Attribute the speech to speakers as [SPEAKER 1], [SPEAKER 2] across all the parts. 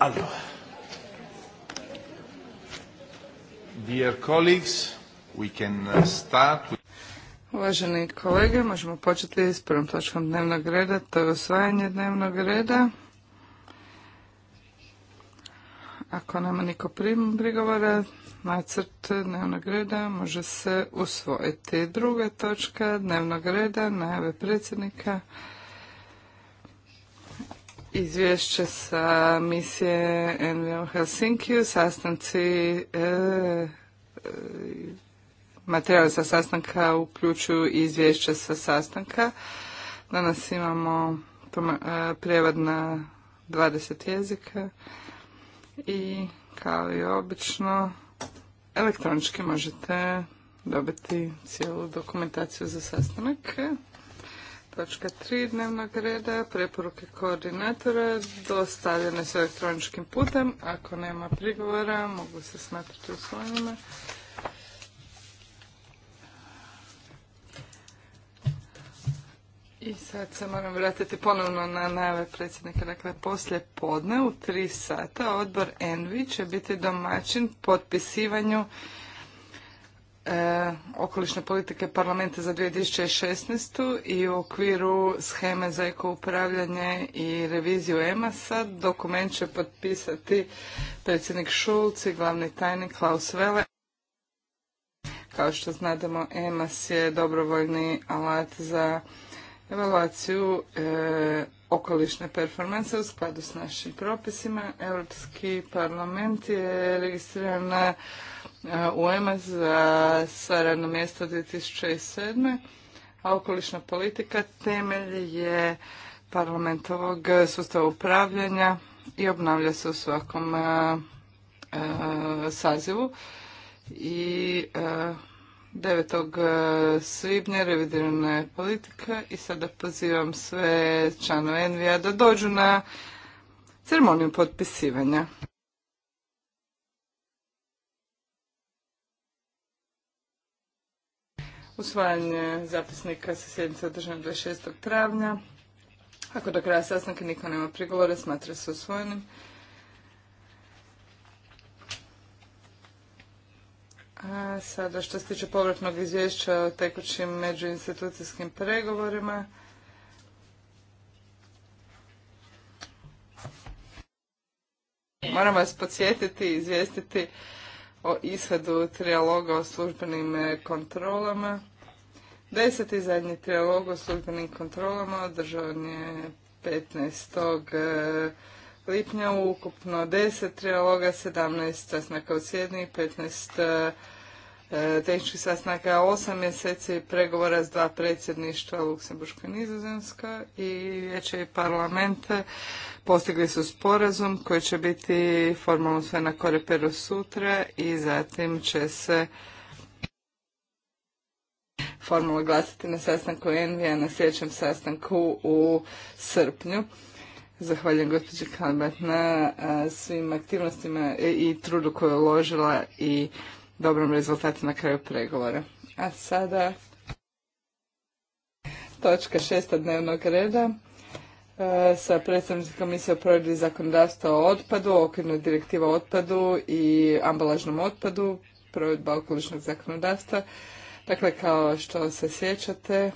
[SPEAKER 1] Allora.
[SPEAKER 2] Dear colleagues, uh,
[SPEAKER 1] Uvaženi kolege, možemo početi s prvom točkom dnevnog reda, to je osvajanje dnevnog reda. Ako nema niko prigovora, nacrt dnevnog reda može se usvojiti. Druga točka dnevnog reda, najave predsjednika izvješće sa misije NVO Helsinki. sastanci e, sa e, sastanka uključuju izvješće sa sastanka. Danas imamo e, prijevod na 20 jezika i kao i obično elektronički možete dobiti cijelu dokumentaciju za sastanak. Točka 3 dnevnog reda, preporuke koordinatora dostavljene su elektroničkim putem. Ako nema prigovora, mogu se smatrati svojima. I sad se moram vratiti ponovno na najave predsjednika. Dakle, poslije podne u tri sata odbor Envi će biti domaćin potpisivanju E, okolišne politike parlamenta za 2016. i u okviru scheme za ekoupravljanje i reviziju EMAS-a dokument će potpisati predsjednik Šulc i glavni tajnik Klaus Vele. Kao što znademo, EMAS je dobrovoljni alat za evaluaciju e, okolišne performanse u skladu s našim propisima. Europski parlament je registriran na UEMA za sva radno mjesto 2007. A okolišna politika temelj je parlamentovog sustava upravljanja i obnavlja se u svakom e, e, sazivu. I 9. E, svibnja revidirana je politika i sada pozivam sve članove Envija da dođu na ceremoniju potpisivanja. usvajanje zapisnika sa sjednice održane 26. travnja. Ako do kraja sastanka niko nema prigovore, smatra se usvojenim. A sada što se tiče povratnog izvješća o tekućim međuinstitucijskim pregovorima, Moram vas podsjetiti i izvijestiti o ishodu trijaloga o službenim kontrolama. Deseti zadnji trijalog o službenim kontrolama održavan je 15. E, lipnja ukupno deset trijaloga, 17 sastanaka u sjedni, 15 e, e, tehničkih sastanaka, 8 mjeseci pregovora s dva predsjedništva Luksemburška i Nizozemska i vijeće i parlamente postigli su sporazum koji će biti formalno sve na koreperu sutra i zatim će se formalno glasiti na sastanku Envija, na sljedećem sastanku u srpnju. Zahvaljujem gospođi Kalbat na svim aktivnostima i trudu koju je uložila i dobrom rezultatu na kraju pregovora. A sada točka šesta dnevnog reda sa predstavnicom Komisije o provedbi zakonodavstva o otpadu, okvirna direktiva o otpadu i ambalažnom otpadu, provedba okolišnog zakonodavstva. Dakle, kao što se sjećate,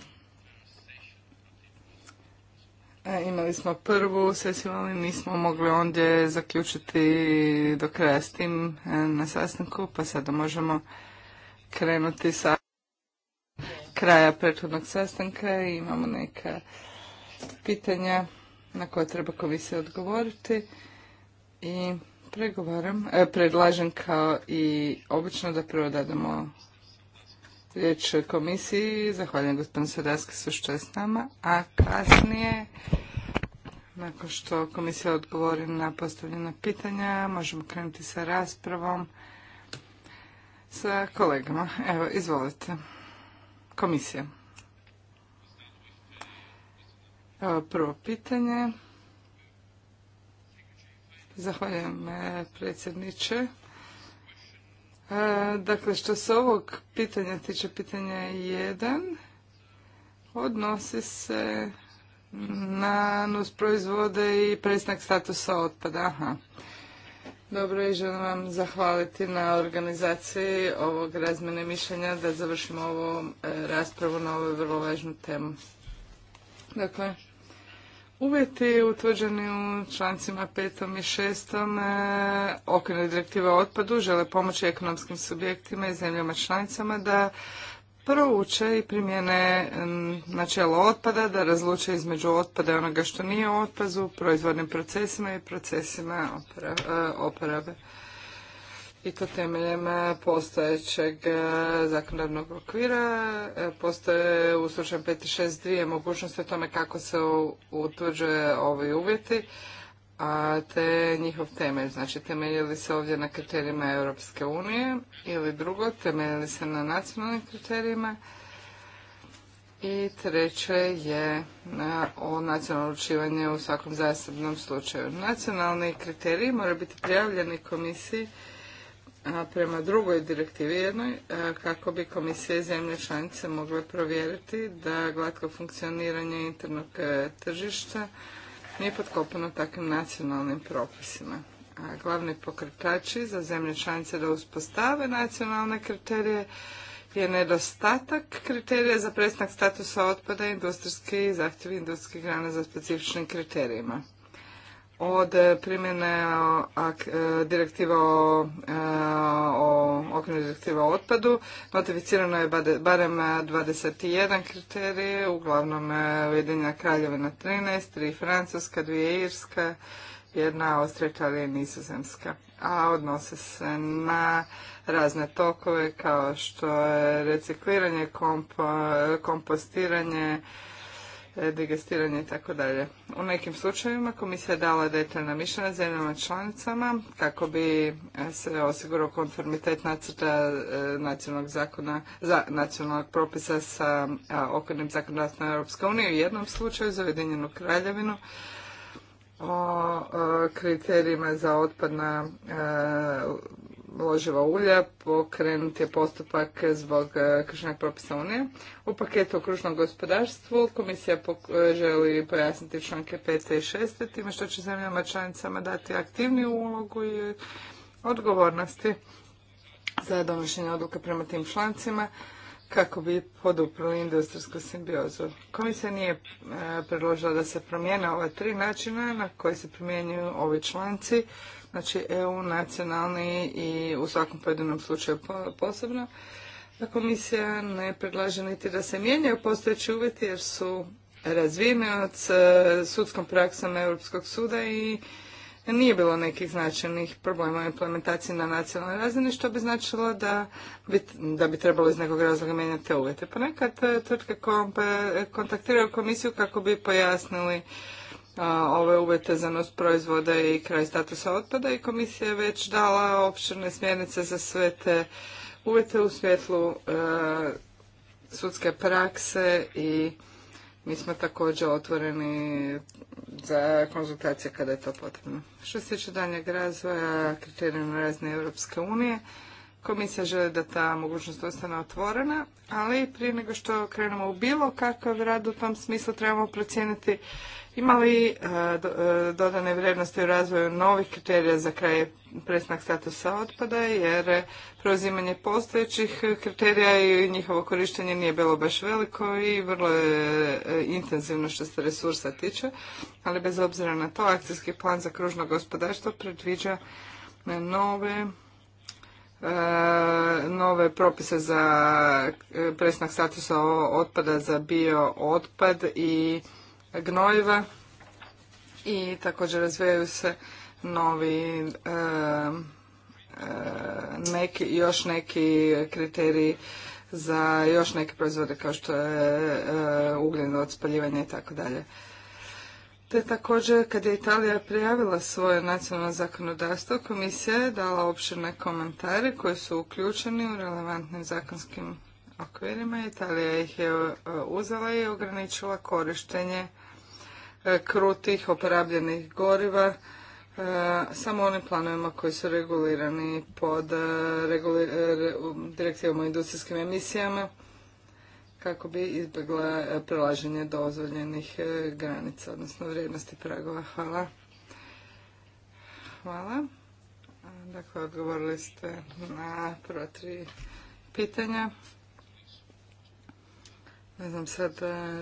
[SPEAKER 1] e, Imali smo prvu sesiju, ali nismo mogli ondje zaključiti do kraja s tim e, na sastanku, pa sada možemo krenuti sa kraja prethodnog sastanka i imamo neka pitanja na koja treba se odgovoriti i pregovaram, e, predlažem kao i obično da prvo dademo riječ komisiji. Zahvaljujem gospodinu Sodaskisu što je s nama. A kasnije, nakon što komisija odgovori na postavljena pitanja, možemo krenuti sa raspravom sa kolegama. Evo, izvolite. Komisija. Evo, prvo pitanje. Zahvaljujem eh, predsjedniče. E, dakle, što se ovog pitanja tiče, pitanja 1 odnosi se na nus proizvode i prestanak statusa otpada. Aha. Dobro i želim vam zahvaliti na organizaciji ovog razmene mišljenja da završimo ovu e, raspravu na ovu vrlo važnu temu. Dakle, Uvjeti utvrđeni u člancima 5. i 6. E, okvirne direktive o otpadu žele pomoći ekonomskim subjektima i zemljama članicama da prouče i primjene načelo otpada, da razluče između otpada i onoga što nije u u proizvodnim procesima i procesima e, oporabe i to temeljem e, postojećeg e, zakonodavnog okvira. E, postoje u slučaju 5.6.2 mogućnosti o tome kako se utvrđuje ovi uvjeti, a te njihov temelj. Znači, temeljili se ovdje na kriterijima Europske unije ili drugo, temeljili se na nacionalnim kriterijima i treće je o nacionalno odlučivanje u svakom zasebnom slučaju. Nacionalni kriteriji moraju biti prijavljeni komisiji prema drugoj direktivi jednoj kako bi komisije zemlje članice mogle provjeriti da glatko funkcioniranje internog e, tržišta nije podkopano takvim nacionalnim propisima. A glavni pokretači za zemlje članice da uspostave nacionalne kriterije je nedostatak kriterija za prestanak statusa otpada industrijski i zahtjevi industrijskih grana za specifičnim kriterijima od primjene e, direktiva o, e, o Direktiva o otpadu. Notificirano je barem 21 kriterije, uglavnom e, Ujedinja Kraljevina 13, 3 Francuska, 2 Irska, jedna Austrija, Italija i Nizozemska. A odnose se na razne tokove kao što je recikliranje, kompostiranje, E, digestiranje i tako dalje. U nekim slučajevima komisija je dala detaljna mišljenja zemljama članicama kako bi e, se osigurao konformitet nacrta e, nacionalnog zakona, za nacionalnog propisa sa okvirnim zakonodavstvom Europske unije u jednom slučaju za Ujedinjenu kraljevinu o kriterijima za otpad na loživa ulja pokrenut je postupak zbog e, kršnog propisa Unije. U paketu o kružnom gospodarstvu komisija e, želi pojasniti članke 5. i 6. time što će zemljama članicama dati aktivniju ulogu i odgovornosti za donošenje odluka prema tim člancima kako bi poduprli industrijsku simbiozu. Komisija nije e, predložila da se promijene ova tri načina na koji se primjenjuju ovi članci znači EU nacionalni i u svakom pojedinom slučaju posebno. da komisija ne predlaže niti da se mijenjaju postojeći uvjeti jer su razvijeni od e, sudskom praksom Europskog suda i nije bilo nekih značajnih problema u implementaciji na nacionalnoj razini, što bi značilo da bi, da bi trebalo iz nekog razloga mijenjati te uvjete. Ponekad e, tvrtke kontaktiraju komisiju kako bi pojasnili ove uvjete za nos proizvoda i kraj statusa otpada i komisija je već dala opširne smjernice za sve te uvjete u svjetlu e, sudske prakse i mi smo također otvoreni za konzultacije kada je to potrebno. Što se tiče daljnjeg razvoja kriterijuma razne Europske unije, komisija želi da ta mogućnost ostane otvorena, ali prije nego što krenemo u bilo kakav rad u tom smislu trebamo procijeniti Imali e, e, dodane vrijednosti u razvoju novih kriterija za kraj prestanak statusa otpada, jer preuzimanje postojećih kriterija i njihovo korištenje nije bilo baš veliko i vrlo je e, intenzivno što se resursa tiče, ali bez obzira na to, akcijski plan za kružno gospodarstvo predviđa nove nove propise za presnak statusa otpada za bio otpad i gnojiva i također razvijaju se novi neki, još neki kriteriji za još neke proizvode kao što je e, ugljen od spaljivanja i tako dalje. Te također kad je Italija prijavila svoje nacionalno zakonodavstvo, komisija je dala opširne komentare koji su uključeni u relevantnim zakonskim okvirima. Italija ih je uzela i ograničila korištenje E, krutih oporabljenih goriva e, samo onim planovima koji su regulirani pod e, direktivom o industrijskim emisijama kako bi izbjegla prelaženje dozvoljenih granica, odnosno vrijednosti pragova. Hvala. Hvala. Dakle, odgovorili ste na prva tri pitanja. Ne znam sad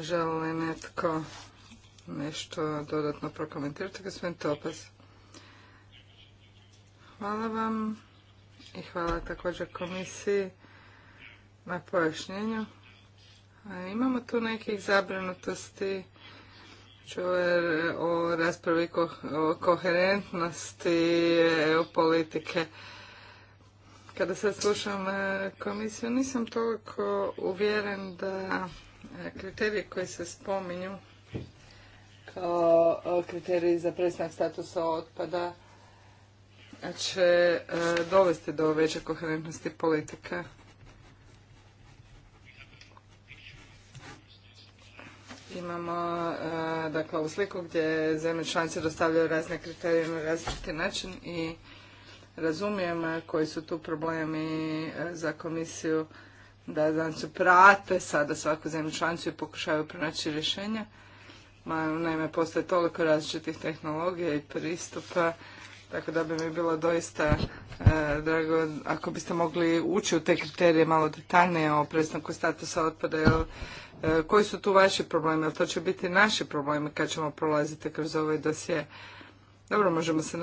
[SPEAKER 1] žele li netko nešto dodatno prokomentirati, gospodin Topas. Hvala vam i hvala također komisiji na pojašnjenju. Imamo tu nekih zabrinutosti o raspravi o koherentnosti EU politike. Kada sad slušam e, komisiju, nisam toliko uvjeren da e, kriteriji koji se spominju E, kriteriji za prestanak statusa otpada će e, dovesti do veće koherentnosti politika. Imamo e, dakle ovu sliku gdje zemlje članice dostavljaju razne kriterije na različiti način i razumijem koji su tu problemi za komisiju da znači prate sada svaku zemlju članicu i pokušavaju pronaći rješenja. Naime, postoje toliko različitih tehnologija i pristupa, tako da bi mi bilo doista e, drago ako biste mogli ući u te kriterije malo detaljnije o prestanku statusa otpada, jel, e, koji su tu vaši problemi, jel to će biti naši problemi kad ćemo prolaziti kroz ovaj dosje. Dobro, možemo se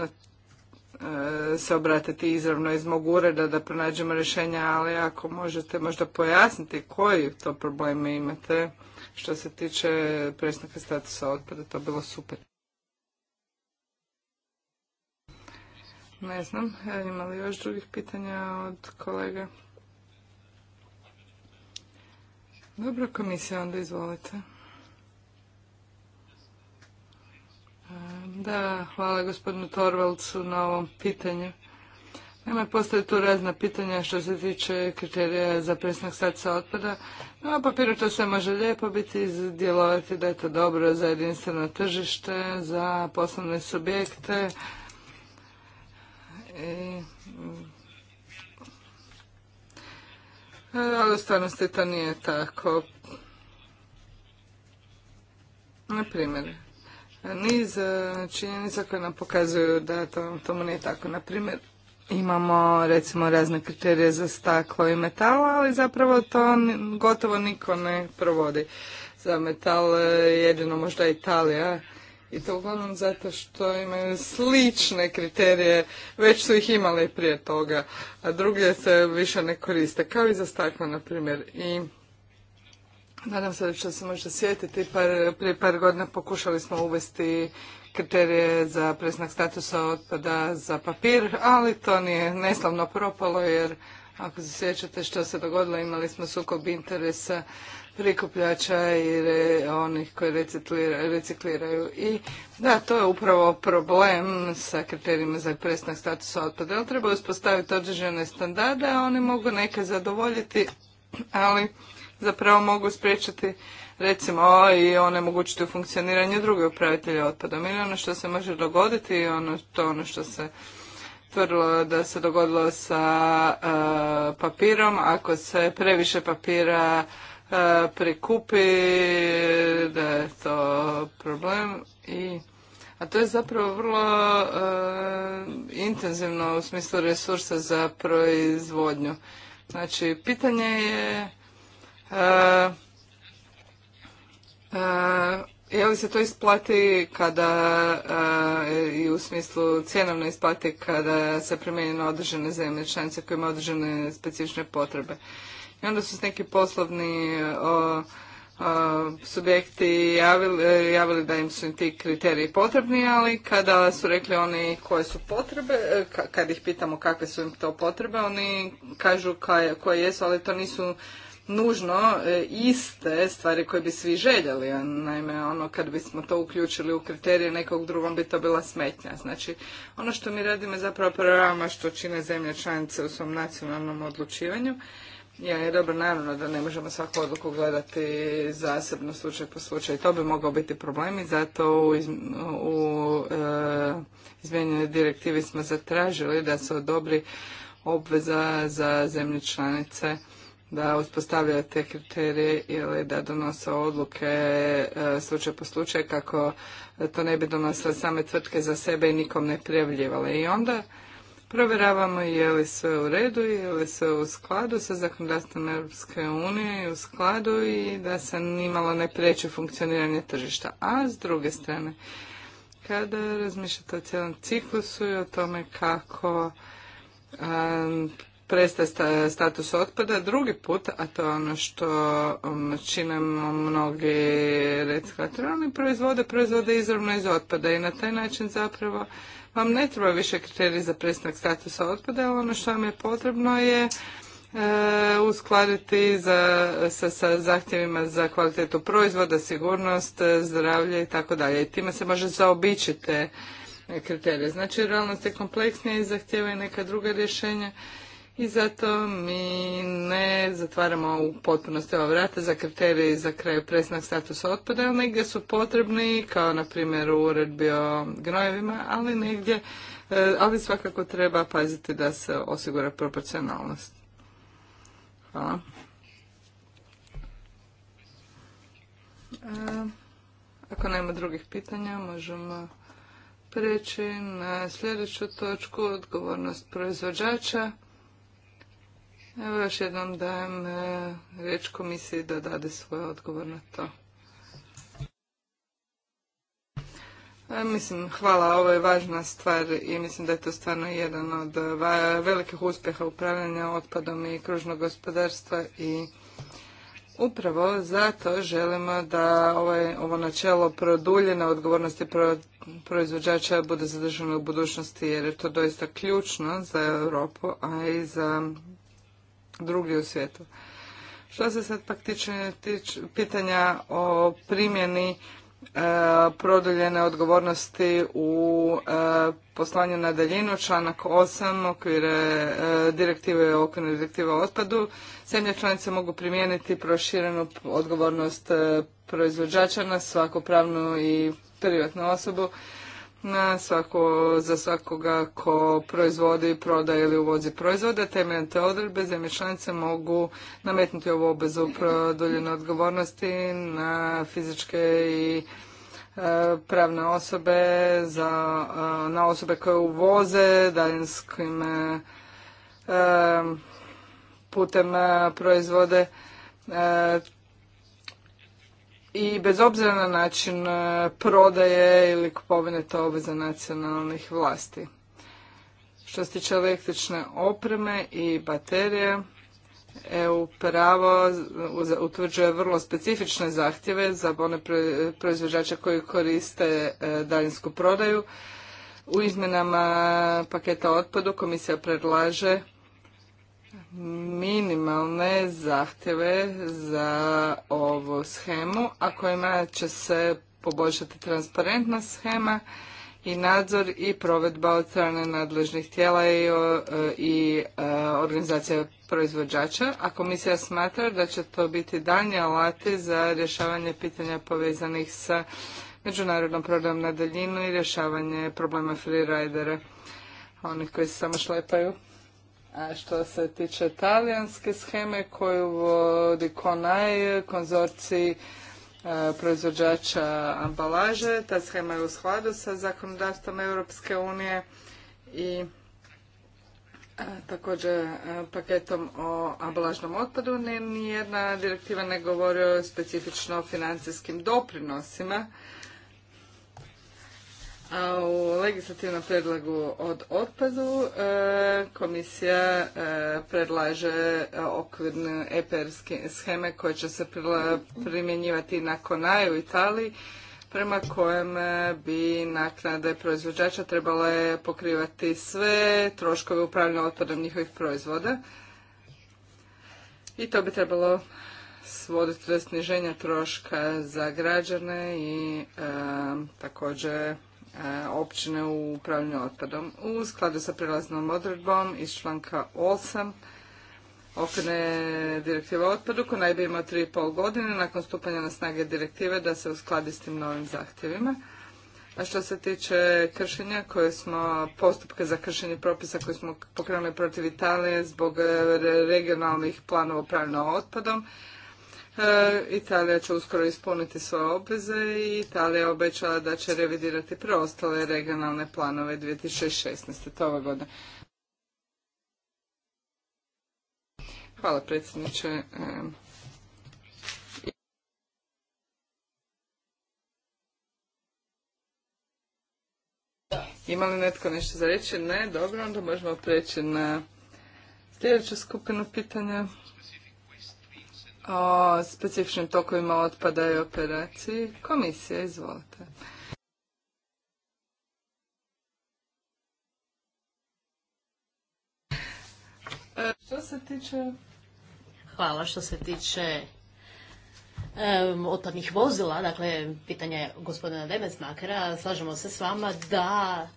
[SPEAKER 1] e, se obratiti izravno iz mog ureda da pronađemo rješenja, ali ako možete možda pojasniti koji to probleme imate, što se tiče prestanka statusa otpada, to bilo super. Ne znam, e, ima li još drugih pitanja od kolega? Dobro, komisija, onda izvolite. E, da, hvala gospodinu Torvaldcu na ovom pitanju. Nema postoje tu razna pitanja što se tiče kriterija za presnog srca otpada. na papiru to sve može lijepo biti djelovati da je to dobro za jedinstveno tržište, za poslovne subjekte. Mm, ali u stvarnosti to nije tako. Na primjer, niz e, činjenica koje nam pokazuju da to, tomu nije tako. Na primjer, imamo recimo razne kriterije za staklo i metal, ali zapravo to gotovo niko ne provodi. Za metal e, jedino možda Italija i to uglavnom zato što imaju slične kriterije, već su ih imali prije toga, a druge se više ne koriste, kao i za staklo na primjer. I nadam se da će se možda sjetiti, prije par godina pokušali smo uvesti kriterije za prestanak statusa otpada za papir, ali to nije neslavno propalo jer ako se sjećate što se dogodilo, imali smo sukob interesa prikupljača i onih koji recikliraju. I da, to je upravo problem sa kriterijima za prestanak statusa otpada. Ali treba uspostaviti određene standarde, a oni mogu neke zadovoljiti, ali zapravo mogu spriječiti recimo i onemogućiti u funkcioniranju druge upravitelja otpadom. I ono što se može dogoditi ono, to ono što se tvrdilo da se dogodilo sa e, papirom, ako se previše papira e, prikupi, da je to problem i a to je zapravo vrlo e, intenzivno u smislu resursa za proizvodnju. Znači, pitanje je E, je li se to isplati kada e, i u smislu cjenovno isplati kada se primjenjuje na određene zemlje članice koje imaju određene specifične potrebe? I onda su se neki poslovni subjekti javili, da im su ti kriteriji potrebni, ali kada su rekli oni koje su potrebe, e, kad ih pitamo kakve su im to potrebe, oni kažu koje jesu, ali to nisu nužno e, iste stvari koje bi svi željeli. Naime, ono kad bismo to uključili u kriterije nekog drugom bi to bila smetnja. Znači, ono što mi radimo je zapravo programa što čine zemlje članice u svom nacionalnom odlučivanju. Ja, je dobro, naravno da ne možemo svaku odluku gledati zasebno slučaj po slučaj. To bi mogao biti problem i zato u, u e, izmijenjenoj direktivi smo zatražili da se odobri obveza za zemlje članice da uspostavlja te kriterije ili da donose odluke e, slučaj po slučaj kako to ne bi donosile same tvrtke za sebe i nikom ne prijavljivale. I onda provjeravamo je li sve u redu, je li sve u skladu sa zakonodavstvom Europske unije i u skladu i da se nimalo ne priječi funkcioniranje tržišta. A s druge strane, kada razmišljate o cijelom ciklusu i o tome kako prestaje status otpada. Drugi put, a to je ono što um, čine mnogi reciklatori, proizvode, proizvode izravno iz otpada i na taj način zapravo vam ne treba više kriterij za prestanak statusa otpada, ali ono što vam je potrebno je e, uskladiti sa, zahtjevima za kvalitetu proizvoda, sigurnost, zdravlje i tako dalje. I time se može zaobići te kriterije. Znači, realnost je kompleksnija i zahtjeva neka druga rješenja i zato mi ne zatvaramo u potpunosti ova vrata za kriterije za kraj presnak statusa otpada, ali negdje su potrebni, kao na primjer u uredbi o gnojevima, ali negdje, e, ali svakako treba paziti da se osigura proporcionalnost. Hvala. E, ako nema drugih pitanja, možemo preći na sljedeću točku, odgovornost proizvođača. Evo još jednom dajem e, reč komisiji da dade svoj odgovor na to. E, mislim, hvala, ovo je važna stvar i mislim da je to stvarno jedan od e, velikih uspjeha upravljanja otpadom i kružnog gospodarstva i upravo zato želimo da ovaj, ovo načelo produljene odgovornosti proizvođača bude zadržano u budućnosti jer je to doista ključno za Europu, a i za drugi u svijetu. Što se sad pak tiče pitanja o primjeni e, produljene odgovornosti u e, poslanju na daljinu, članak 8 okvire e, direktive o direktiva direktive o otpadu, zemlje članice mogu primijeniti proširenu odgovornost e, proizvođača na svaku pravnu i privatnu osobu na svako, za svakoga ko proizvodi, prodaje ili uvozi proizvode. Temeljem te odredbe zemlje članice mogu nametnuti ovu obvezu produljene odgovornosti na fizičke i e, pravne osobe, za, e, na osobe koje uvoze daljinskim e, putem proizvode i bez obzira na način e, prodaje ili kupovine to obveza nacionalnih vlasti. Što se tiče električne opreme i baterije, EU pravo utvrđuje vrlo specifične zahtjeve za one proizvođače koji koriste e, daljinsku prodaju. U izmjenama paketa otpadu komisija predlaže minimalne zahtjeve za ovu schemu, a kojima će se poboljšati transparentna schema i nadzor i provedba od strane nadležnih tijela i, i e, organizacija proizvođača, a komisija smatra da će to biti daljnji alati za rješavanje pitanja povezanih sa međunarodnom prodajom na daljinu i rješavanje problema freeridera, onih koji se samo šlepaju. A što se tiče talijanske scheme koju vodi Konaj, konzorciji e, proizvođača ambalaže, ta schema je u skladu sa zakonodavstvom Europske unije i e, također e, paketom o ambalažnom otpadu nijedna direktiva ne govori o specifično financijskim doprinosima a u legislativnom predlagu od otpadu e, komisija e, predlaže okvirne EPR scheme koje će se primjenjivati na Konaju u Italiji prema kojem e, bi naknade proizvođača trebale pokrivati sve troškove upravljanja otpadom njihovih proizvoda. I to bi trebalo svoditi do sniženja troška za građane i također E, općine u upravljanju otpadom. U skladu sa prelaznom odredbom iz članka 8 okrene direktive o otpadu koja najbolje ima 3,5 godine nakon stupanja na snage direktive da se uskladi s tim novim zahtjevima. A što se tiče kršenja koje smo, postupke za kršenje propisa koje smo pokrenuli protiv Italije zbog e, regionalnih planova upravljanja otpadom, E, Italija će uskoro ispuniti svoje obveze i Italija je obećala da će revidirati preostale regionalne planove 2016. To ove godine. Hvala predsjedniče. E, ima li netko nešto za reći? Ne, dobro, onda možemo preći na sljedeću skupinu pitanja o specifičnim tokovima otpada i operaciji. Komisija, izvolite.
[SPEAKER 3] E, što se tiče... Hvala što se tiče otpadnih vozila, dakle, pitanje gospodina Demesmakera, slažemo se s vama da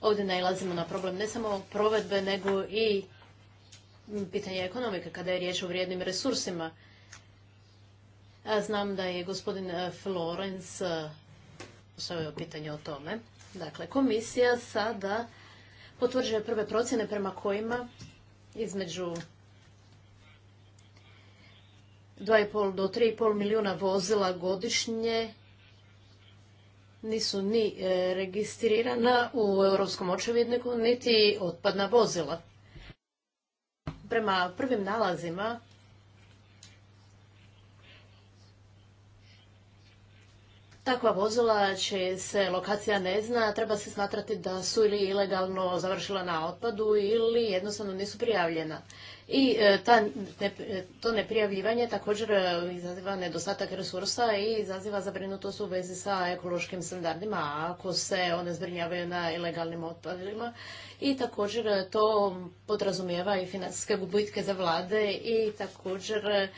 [SPEAKER 3] ovdje najlazimo na problem ne samo provedbe, nego i pitanje ekonomike kada je riječ o vrijednim resursima. znam da je gospodin e, Florence e, postavio pitanje o tome. Dakle, komisija sada potvrđuje prve procjene prema kojima između 2,5 do 3,5 milijuna vozila godišnje nisu ni e, registrirana u europskom očevidniku, niti otpadna vozila prema prvim nalazima Takva vozila će se lokacija ne zna, treba se smatrati da su ili ilegalno završila na otpadu ili jednostavno nisu prijavljena. I e, e, to neprijavljivanje također e, izaziva nedostatak resursa i izaziva zabrinutost u vezi sa ekološkim standardima, ako se one zbrinjavaju na ilegalnim otpadima. I također to podrazumijeva i financijske gubitke za vlade i također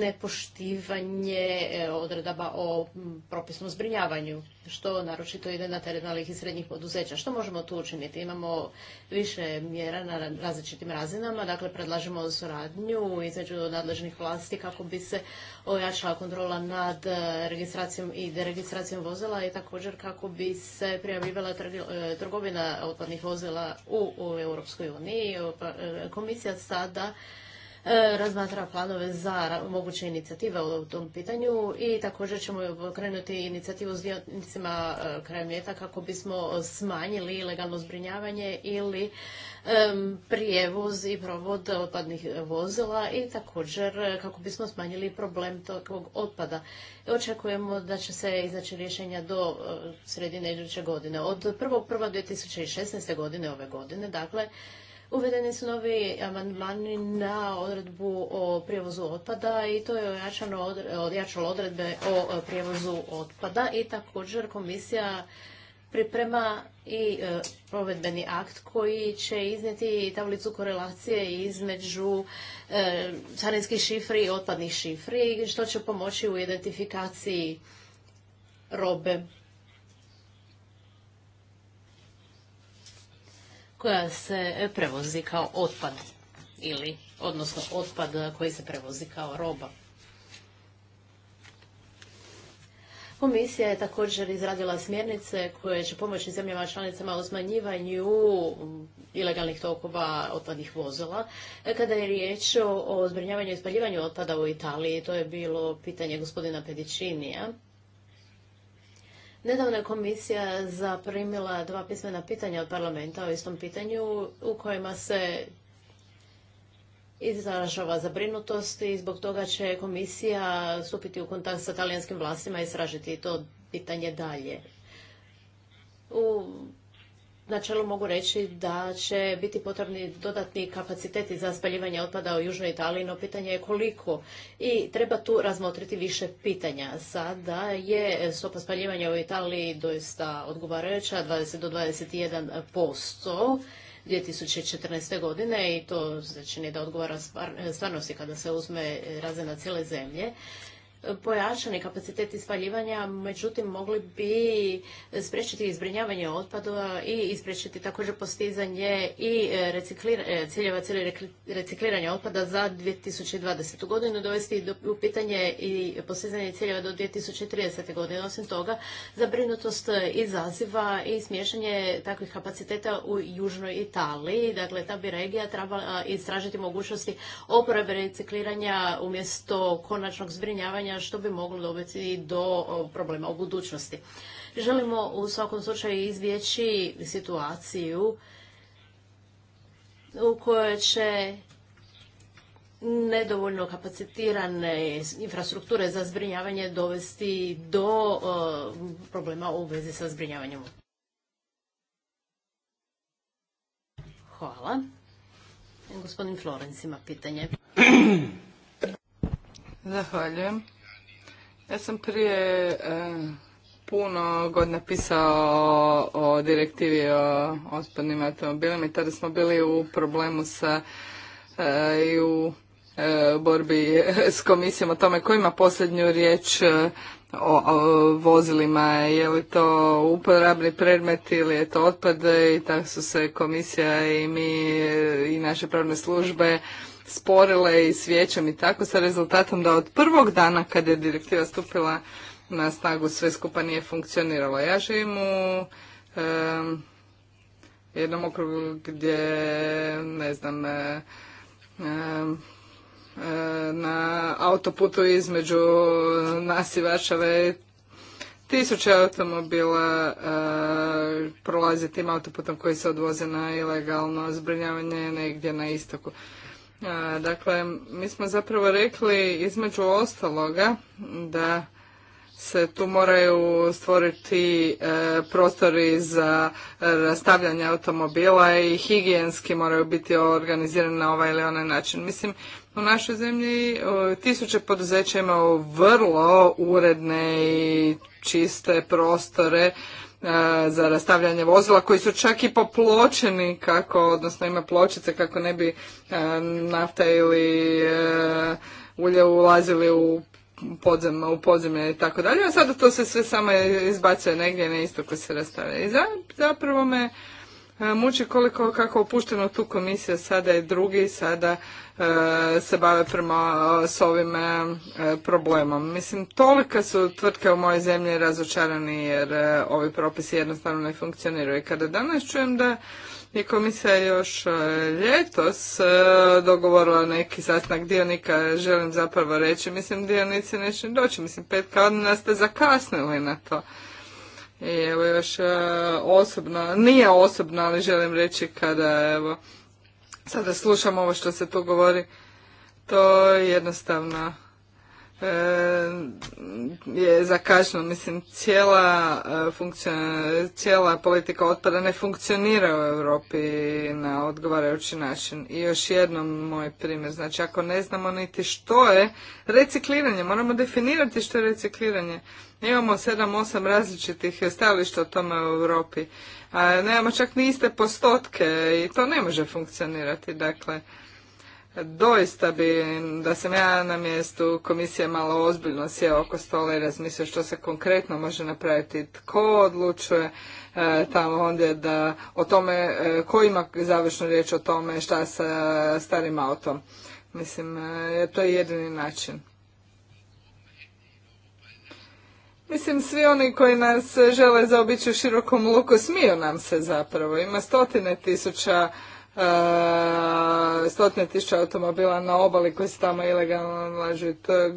[SPEAKER 3] nepoštivanje odredaba o propisnom zbrinjavanju, što naročito ide na teren malih i srednjih poduzeća. Što možemo tu učiniti? Imamo više mjera na različitim razinama, dakle predlažemo tražimo suradnju između nadležnih vlasti kako bi se ojačala kontrola nad eh, registracijom i deregistracijom vozila i također kako bi se prijavljivala eh, trgovina otpadnih vozila u, u Europskoj uniji. Eh, komisija sada E, razmatra planove za moguće inicijative u tom pitanju i također ćemo pokrenuti inicijativu s djelatnicima e, krajem ljeta kako bismo smanjili legalno zbrinjavanje ili prijevoz i provod otpadnih vozila i također e, kako bismo smanjili problem tog otpada. Očekujemo da će se iznaći rješenja do sredine iduće godine. Od 1.1.2016. godine ove godine, dakle, Uvedeni su novi amandmani na odredbu o prijevozu otpada i to je ojačalo odredbe o prijevozu otpada i također komisija priprema i e, provedbeni akt koji će iznijeti tablicu korelacije između e, carinskih šifri i otpadnih šifri, što će pomoći u identifikaciji robe koja se prevozi kao otpad ili odnosno otpad koji se prevozi kao roba. Komisija je također izradila smjernice koje će pomoći zemljama članicama u smanjivanju ilegalnih tokova otpadnih vozila. E, kada je riječ o zbrinjavanju i spaljivanju otpada u Italiji, to je bilo pitanje gospodina Pedicinija. Nedavna je komisija zaprimila dva pismena pitanja od parlamenta o istom pitanju u kojima se izražava zabrinutost i zbog toga će komisija stupiti u kontakt sa talijanskim vlastima i sražiti to pitanje dalje. U načelu mogu reći da će biti potrebni dodatni kapaciteti za spaljivanje otpada u Južnoj Italiji, no pitanje je koliko. I treba tu razmotriti više pitanja. Sada je stopa spaljivanja u Italiji doista odgovarajuća, 20 do 21 posto. 2014. godine i to znači da odgovara stvarnosti kada se uzme razina cijele zemlje pojačani kapaciteti spaljivanja, međutim mogli bi spriječiti izbrinjavanje otpada i ispriječiti također postizanje i e, e, ciljeva cilje recikliranja otpada za 2020. godinu, dovesti u pitanje i postizanje ciljeva do 2030. godine. Osim toga, zabrinutost izaziva i smješanje takvih kapaciteta u Južnoj Italiji. Dakle, ta bi regija trebala istražiti mogućnosti oporabe recikliranja umjesto konačnog zbrinjavanja što bi moglo dobiti do problema u budućnosti. Želimo u svakom slučaju izbjeći situaciju u kojoj će nedovoljno kapacitirane infrastrukture za zbrinjavanje dovesti do problema u vezi sa zbrinjavanjem. Hvala. Gospodin Florenc ima pitanje. Zahvaljujem.
[SPEAKER 1] Ja sam prije e, puno godina pisao o, direktivi o otpadnim automobilima i tada smo bili u problemu sa e, i u e, borbi s komisijom o tome ko ima posljednju riječ o, vozilima, je li to uporabni predmet ili je to otpad i tako su se komisija i mi i naše pravne službe sporile i s i tako sa rezultatom da od prvog dana kad je direktiva stupila na snagu sve skupa nije funkcioniralo. Ja živim u jednom okrugu gdje ne znam e, e, na autoputu između nas i Varšave tisuće automobila e, prolaze tim autoputom koji se odvoze na ilegalno zbrinjavanje negdje na istoku. Dakle, mi smo zapravo rekli između ostaloga da se tu moraju stvoriti e, prostori za rastavljanje automobila i higijenski moraju biti organizirani na ovaj ili onaj način. Mislim, u našoj zemlji e, tisuće poduzeća imaju vrlo uredne i čiste prostore E, za rastavljanje vozila koji su čak i popločeni kako, odnosno ima pločice kako ne bi e, nafta ili e, ulje ulazili u podzemlje, u i tako dalje, a sada to se sve samo izbacuje negdje na koji se rastavlja. I zapravo me muči koliko kako opušteno tu komisija sada je drugi, sada e, se bave prema e, s ovim e, problemom. Mislim, tolika su tvrtke u mojoj zemlji razočarani jer ovi propisi jednostavno ne funkcioniraju. I kada danas čujem da je komisija još ljetos dogovorila neki sastanak dionika, želim zapravo reći, mislim, dionici neće doći, mislim, pet kadina ste zakasnili na to. I evo još e, osobno, nije osobno, ali želim reći kada evo sada slušam ovo što se tu govori, to jednostavno E, je zakašno. Mislim, cijela, e, cijela politika otpada ne funkcionira u Europi na odgovarajući način. I još jednom moj primjer, znači ako ne znamo niti što je recikliranje, moramo definirati što je recikliranje. Imamo 7-8 različitih stajališta o tome u Europi. A nemamo čak ni iste postotke i to ne može funkcionirati. Dakle, doista bi, da sam ja na mjestu komisije malo ozbiljno sjeo oko stola i razmislio što se konkretno može napraviti, tko odlučuje e, tamo ondje da o tome, e, ko ima završnu riječ o tome šta sa starim autom. Mislim, e, to je jedini način. Mislim, svi oni koji nas žele zaobići u širokom luku smiju nam se zapravo. Ima stotine tisuća E, stotine tisuća automobila na obali koji se tamo ilegalno nalažu. To je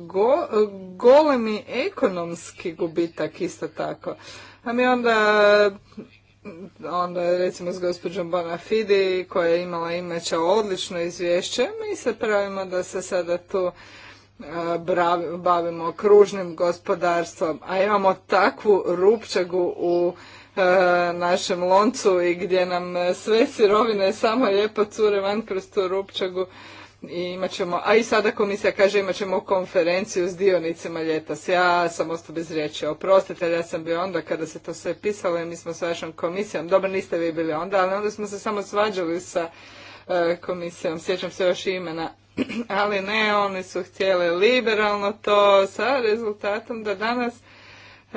[SPEAKER 1] golemi ekonomski gubitak isto tako. A mi onda onda recimo s gospođom Bonafidi koja je imala imeća odlično izvješće, mi se pravimo da se sada tu e, bavimo kružnim gospodarstvom, a imamo takvu rupčagu u E, našem loncu i gdje nam e, sve sirovine samo lijepo cure van kroz tu rupčagu i imat ćemo, a i sada komisija kaže imat ćemo konferenciju s dionicima ljetas. Ja sam ostao bez riječi, oprostite, ja sam bio onda kada se to sve pisalo i mi smo s vašom komisijom, dobro niste vi bili onda, ali onda smo se samo svađali sa e, komisijom, sjećam se još imena, ali ne, oni su htjele liberalno to sa rezultatom da danas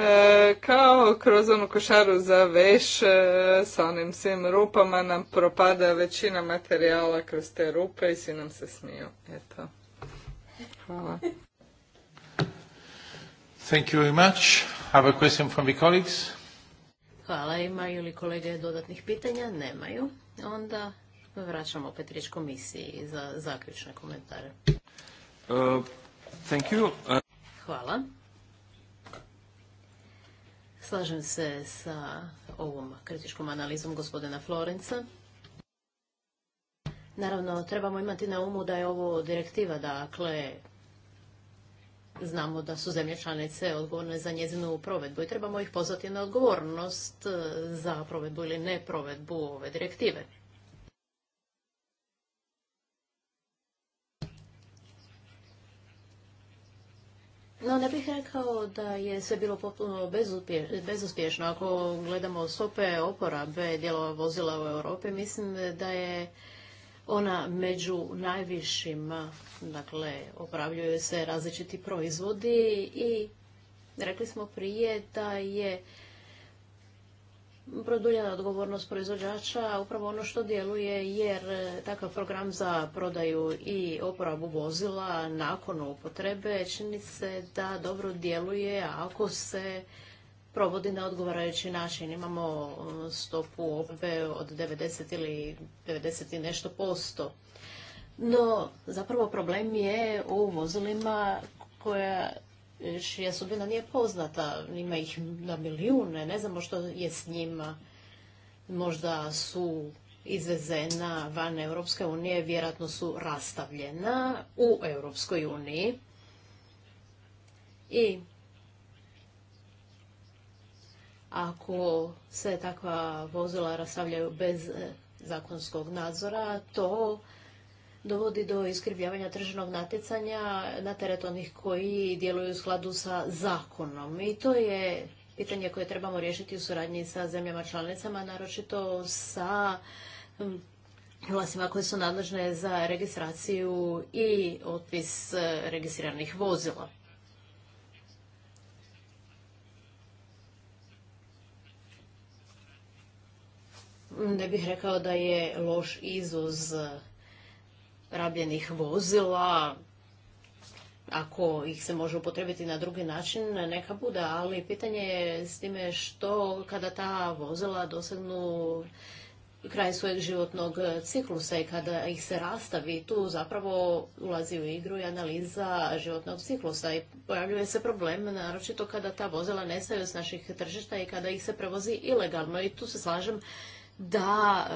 [SPEAKER 1] E, kao kroz onu košaru za veš e, sa onim svim rupama nam propada većina materijala kroz te rupe i svi nam
[SPEAKER 3] se smiju. Eto. Hvala. Thank you very much. Have a question from the colleagues. Hvala. Imaju li kolege dodatnih pitanja? Nemaju. Onda vraćamo opet riječ komisiji za zaključne komentare.
[SPEAKER 2] Uh, thank you. Uh,
[SPEAKER 3] Hvala. Slažem se sa ovom kritičkom analizom gospodina Florenca. Naravno, trebamo imati na umu da je ovo direktiva, dakle, znamo da su zemlje članice odgovorne za njezinu provedbu i trebamo ih pozvati na odgovornost za provedbu ili ne provedbu ove direktive. No, ne bih rekao da je sve bilo potpuno bezuspješno. Ako gledamo stope oporabe dijelova vozila u Europi, mislim da je ona među najvišim, Dakle, opravljuju se različiti proizvodi i rekli smo prije da je produljena odgovornost proizvođača upravo ono što djeluje jer e, takav program za prodaju i oporabu vozila nakon upotrebe čini se da dobro djeluje ako se provodi na odgovarajući način. Imamo e, stopu obve od 90 ili 90 i nešto posto. No, zapravo problem je u vozilima koja čija sudbina nije poznata. Ima ih na milijune, ne znamo što je s njima. Možda su izvezena van Europske unije, vjerojatno su rastavljena u Europskoj uniji. I ako se takva vozila rastavljaju bez eh, zakonskog nadzora, to dovodi do iskrivljavanja tržnog natjecanja na teret onih koji djeluju u skladu sa zakonom. I to je pitanje koje trebamo riješiti u suradnji sa zemljama članicama, naročito sa mm, vlasima koje su nadležne za registraciju i otpis e, registriranih vozila. Ne bih rekao da je loš izuz rabljenih vozila, ako ih se može upotrebiti na drugi način, neka bude, ali pitanje je s time što kada ta vozila dosegnu kraj svojeg životnog ciklusa i kada ih se rastavi, tu zapravo ulazi u igru i analiza životnog ciklusa i pojavljuje se problem, naročito kada ta vozila nestaju s naših tržišta i kada ih se prevozi ilegalno. I tu se slažem da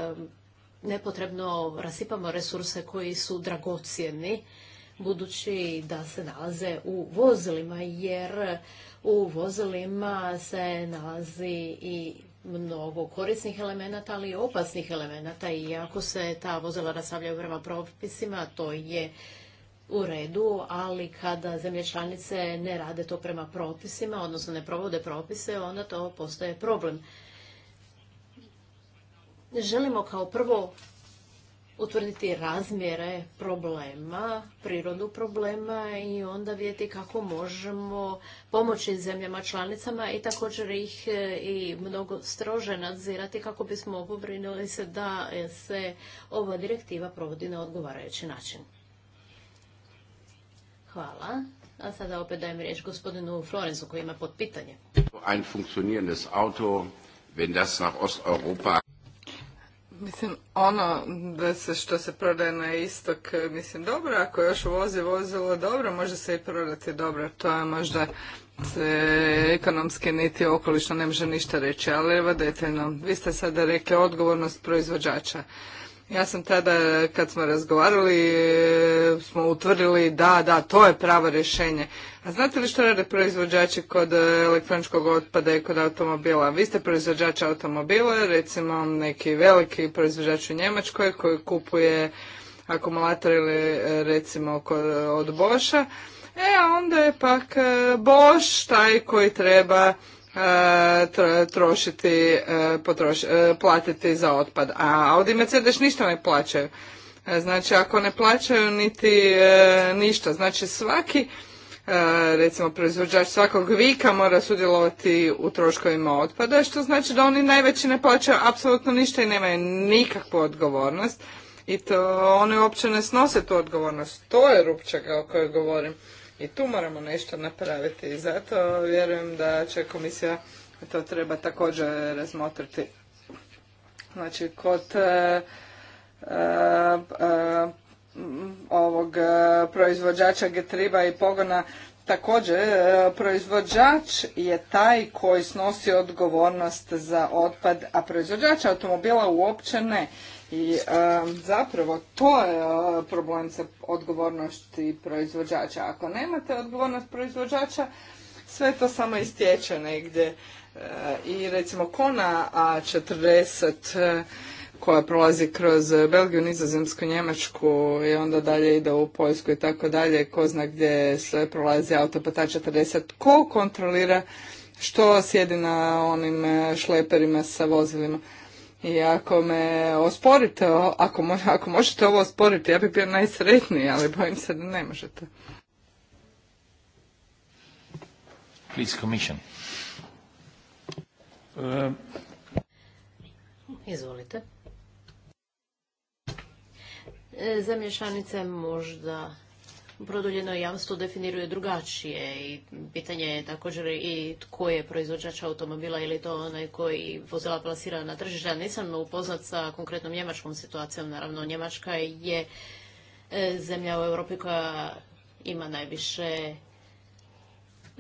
[SPEAKER 3] nepotrebno rasipamo resurse koji su dragocjeni budući da se nalaze u vozilima jer u vozilima se nalazi i mnogo korisnih elemenata, ali i opasnih elemenata i ako se ta vozila rastavljaju prema propisima, to je u redu, ali kada zemlje članice ne rade to prema propisima, odnosno ne provode propise, onda to postaje problem. Želimo kao prvo utvrditi razmjere problema, prirodu problema i onda vidjeti kako možemo pomoći zemljama članicama i također ih e, i mnogo strože nadzirati kako bismo pobrinuli se da se ova direktiva provodi na odgovarajući način. Hvala. A sada opet dajem riječ gospodinu Florenzu koji ima potpitanje.
[SPEAKER 2] Ein Auto, wenn das nach Osteuropa
[SPEAKER 1] Mislim, ono da se što se prodaje na istok, mislim, dobro, ako još vozi vozilo, dobro, može se i prodati dobro, to je možda se ekonomski niti okolično ne može ništa reći, ali evo detaljno. Vi ste sada rekli odgovornost proizvođača. Ja sam tada, kad smo razgovarali, e, smo utvrdili da, da, to je pravo rješenje. A znate li što rade proizvođači kod e, elektroničkog otpada i kod automobila? Vi ste proizvođač automobila, recimo neki veliki proizvođač u Njemačkoj koji kupuje akumulator ili e, recimo e, od Boša. E, a onda je pak boš taj koji treba trošiti, platiti za otpad. A Audi i Mercedes ništa ne plaćaju. Znači, ako ne plaćaju niti ništa, znači svaki E, recimo proizvođač svakog vika mora sudjelovati u troškovima otpada, što znači da oni najveći ne plaćaju apsolutno ništa i nemaju nikakvu odgovornost. I to oni uopće ne snose tu odgovornost. To je rupčaka o kojoj govorim. I tu moramo nešto napraviti. I zato vjerujem da će komisija to treba također razmotriti. Znači, kod e, e, ovog e, proizvođača getriba i pogona također e, proizvođač je taj koji snosi odgovornost za otpad, a proizvođač automobila uopće ne. I e, zapravo to je problem sa odgovornosti proizvođača. Ako nemate odgovornost proizvođača, sve to samo istječe negdje. I recimo Kona A40 koja prolazi kroz Belgiju, Nizozemsku, Njemačku i onda dalje ide u Poljsku i tako dalje, ko zna gdje sve prolazi auto pa ta 40, ko kontrolira što sjedi na onim e, šleperima sa vozilima. I ako me osporite, ako, ako možete ovo osporiti, ja bih bio najsretniji, ali bojim se da ne možete.
[SPEAKER 2] Please, commission.
[SPEAKER 3] Izvolite. E, zemlje članice možda produljeno jamstvo definiruje drugačije i pitanje je također i tko je proizvođač automobila ili to onaj koji vozila plasira na tržište. Ja nisam upoznat sa konkretnom njemačkom situacijom. Naravno, Njemačka je e, zemlja u Europi koja ima najviše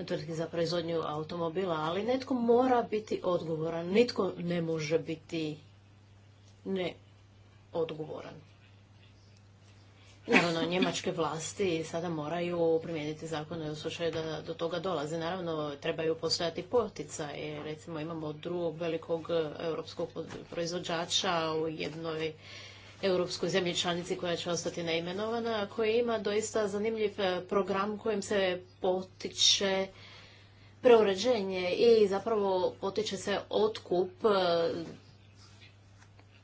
[SPEAKER 3] tvrtki za proizvodnju automobila, ali netko mora biti odgovoran. Nitko ne može biti neodgovoran. Naravno, njemačke vlasti sada moraju primijeniti zakone u slučaju da do toga dolaze. Naravno, trebaju postojati potica. Recimo, imamo drugog velikog europskog proizvođača u jednoj europskoj zemlji članici koja će ostati neimenovana, koja ima doista zanimljiv eh, program kojim se potiče preuređenje i zapravo potiče se otkup eh,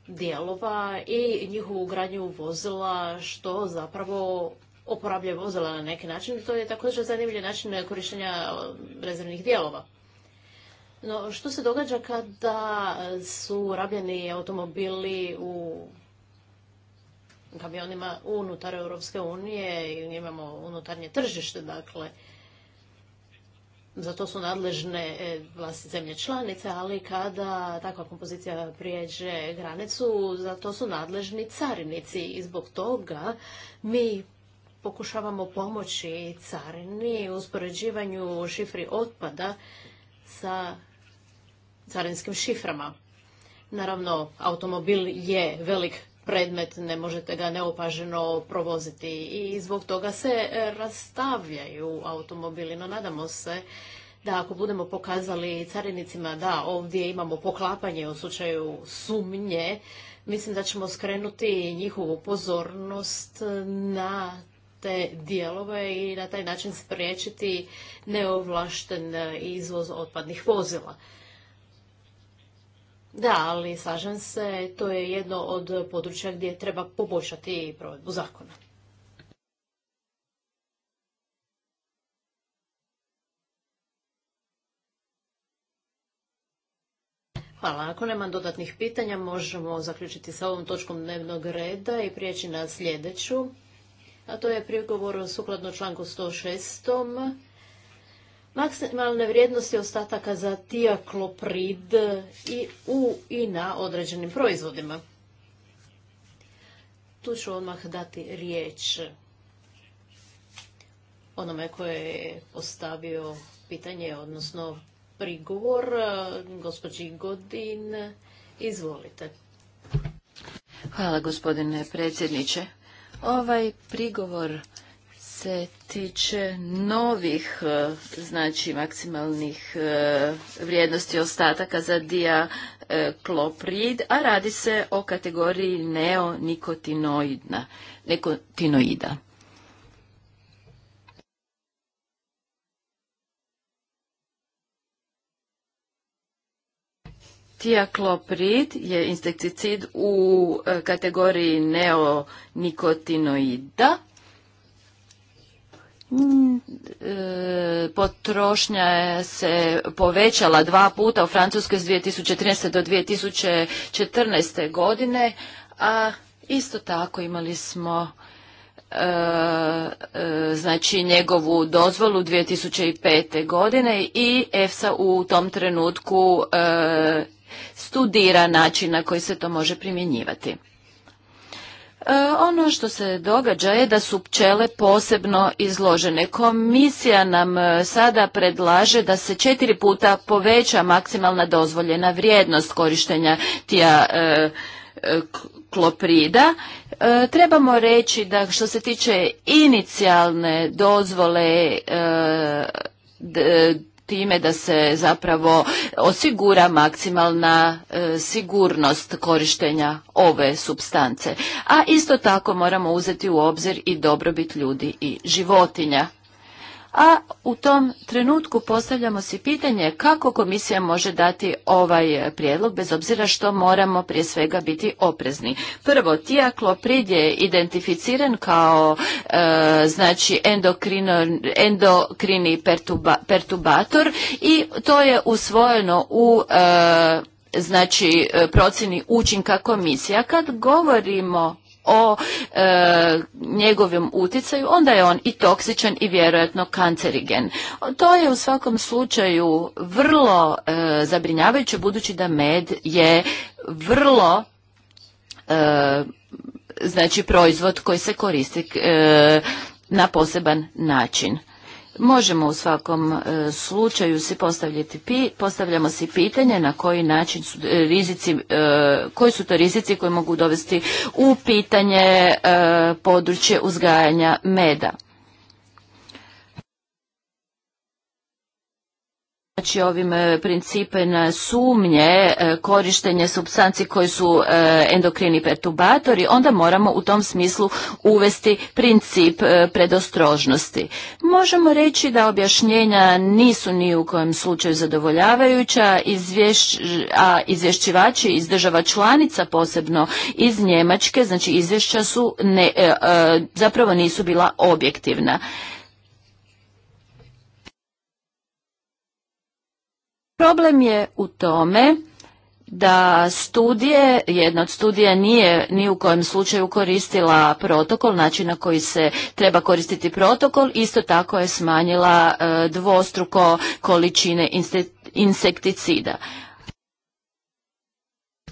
[SPEAKER 3] dijelova i njihovu ugradnju vozila što zapravo oporablja vozila na neki način. To je također zanimljiv način korištenja um, rezervnih dijelova. No, što se događa kada su rabljeni automobili u kamionima unutar Europske unije i imamo unutarnje tržište, dakle, za to su nadležne e, vlasti zemlje članice, ali kada takva kompozicija prijeđe granicu, za to su nadležni carinici i zbog toga mi pokušavamo pomoći carini u uspoređivanju šifri otpada sa carinskim šiframa. Naravno, automobil je velik predmet, ne možete ga neopaženo provoziti i zbog toga se e, rastavljaju automobili. No nadamo se da ako budemo pokazali carinicima da ovdje imamo poklapanje u slučaju sumnje, mislim da ćemo skrenuti njihovu pozornost na te dijelove i na taj način spriječiti neovlašten izvoz otpadnih vozila. Da, ali slažem se, to je jedno od područja gdje treba poboljšati provedbu zakona. Hvala. Ako nema dodatnih pitanja, možemo zaključiti sa ovom točkom dnevnog reda i prijeći na sljedeću. A to je prigovor sukladno članku 106 maksimalne vrijednosti ostataka za tijakloprid i u i na određenim proizvodima. Tu ću odmah dati riječ onome koje je postavio pitanje, odnosno prigovor, gospođi Godin. Izvolite.
[SPEAKER 2] Hvala gospodine predsjedniče. Ovaj prigovor se tiče novih e, znači maksimalnih e, vrijednosti ostataka za diakloprid, a radi se o kategoriji neonikotinoidna, nekotinoida. Tiakloprid je insekticid u e, kategoriji neonikotinoida Mm, e, potrošnja se povećala dva puta u Francuskoj s 2013. do 2014. godine, a isto tako imali smo e, e, znači njegovu dozvolu 2005. godine i EFSA u tom trenutku studira način na koji se to može primjenjivati. E, ono što se događa je da su pčele posebno izložene. Komisija nam e, sada predlaže da se četiri puta poveća maksimalna dozvoljena vrijednost korištenja tija e, kloprida. trebamo reći da što se tiče inicijalne dozvole time da se zapravo osigura maksimalna e, sigurnost korištenja ove substance. A isto tako moramo uzeti u obzir i dobrobit ljudi i životinja a u tom trenutku postavljamo si pitanje kako komisija može dati ovaj prijedlog bez obzira što moramo prije svega biti oprezni. Prvo, tijakloprid je identificiran kao e, znači endokrini pertuba, i to je usvojeno u e, znači procjeni učinka komisija. Kad govorimo o e, njegovom utjecaju, onda je on i toksičan i vjerojatno kancerigen. To je u svakom slučaju vrlo e, zabrinjavajuće budući da med je vrlo e, znači proizvod koji se koristi na poseban način. Možemo u svakom e, slučaju si postavljati, postavljamo si pitanje na koji način su e, rizici, e, koji su to rizici koji mogu dovesti u pitanje područje uzgajanja meda. znači ovim e, principem e, sumnje e, korištenje substanci koji su endokrini perturbatori, onda moramo u tom smislu uvesti princip predostrožnosti. Možemo reći da objašnjenja nisu ni u kojem slučaju zadovoljavajuća, a izvješćivači iz država članica, posebno iz Njemačke, znači izvješća su ne, zapravo nisu bila objektivna. Problem je u tome da studije, jedna od studija nije ni u kojem slučaju koristila protokol, način na koji se treba koristiti protokol, isto tako je smanjila e, dvostruko količine insekticida.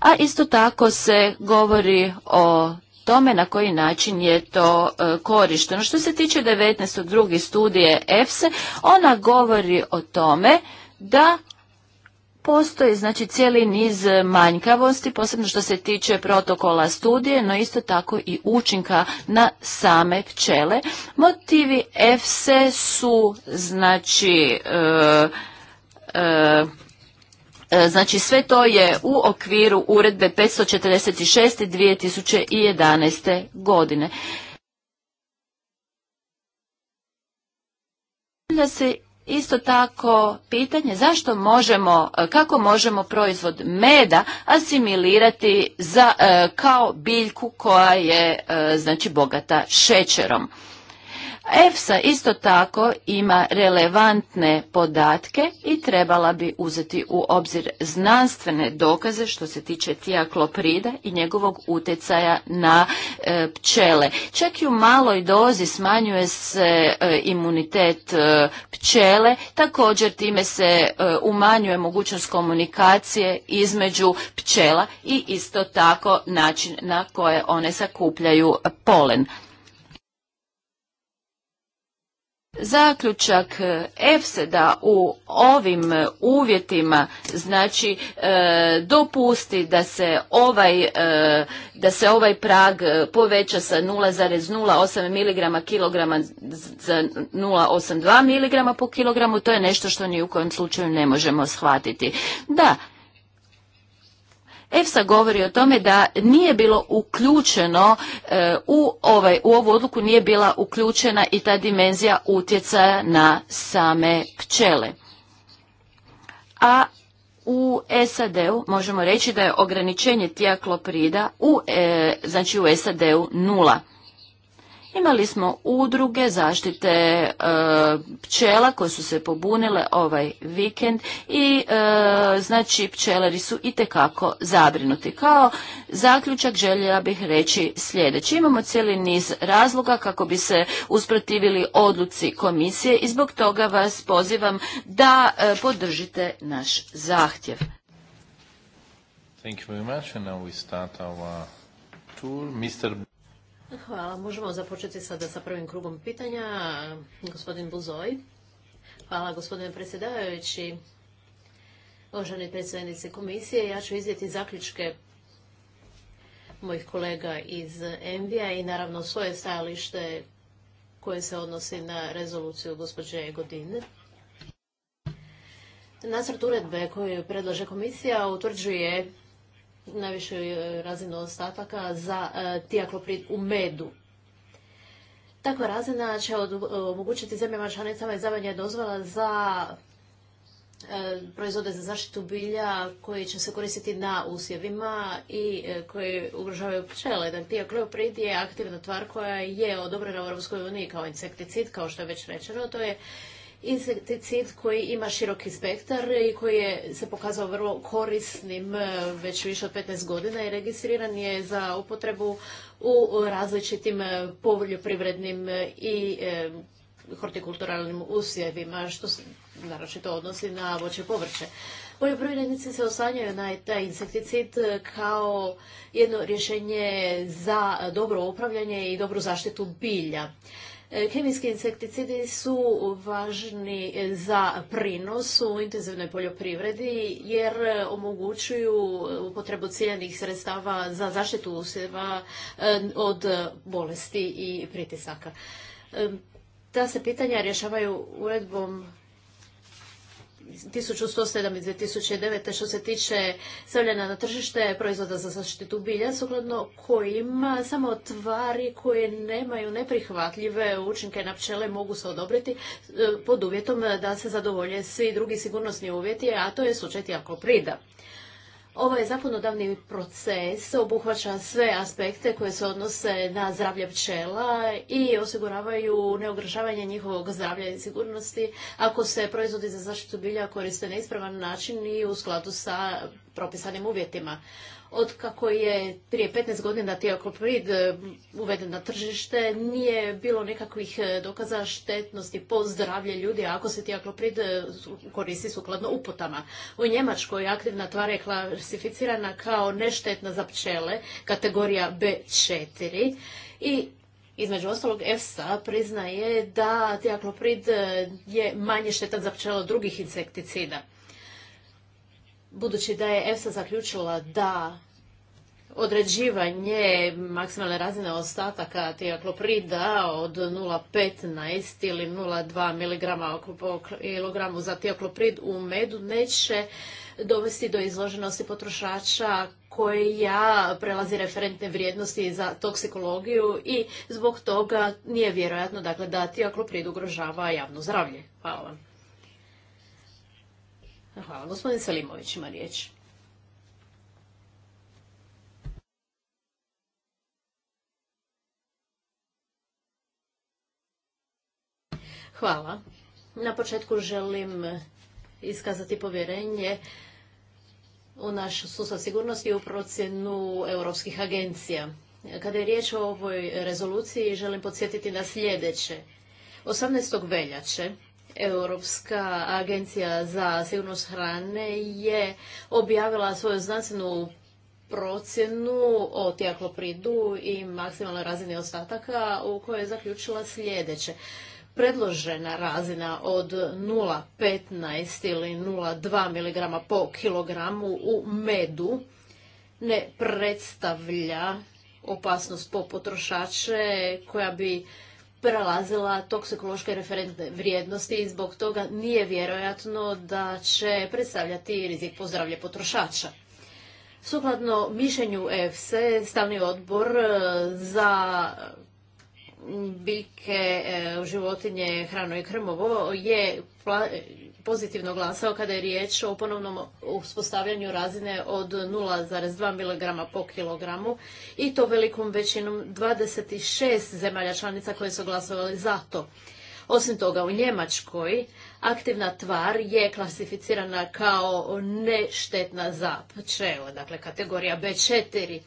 [SPEAKER 2] A isto tako se govori o tome na koji način je to e, korišteno. Što se tiče 19. drugi studije EFSE, e, ona govori o tome da Postoji znači cijeli niz e, manjkavosti, posebno što se tiče protokola studije, no isto tako i učinka na same pčele. Motivi EFSE su znači e, e, e, Znači sve to je u okviru uredbe 546 2011. godine. Isto tako pitanje zašto možemo, e, kako možemo proizvod meda asimilirati za, e, kao biljku koja je e, znači bogata šećerom. EFSA isto tako ima relevantne podatke i trebala bi uzeti u obzir znanstvene dokaze što se tiče tijakloprida i njegovog utjecaja na e, pčele. Čak i u maloj dozi smanjuje se e, imunitet e, pčele, također time se umanjuje mogućnost komunikacije između pčela i isto tako način na koje one sakupljaju polen. Zaključak EFSE e da u ovim uvjetima znači e, dopusti da se ovaj e, da se ovaj prag poveća sa 0,08 mg kilograma za 0,82 mg po kilogramu, to je nešto što ni u kojem slučaju ne možemo shvatiti. Da, EFSA govori o tome da nije bilo uključeno e, u, ovaj, u ovu odluku nije bila uključena i ta dimenzija utjecaja na same pčele. A u SAD-u možemo reći da je ograničenje tijakloprida u, e, znači u SAD-u nula. Imali smo udruge zaštite e, pčela koje su se pobunile ovaj vikend i e, znači pčelari su i tekako zabrinuti. Kao zaključak željela bih reći sljedeće. Imamo cijeli niz razloga kako bi se usprotivili odluci komisije i zbog toga vas pozivam da e, podržite naš zahtjev.
[SPEAKER 1] Thank you very much now we start our tour. Mr.
[SPEAKER 3] Hvala. Možemo započeti sada sa prvim krugom pitanja. Gospodin Buzoj. Hvala gospodine predsjedavajući. Uvaženi predsjednici komisije, ja ću izvjeti zaključke mojih kolega iz Envija i naravno svoje stajalište koje se odnosi na rezoluciju gospođe Godine. Nacrt uredbe koju predlaže komisija utvrđuje najvišoj e, razinu ostataka za e, tijakloprid u medu. Takva razina će e, omogućiti zemljama članicama izdavanje dozvola za proizvode za zaštitu bilja koji će se koristiti na usjevima i koji ugrožavaju pčele. Tijakloprid je aktivna tvar koja je odobrena u Europskoj uniji kao insekticid, kao što je već rečeno. To je insekticid koji ima široki spektar i koji je se pokazao vrlo korisnim e, već više od 15 godina i registriran je za upotrebu u različitim e, poljoprivrednim e, i hortikulturalnim usjevima, što se naročito odnosi na voće povrće. Poljoprivrednici se osanjaju na taj insekticid kao jedno rješenje za dobro upravljanje i dobru zaštitu bilja. E, kemijski insekticidi su važni e, za prinos u intenzivnoj poljoprivredi jer e, omogućuju upotrebu ciljenih sredstava za zaštitu usjeva od bolesti i pritisaka. Ta se pitanja rješavaju uredbom 1107 iz 2009. što se tiče stavljena na tržište proizvoda za zaštitu bilja, sukladno kojima samo tvari koje nemaju neprihvatljive učinke na pčele mogu se odobriti e, pod uvjetom da se zadovolje svi drugi sigurnosni uvjeti, a to je slučaj prida. Ovaj zakonodavni proces obuhvaća sve aspekte koje se odnose na zdravlje pčela i osiguravaju neogražavanje njihovog zdravlja i sigurnosti ako se proizvodi za zaštitu bilja koriste na ispravan način i u skladu sa propisanim uvjetima od kako je prije 15 godina tiakloprid eh, uveden na tržište, nije bilo nekakvih eh, dokaza štetnosti po zdravlje ljudi ako se tiakloprid eh, koristi sukladno uputama. U Njemačkoj aktivna tvar je klasificirana kao neštetna za pčele, kategorija B4 i između ostalog, EFSA priznaje da tiakloprid je manje štetan za pčele od drugih insekticida budući da je EFSA zaključila da određivanje maksimalne razine ostataka tijakloprida od 0,15 ili 0,2 mg po kilogramu za tijakloprid u medu neće dovesti do izloženosti potrošača koja prelazi referentne vrijednosti za toksikologiju i zbog toga nije vjerojatno dakle, da tijakloprid ugrožava javno zdravlje. Hvala vam. Hvala. Gospodin Selimović ima riječ. Hvala. Na početku želim iskazati povjerenje u naš sustav sigurnosti i u procjenu europskih agencija. Kada je riječ o ovoj rezoluciji, želim podsjetiti na sljedeće. 18. veljače Europska agencija za sigurnost hrane je objavila svoju znanstvenu procjenu o tijaklopridu i maksimalnoj razini ostataka u kojoj je zaključila sljedeće. Predložena razina od 0,15 ili 0,2 mg po kilogramu u medu ne predstavlja opasnost po potrošače koja bi prelazila toksikološke referentne vrijednosti i zbog toga nije vjerojatno da će predstavljati rizik pozdravlje potrošača. Sukladno mišljenju EFSE, Stavni odbor e, za biljke, e, životinje, hrano i krmovo je pozitivno glasao kada je riječ o ponovnom uspostavljanju razine od 0,2 mg po kilogramu i to velikom većinom 26 zemalja članica koje su glasovali za to. Osim toga, u Njemačkoj aktivna tvar je klasificirana kao neštetna za pčele, dakle kategorija B4.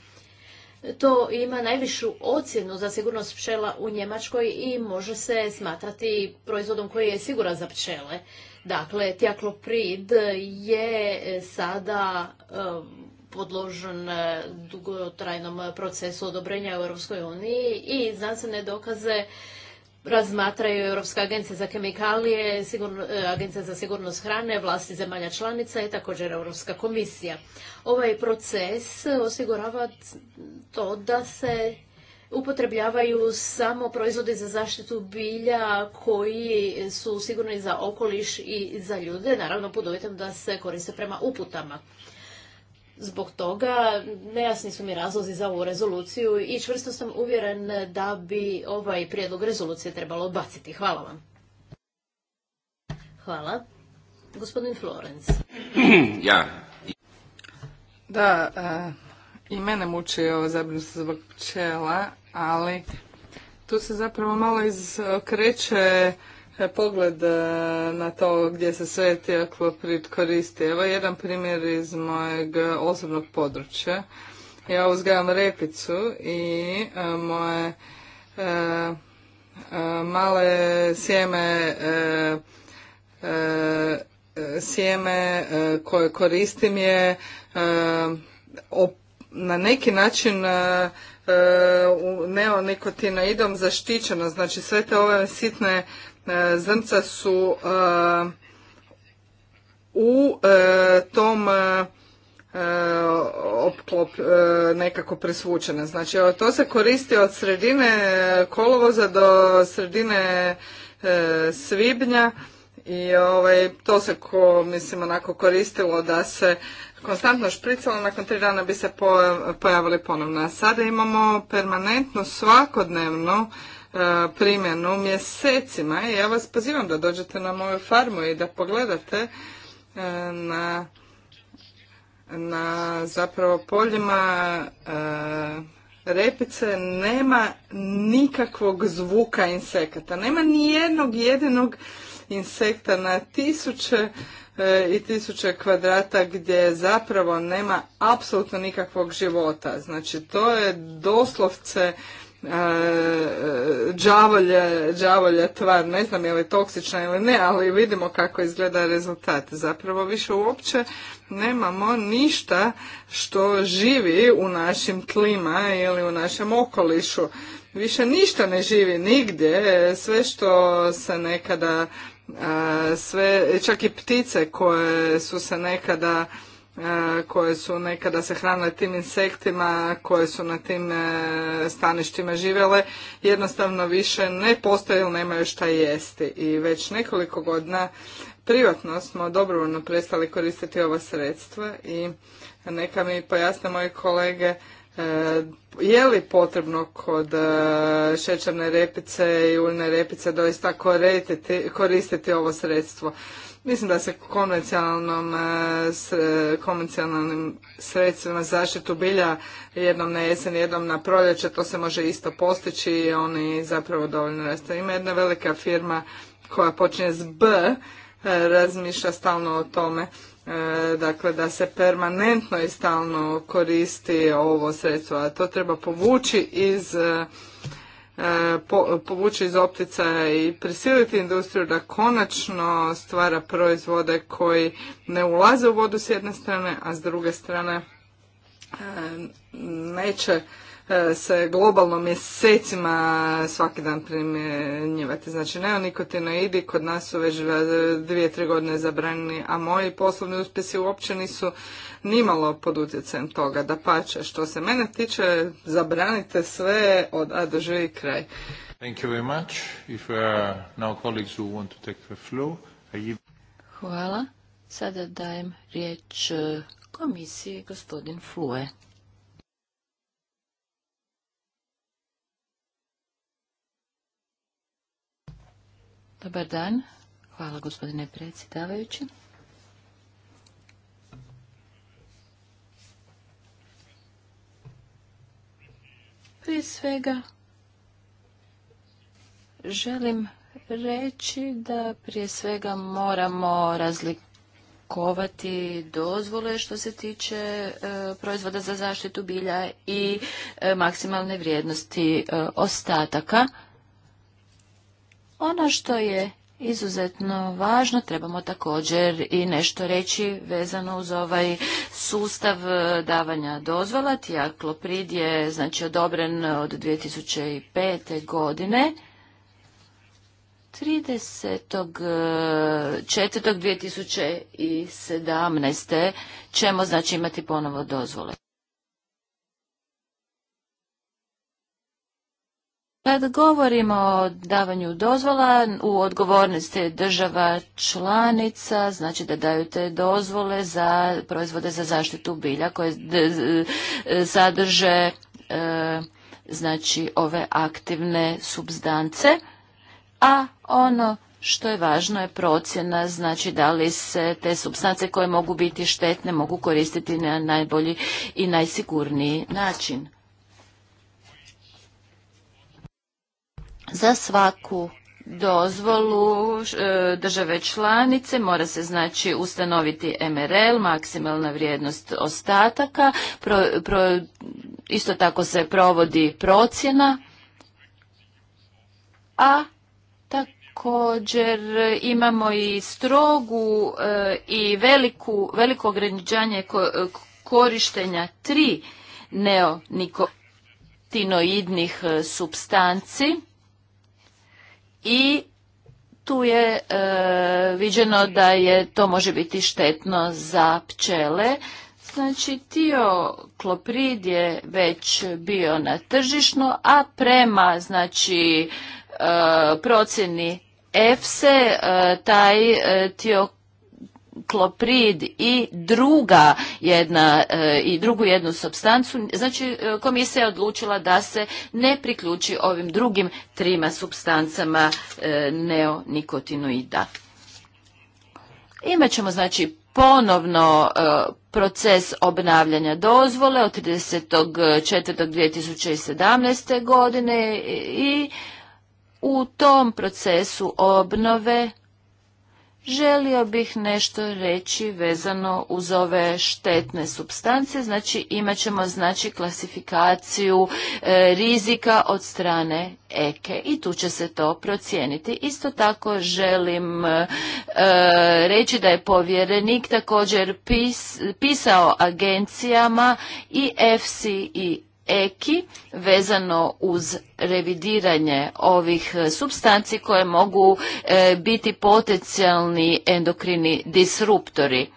[SPEAKER 3] To ima najvišu ocjenu za sigurnost pčela u Njemačkoj i može se smatrati proizvodom koji je siguran za pčele. Dakle, tijakloprid je e, sada podložen e, dugotrajnom procesu odobrenja u EU i znanstvene dokaze razmatraju Europska agencija za kemikalije, e, Agencija za sigurnost hrane, vlasti zemalja članica i također Europska komisija. Ovaj proces osigurava to da se upotrebljavaju samo proizvode za zaštitu bilja koji su sigurni za okoliš i za ljude, naravno pod uvjetom da se koriste prema uputama. Zbog toga nejasni su mi razlozi za ovu rezoluciju i čvrsto sam uvjeren da bi ovaj prijedlog rezolucije trebalo odbaciti. Hvala vam. Hvala. Gospodin Florence.
[SPEAKER 1] Ja.
[SPEAKER 3] Da, i mene
[SPEAKER 1] muči ova zabrinutost zbog pčela, ali tu se zapravo malo izokreće pogled e, na to gdje se sve akloprid koristi. Evo jedan primjer iz mojeg osobnog područja. Ja uzgajam repicu i e, moje e, male sjeme sjeme koje koristim je na neki način neo e, neonikotinoidom zaštićeno. Znači sve te ove sitne e, zrnca su e, u tom opklop nekako presvučene. Znači to se koristi od sredine kolovoza do sredine svibnja i ovaj, to se mislim, onako koristilo da se konstantno špricala, nakon tri dana bi se pojavili ponovno. A sada imamo permanentnu, svakodnevnu e, primjenu mjesecima i ja vas pozivam da dođete na moju farmu i da pogledate e, na, na zapravo poljima e, repice nema nikakvog zvuka insekata. Nema ni jednog jedinog insekta na tisuće E, i tisuće kvadrata gdje zapravo nema apsolutno nikakvog života. Znači to je doslovce džavolja, e, džavolja tvar, ne znam je li toksična ili ne, ali vidimo kako izgleda rezultat. Zapravo više uopće nemamo ništa što živi u našim tlima ili u našem okolišu. Više ništa ne živi nigdje, sve što se nekada sve, čak i ptice koje su se nekada e, koje su nekada se hranile tim insektima, koje su na tim e, staništima živjele, jednostavno više ne postoje ili nemaju šta jesti. I već nekoliko godina privatno smo dobrovoljno prestali koristiti ova sredstva i neka mi pojasne moje kolege E, je li potrebno kod e, šećerne repice i uljne repice doista koristiti ovo sredstvo. Mislim da se konvencionalnom, e, konvencionalnim sredstvima zaštitu bilja jednom na jesen, jednom na proljeće, to se može isto postići i oni zapravo dovoljno raste. Ima jedna velika firma koja počinje s B, razmišlja stalno o tome E, dakle da se permanentno i stalno koristi ovo sredstvo, a to treba povući iz e, e, povući iz optica i prisiliti industriju da konačno stvara proizvode koji ne ulaze u vodu s jedne strane, a s druge strane neće E, se globalno mjesecima svaki dan primjenjivati. Znači neonikotinoidi kod nas su već dvije, tri godine zabranjeni, a moji poslovni uspjesi uopće nisu nimalo pod utjecajem toga. Da pače, što se mene tiče, zabranite sve od A do Ž i kraj.
[SPEAKER 3] Thank you very much. If now colleagues who want to take the floor,
[SPEAKER 2] Hvala. Sada dajem riječ e, komisiji gospodin Flue. Dobar dan. Hvala gospodine predsjedavajući. Prije svega želim reći da prije svega moramo razlikovati dozvole što se tiče e, proizvoda za zaštitu bilja i e, maksimalne vrijednosti e, ostataka. Ono što je izuzetno važno, trebamo također i nešto reći vezano uz ovaj sustav e, davanja dozvola. Tijakloprid je znači, odobren od 2005. godine. 30.4.2017. E, ćemo znači imati ponovo dozvole. Kad govorimo o davanju dozvola, u odgovornosti država članica, znači da daju te dozvole za proizvode za zaštitu bilja koje sadrže e, znači ove aktivne substance, a ono što je važno je procjena, znači da li se te substance koje mogu biti štetne mogu koristiti na najbolji i najsigurniji način. Za svaku dozvolu e, države članice mora se znači ustanoviti MRL, maksimalna vrijednost ostataka, pro, isto tako se provodi procjena, a također imamo i strogu e, i veliku, veliko ograničanje korištenja tri neonikotinoidnih e, substanci i tu je e, viđeno da je to može biti štetno za pčele. Znači, tio kloprid je već bio na tržišno, a prema znači, e, procjeni EFSE, e, taj e, tio kloprid i druga jedna e, i drugu jednu substancu. Znači e, komisija je odlučila da se ne priključi ovim drugim trima substancama e, neonikotinoida. ćemo znači ponovno proces obnavljanja dozvole od 30.4.2017. godine i u tom procesu obnove Želio bih nešto reći vezano uz ove štetne substance, znači imat ćemo znači, klasifikaciju e, rizika od strane EKE i tu će se to procijeniti. Isto tako želim e, e, reći da je povjerenik također pisao agencijama i FC i EKI vezano uz revidiranje ovih e, substanci koje mogu e, biti potencijalni endokrini disruptori.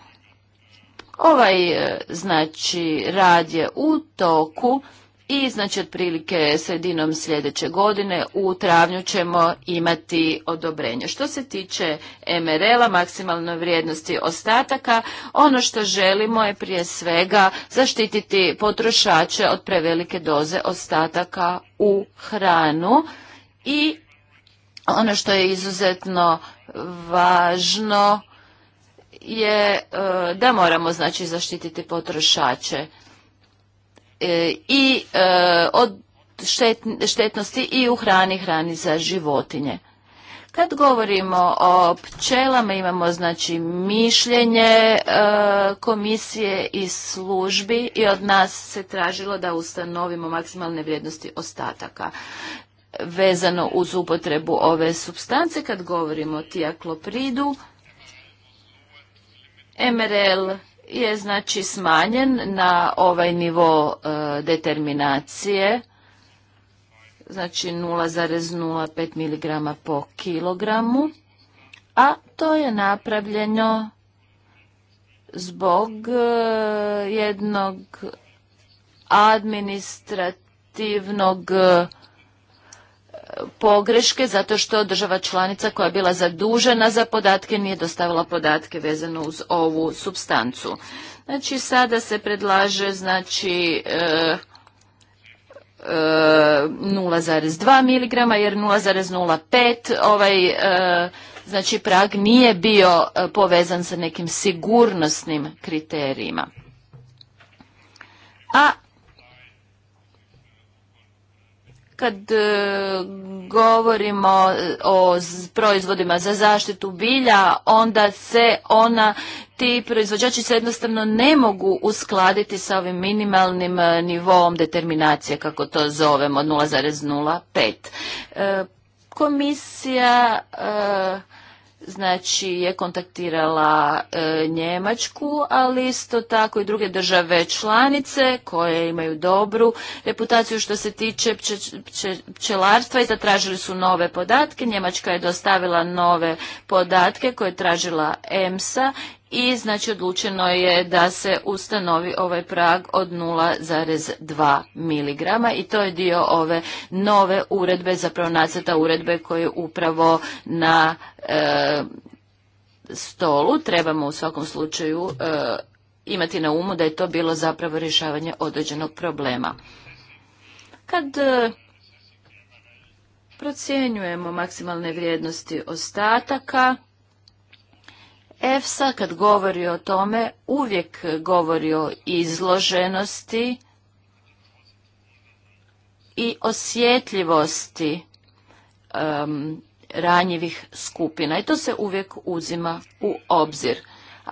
[SPEAKER 2] Ovaj e, znači rad je u toku i znači otprilike sredinom sljedeće godine u travnju ćemo imati odobrenje. Što se tiče MRL-a, vrijednosti ostataka, ono što želimo je prije svega zaštititi potrošače od prevelike doze ostataka u hranu i ono što je izuzetno važno je e, da moramo znači zaštititi potrošače E, i e, od štetnosti i u hrani, hrani za životinje. Kad govorimo o pčelama, imamo znači mišljenje e, komisije i službi i od nas se tražilo da ustanovimo maksimalne vrijednosti ostataka vezano uz upotrebu ove substance. Kad govorimo o tijaklopridu, MRL je znači smanjen na ovaj nivo e, determinacije, znači 0,05 mg po kilogramu, a to je napravljeno zbog e, jednog administrativnog pogreške zato što država članica koja je bila zadužena za podatke nije dostavila podatke vezano uz ovu substancu. Znači sada se predlaže znači e, 0,2 e, mg jer 0,05 ovaj e, znači prag nije bio e, povezan sa nekim sigurnosnim kriterijima. A Kad e, govorimo e, o proizvodima za zaštitu bilja, onda se ona, ti proizvođači se jednostavno ne mogu uskladiti sa ovim minimalnim e, nivom determinacije, kako to zovemo, 0,05. Komisija znači je kontaktirala e, Njemačku, ali isto tako i druge države članice koje imaju dobru reputaciju što se tiče pčelarstva i zatražili su nove podatke. Njemačka je dostavila nove podatke koje je tražila EMSA i znači odlučeno je da se ustanovi ovaj prag od 0,2 mg i to je dio ove nove uredbe, zapravo nacrta uredbe koje upravo na e, stolu trebamo u svakom slučaju e, imati na umu da je to bilo zapravo rješavanje određenog problema. Kad e, procjenjujemo maksimalne vrijednosti ostataka, EFSA kad govori o tome uvijek govori o izloženosti i osjetljivosti ranjivih skupina i to se uvijek uzima u obzir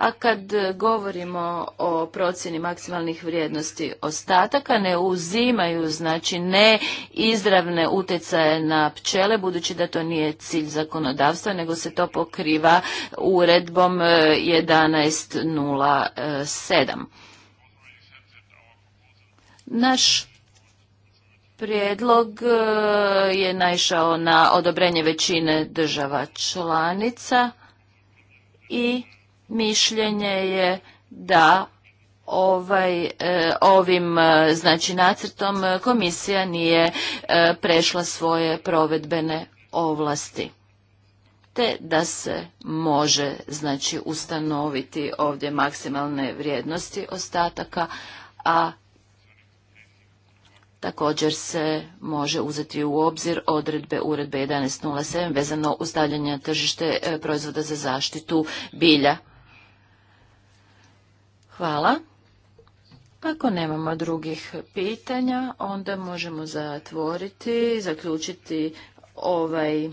[SPEAKER 2] a kad govorimo o procjeni maksimalnih vrijednosti ostataka ne uzimaju znači ne izravne utjecaje na pčele budući da to nije cilj zakonodavstva nego se to pokriva uredbom 1107. E, Naš prijedlog e, je naišao na odobrenje većine država članica i mišljenje je da ovaj e, ovim e, znači nacrtom komisija nije e, prešla svoje provedbene ovlasti te da se može znači ustanoviti ovdje maksimalne vrijednosti ostataka a Također se može uzeti u obzir odredbe uredbe 11.07 vezano ustavljanje tržište proizvoda za zaštitu bilja. Hvala. Ako nemamo drugih pitanja, onda možemo zatvoriti, zaključiti ovaj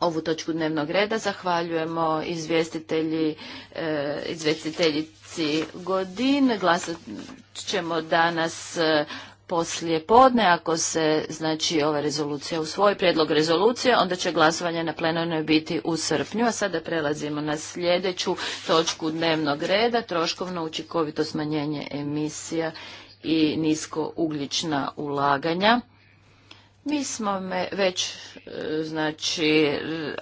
[SPEAKER 2] ovu točku dnevnog reda. Zahvaljujemo izvjestitelji, e, izvjestiteljici godin. Glasat ćemo danas e, poslije podne, ako se znači ova rezolucija usvoji, prijedlog rezolucije, onda će glasovanje na plenarnoj biti u srpnju. A sada prelazimo na sljedeću točku dnevnog reda, troškovno učinkovito smanjenje emisija i nisko ugljična ulaganja. Mi smo me već e, znači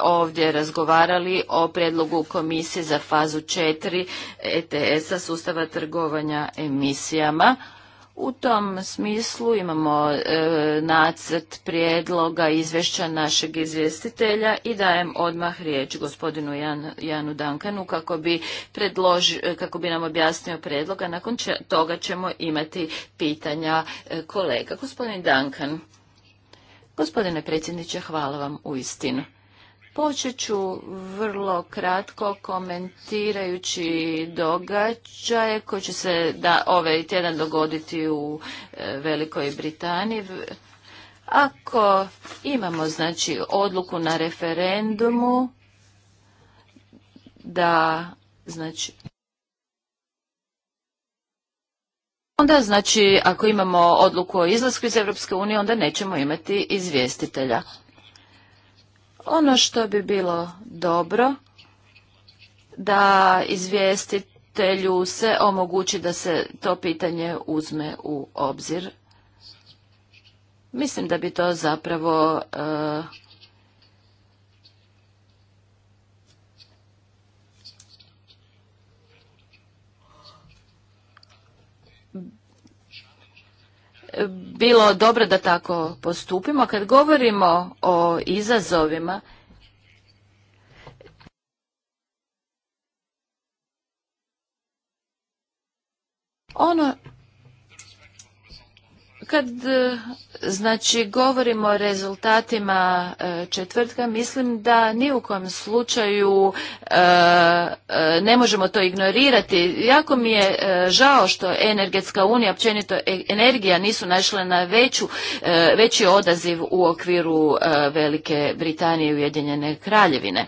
[SPEAKER 2] ovdje razgovarali o prijedlogu komisije za fazu 4 ETS-a sustava trgovanja emisijama. U tom smislu imamo e, nacrt prijedloga izvješća našeg izvjestitelja i dajem odmah riječ gospodinu Janu Dankanu kako bi, e, kako bi nam objasnio predloga Nakon toga ćemo imati pitanja e, kolega. Gospodin Dankan. Gospodine predsjedniče, hvala vam u istinu. Počet ću vrlo kratko komentirajući događaje koji će se da ovaj tjedan dogoditi u e, Velikoj Britaniji. Ako imamo znači odluku na referendumu da znači Onda, znači, ako imamo odluku o izlasku iz Europske unije, onda nećemo imati izvjestitelja. Ono što bi bilo dobro da izvjestitelju se omogući da se to pitanje uzme u obzir. Mislim da bi to zapravo e, bilo dobro da tako postupimo. Kad govorimo o izazovima, ono kad e, znači govorimo o rezultatima e, četvrtka, mislim da ni u kojem slučaju e, ne možemo to ignorirati. Jako mi je žao što energetska unija, općenito energija nisu našle na veći odaziv u okviru Velike Britanije i Ujedinjene Kraljevine.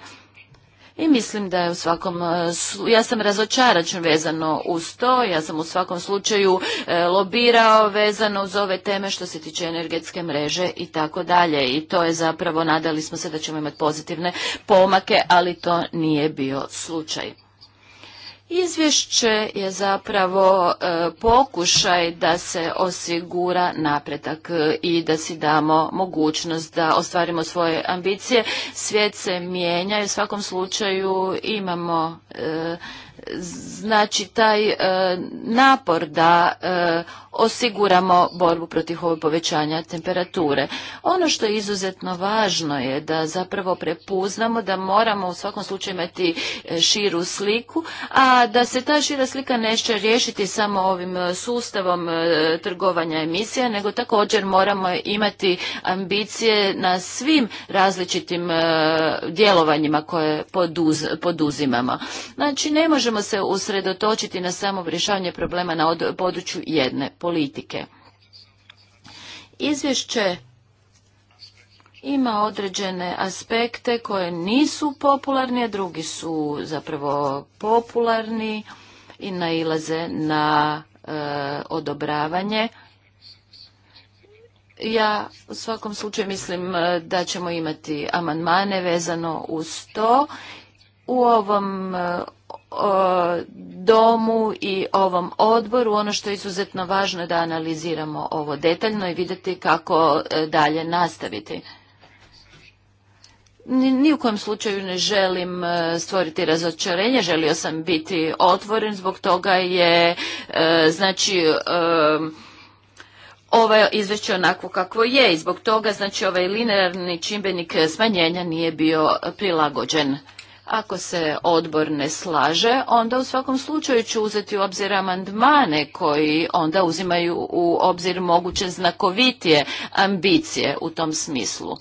[SPEAKER 2] I mislim da je u svakom, e, ja sam razočaračan vezano uz to, ja sam u svakom slučaju e, lobirao vezano uz ove teme što se tiče energetske mreže i tako dalje. I to je zapravo, nadali smo se da ćemo imati pozitivne pomake, ali to nije bio slučaj. Izvješće je zapravo e, pokušaj da se osigura napredak e, i da si damo mogućnost da ostvarimo svoje ambicije. Svijet se mijenja i u svakom slučaju imamo e, znači taj e, napor da e, osiguramo borbu protiv ovog povećanja temperature. Ono što je izuzetno važno je da zapravo prepoznamo da moramo u svakom slučaju imati e, širu sliku, a da se ta šira slika neće riješiti samo ovim sustavom trgovanja emisija, nego također moramo imati ambicije na svim različitim djelovanjima koje poduzimamo. Znači ne možemo možemo se usredotočiti na samo rješavanje problema na području jedne politike. Izvješće ima određene aspekte koje nisu popularni, a drugi su zapravo popularni i nailaze na e, odobravanje. Ja u svakom slučaju mislim e, da ćemo imati amandmane vezano uz to. U ovom e, domu i ovom odboru. Ono što je izuzetno važno je da analiziramo ovo detaljno i vidjeti kako e, dalje nastaviti. Ni u kojem slučaju ne želim e, stvoriti razočarenje, želio sam biti otvoren, zbog toga je e, znači ovo izvješće onako kakvo je i zbog toga znači ovaj linearni čimbenik smanjenja nije bio prilagođen. Ako se odbor ne slaže, onda u svakom slučaju ću uzeti u obzir amandmane koji onda uzimaju u obzir moguće znakovitije ambicije u tom smislu.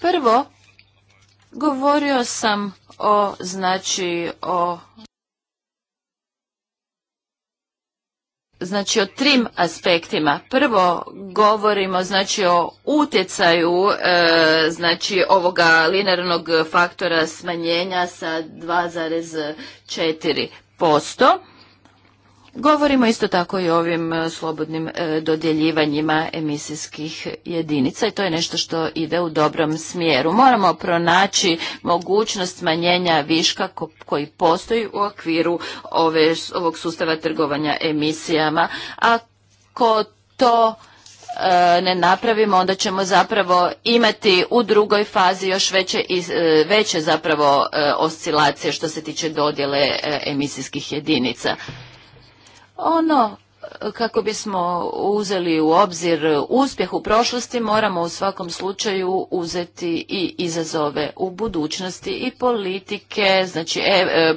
[SPEAKER 2] Prvo, govorio sam o, znači, o znači o trim aspektima. Prvo govorimo znači o utjecaju e, znači ovoga linearnog faktora smanjenja sa 2,4%. Govorimo isto tako i o ovim e, slobodnim e, dodjeljivanjima emisijskih jedinica i to je nešto što ide u dobrom smjeru. Moramo pronaći mogućnost smanjenja viška koji postoji u okviru ove, ovog sustava trgovanja emisijama. Ako to e, ne napravimo, onda ćemo zapravo imati u drugoj fazi još veće, veće zapravo oscilacije što se tiče dodjele emisijskih jedinica. Ono kako bismo uzeli u obzir uspjeh u prošlosti, moramo u svakom slučaju uzeti i izazove u budućnosti i politike, znači e, e,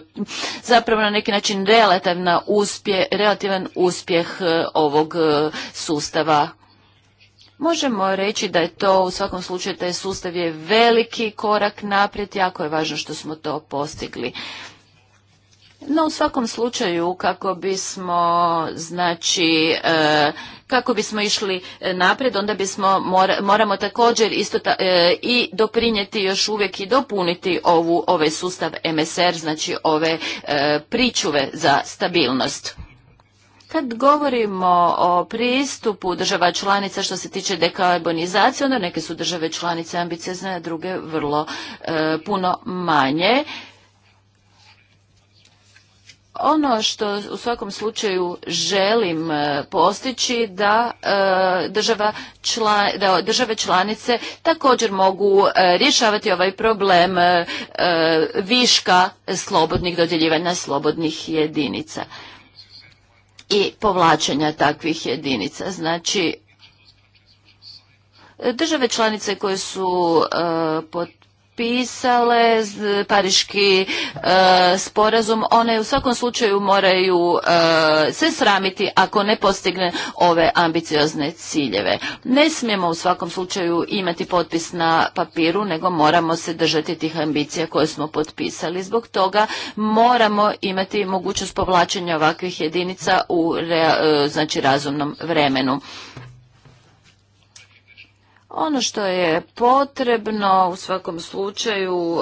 [SPEAKER 2] zapravo na neki način relativna uspje, relativan uspjeh e, ovog sustava. Možemo reći da je to u svakom slučaju taj sustav je veliki korak naprijed, jako je važno što smo to postigli. No u svakom slučaju kako bismo znači e, kako bismo išli naprijed onda bismo moramo također isto e, i doprinijeti još uvijek i dopuniti ovu ovaj sustav MSR znači ove e, pričuve za stabilnost. Kad govorimo o pristupu država članica što se tiče dekarbonizacije, onda neke su države članice ambiciozne, a druge vrlo puno manje. Ono što u svakom slučaju želim e, postići da, e, država da države članice također mogu e, rješavati ovaj problem viška slobodnih dodjeljivanja slobodnih jedinica i povlačenja takvih jedinica. Znači, države članice koje su pod potpisale pariški e, sporazum, one u svakom slučaju moraju e, se sramiti ako ne postigne ove ambiciozne ciljeve. Ne smijemo u svakom slučaju imati potpis na papiru, nego moramo se držati tih ambicija koje smo potpisali. Zbog toga moramo imati mogućnost povlačenja ovakvih jedinica u e, znači, razumnom vremenu. Ono što je potrebno u svakom slučaju e,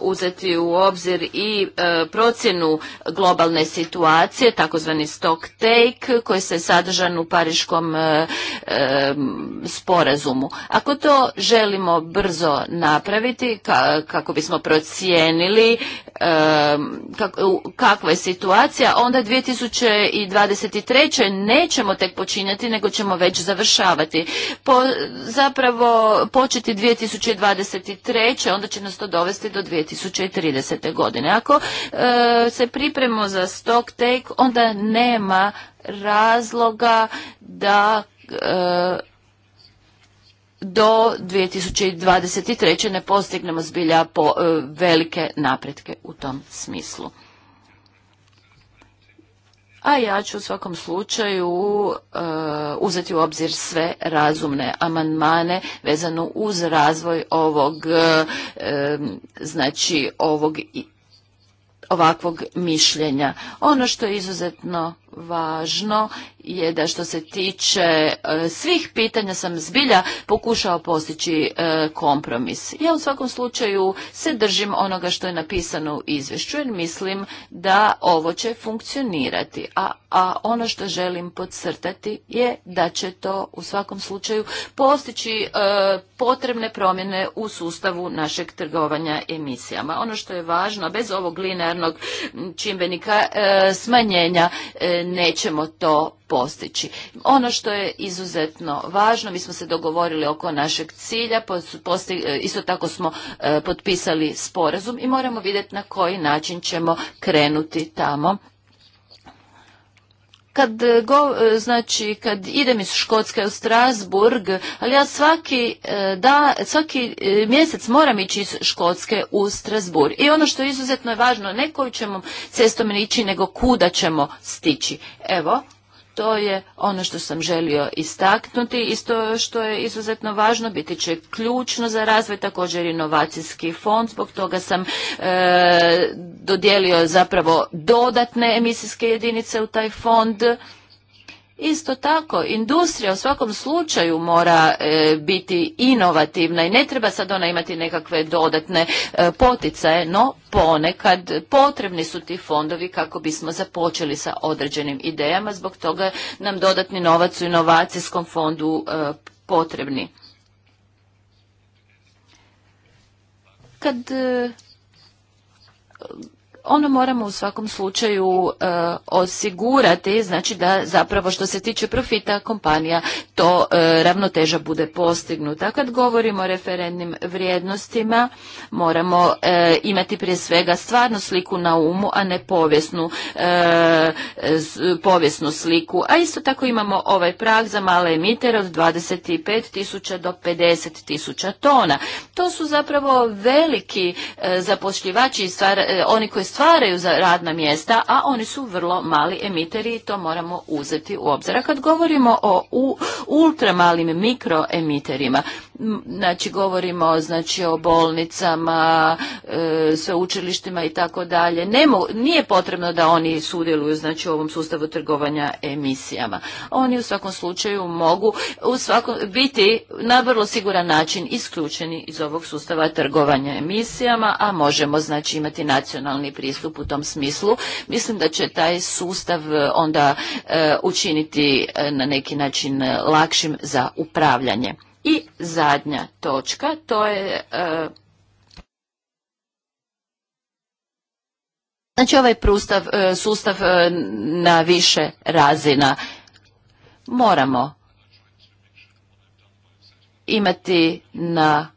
[SPEAKER 2] uzeti u obzir i e, procjenu globalne situacije, takozvani stock take, koji se sadržan u Pariškom e, sporazumu. Ako to želimo brzo napraviti, kako bismo procijenili kakva je situacija, onda 2023. nećemo tek počinjati, nego ćemo već završavati. Po, zapravo početi 2023. onda će nas to dovesti do 2030. godine. Ako e, se pripremo za stock take, onda nema razloga da e, do 2023. ne postignemo zbilja po, e, velike napretke u tom smislu a ja ću u svakom slučaju e, uzeti u obzir sve razumne amandmane vezano uz razvoj ovog e, e, znači ovog ovakvog mišljenja. Ono što je izuzetno važno je da što se tiče e, svih pitanja sam zbilja pokušao postići e, kompromis. Ja u svakom slučaju se držim onoga što je napisano u izvješću jer mislim da ovo će funkcionirati. A, a ono što želim podcrtati je da će to u svakom slučaju postići e, potrebne promjene u sustavu našeg trgovanja emisijama. Ono što je važno bez ovog linearnog čimbenika smanjenja nećemo to postići. Ono što je izuzetno važno, mi smo se dogovorili oko našeg cilja, e, isto tako smo e, potpisali sporazum i moramo vidjeti na koji način ćemo krenuti tamo kad, e, go, e, znači, kad idem iz Škotske u Strasburg, ali ja svaki, e, da, svaki mjesec moram ići iz Škotske u Strasburg. I ono što je izuzetno je važno, ne koju ćemo cestom ići, nego kuda ćemo stići. Evo, to je ono što sam želio istaknuti i što je izuzetno važno, biti će ključno za razvoj, također inovacijski fond, zbog toga sam e, dodijelio zapravo dodatne emisijske jedinice u taj fond Isto tako, industrija u svakom slučaju mora e, biti inovativna i ne treba sad ona imati nekakve dodatne e, poticaje, no ponekad potrebni su ti fondovi kako bismo započeli sa određenim idejama, zbog toga nam dodatni novac u inovacijskom fondu e, potrebni. Kad e, ono moramo u svakom slučaju e, osigurati, znači da zapravo što se tiče profita kompanija to e, ravnoteža bude postignuta. Kad govorimo o referentnim vrijednostima moramo e, imati prije svega stvarnu sliku na umu, a ne povijesnu, povijesnu sliku. A isto tako imamo ovaj prag za male emitere od 25.000 do 50.000 tona. To su zapravo veliki zapošljivači, stvar, oni koji stvaraju za radna mjesta, a oni su vrlo mali emiteri i to moramo uzeti u obzir. A kad govorimo o ultramalim mikroemiterima, znači govorimo znači o bolnicama, e, sveučilištima i tako dalje, nije potrebno da oni sudjeluju znači u ovom sustavu trgovanja emisijama. Oni u svakom slučaju mogu u svakom, biti na vrlo siguran način isključeni iz ovog sustava trgovanja emisijama, a možemo znači imati nacionalni pristup pristup u tom smislu. Mislim da će taj sustav e, onda e, učiniti e, na neki način lakšim za upravljanje. I zadnja točka, to je... Znači ovaj prustav, sustav na više razina moramo imati na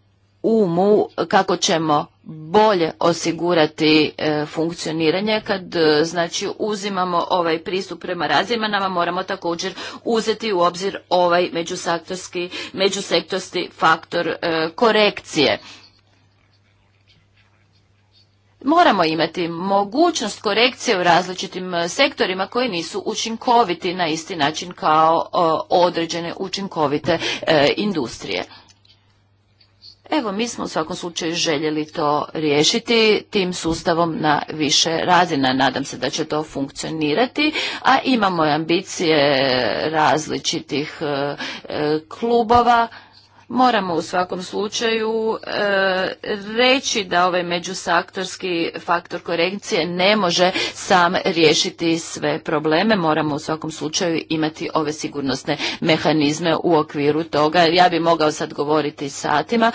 [SPEAKER 2] umu kako ćemo bolje osigurati e, funkcioniranje kad e, znači uzimamo ovaj pristup prema razimanama, moramo također uzeti u obzir ovaj međusektorski međusektorski faktor e, korekcije Moramo imati mogućnost korekcije u različitim sektorima koji nisu učinkoviti na isti način kao određene učinkovite industrije. Evo, mi smo u svakom slučaju željeli to riješiti tim sustavom na više razina. Nadam se da će to funkcionirati, a imamo ambicije različitih e, e, klubova Moramo u svakom slučaju e, reći da ovaj međusaktorski faktor korekcije ne može sam riješiti sve probleme. Moramo u svakom slučaju imati ove sigurnosne mehanizme u okviru toga. Ja bih mogao sad govoriti satima.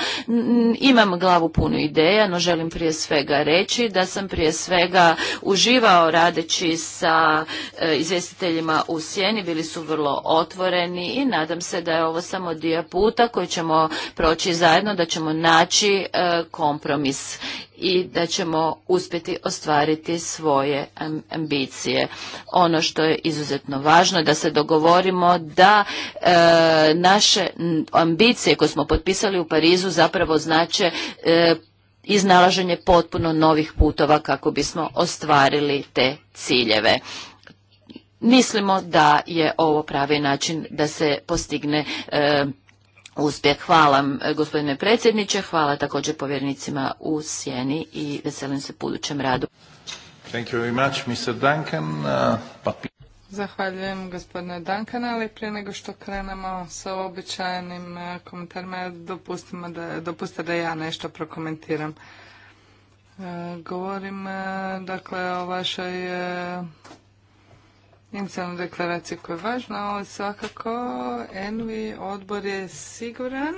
[SPEAKER 2] Imam glavu punu ideja, no želim prije svega reći da sam prije svega uživao radeći sa e, izvjestiteljima u Sjeni. Bili su vrlo otvoreni i nadam se da je ovo samo dio puta koji ćemo ćemo proći zajedno, da ćemo naći e, kompromis i da ćemo uspjeti ostvariti svoje ambicije. Ono što je izuzetno važno je da se dogovorimo da e, naše ambicije koje smo potpisali u Parizu zapravo znače e, iznalaženje potpuno novih putova kako bismo ostvarili te ciljeve. Mislimo da je ovo pravi način da se postigne uspjeh. Hvala gospodine predsjedniče, hvala također povjernicima u Sjeni i veselim se budućem radu. Uh,
[SPEAKER 1] Zahvaljujem gospodine Duncan, ali prije nego što krenemo sa običajnim uh, komentarima, da, dopustite da ja nešto prokomentiram. Uh, govorim dakle o vašoj inicijalnu deklaraciju koja je važna, ali svakako Envi odbor je siguran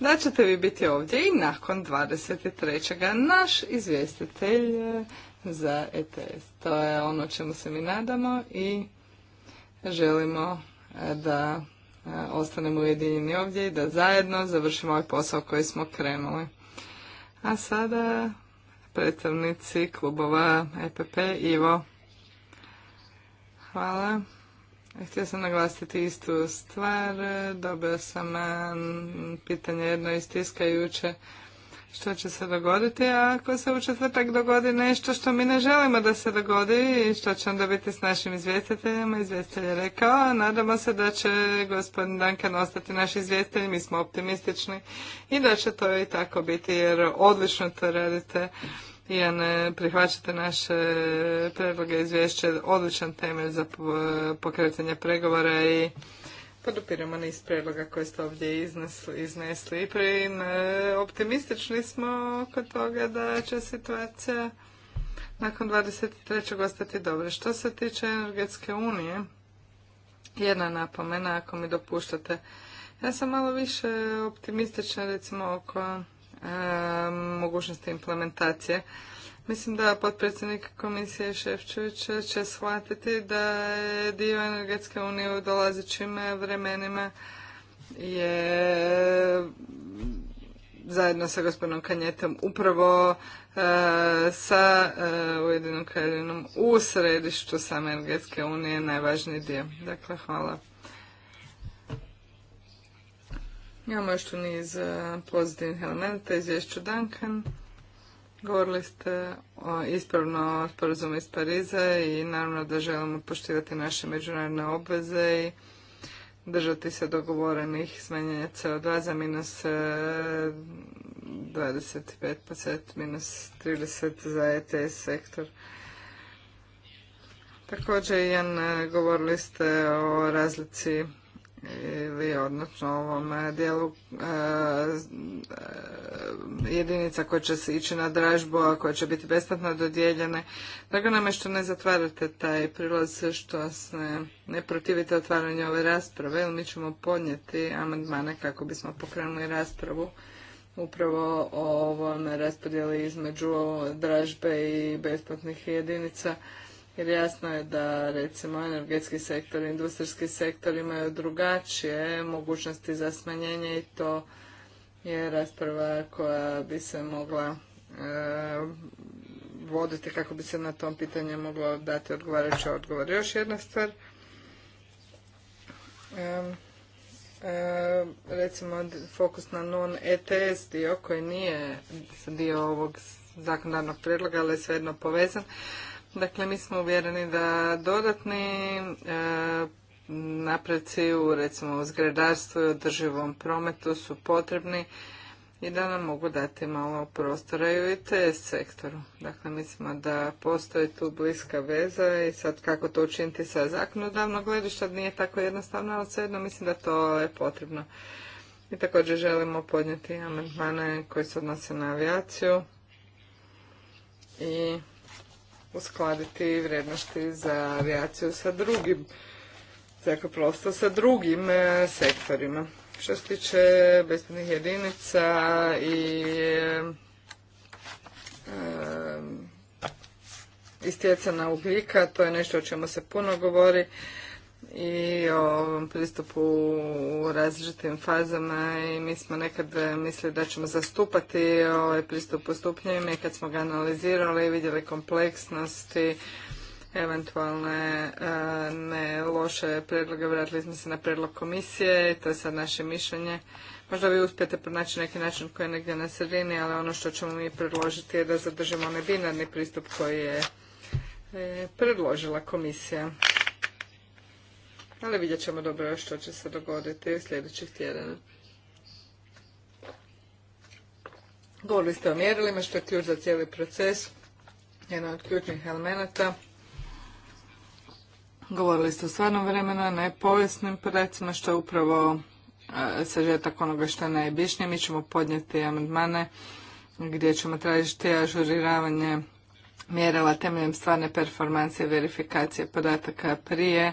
[SPEAKER 1] da ćete vi biti ovdje i nakon 23. naš izvjestitelj za ETS. To je ono čemu se mi nadamo i želimo e, da e, ostanemo ujedinjeni ovdje i da zajedno završimo ovaj posao koji smo krenuli. A sada predstavnici klubova EPP Ivo. Hvala. Htio sam naglasiti istu stvar. Dobio sam pitanje jedno iz tiska juče što će se dogoditi, a ako se u četvrtak dogodi nešto što mi ne želimo da se dogodi i što će onda biti s našim izvjestiteljima, izvjestitelj je rekao, nadamo se da će gospodin Duncan ostati naš izvjestitelj, mi smo optimistični i da će to i tako biti jer odlično to radite i ne prihvaćate naše predloge izvješće, odličan temelj za pokretanje pregovora i podupiramo niz predloga koje ste ovdje iznesli. I prim optimistični smo kod toga da će situacija nakon 23. ostati dobro. Što se tiče energetske unije, jedna napomena ako mi dopuštate. Ja sam malo više optimistična recimo oko E, mogućnosti implementacije. Mislim da potpredsjednik komisije Ševčević će shvatiti da je dio energetske unije u dolazećim vremenima je zajedno sa gospodinom Kanjetom upravo e, sa e, Ujedinom u središtu same energetske unije najvažniji dio. Dakle, hvala Imamo još tu niz e, pozitivnih elementa. Izvješću Duncan. Govorili ste o ispravno sporazumu iz Pariza i naravno da želimo poštivati naše međunarodne obveze i držati se dogovorenih smanjenja CO2 za minus 25%, e, pa minus 30% za ETS sektor. Također, Jan, e, govorili ste o razlici ili e, odnosno ovom e, dijelu e, jedinica koja će se ići na dražbu, a koja će biti besplatno dodijeljene. Drago nam je što ne zatvarate taj prilaz, što se ne protivite otvaranju ove rasprave, jer mi ćemo podnijeti amandmane kako bismo pokrenuli raspravu upravo o ovom raspodjeli između dražbe i besplatnih jedinica jer jasno je da recimo energetski sektor i industrijski sektor imaju drugačije mogućnosti za smanjenje i to je rasprava koja bi se mogla e, voditi kako bi se na tom pitanju moglo dati odgovarajući odgovor. Još jedna stvar, e, recimo fokus na non-ETS dio koji nije dio ovog zakonodavnog predloga, ali je svejedno povezan Dakle, mi smo uvjereni da dodatni e, napreci u recimo u zgradarstvu i održivom prometu su potrebni i da nam mogu dati malo prostora i u sektoru. Dakle, mislimo da postoji tu bliska veza i sad kako to učiniti sa zakonodavnog gledišta nije tako jednostavno, ali svejedno mislim da to je potrebno. I također želimo podnijeti amandmane koji se odnose na avijaciju i uskladiti vrijednosti za avijaciju sa drugim zrakoplovstva sa drugim e, sektorima. Što se tiče besplatnih jedinica i e, e, istjecana ugljika, to je nešto o čemu se puno govori i o ovom pristupu u različitim fazama i mi smo nekad mislili da ćemo zastupati ovaj pristup u stupnjevima i kad smo ga analizirali i vidjeli kompleksnosti eventualne e, ne loše predloge, vratili smo se na predlog komisije to je sad naše mišljenje. Možda vi uspijete pronaći neki način koji je negdje na sredini, ali ono što ćemo mi predložiti je da zadržimo onaj binarni pristup koji je e, predložila komisija ali vidjet ćemo dobro što će se dogoditi u sljedećih tjedana. Govorili ste o mjerilima, što je ključ za cijeli proces, jedan od ključnih elemenata. Govorili ste o stvarnom vremenu, ne povijesnim podacima, što je upravo e, sažetak onoga što je najbišnije. Mi ćemo podnijeti amandmane gdje ćemo tražiti ažuriravanje mjerila temeljem stvarne performanse i verifikacije podataka prije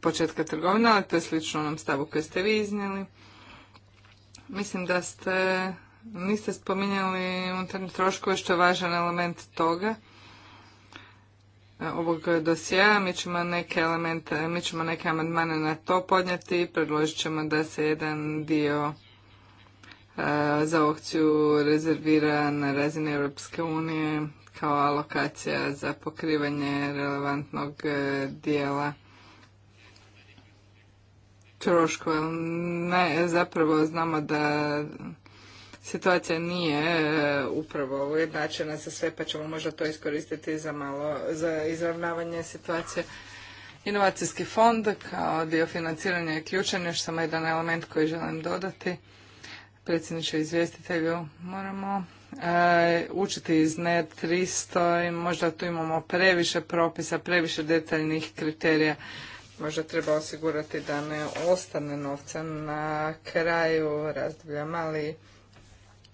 [SPEAKER 1] početka trgovina, ali to je slično onom stavu koji ste vi iznijeli. Mislim da ste, niste spominjali unutarnje troškove što je važan element toga e, ovog dosjea. Mi ćemo neke elemente, mi ćemo neke amandmane na to podnijeti i predložit ćemo da se jedan dio e, za aukciju rezervira na razini Europske unije kao alokacija za pokrivanje relevantnog e, dijela troškova. Ne, zapravo znamo da situacija nije e, upravo ujednačena sa sve, pa ćemo možda to iskoristiti za malo, za izravnavanje situacije. Inovacijski fond kao dio financiranja je ključan, još samo jedan element koji želim dodati. Predsjedniče izvjestitelju moramo e, učiti iz ne 300 i možda tu imamo previše propisa, previše detaljnih kriterija Možda treba osigurati da ne ostane novca na kraju razdoblja, mali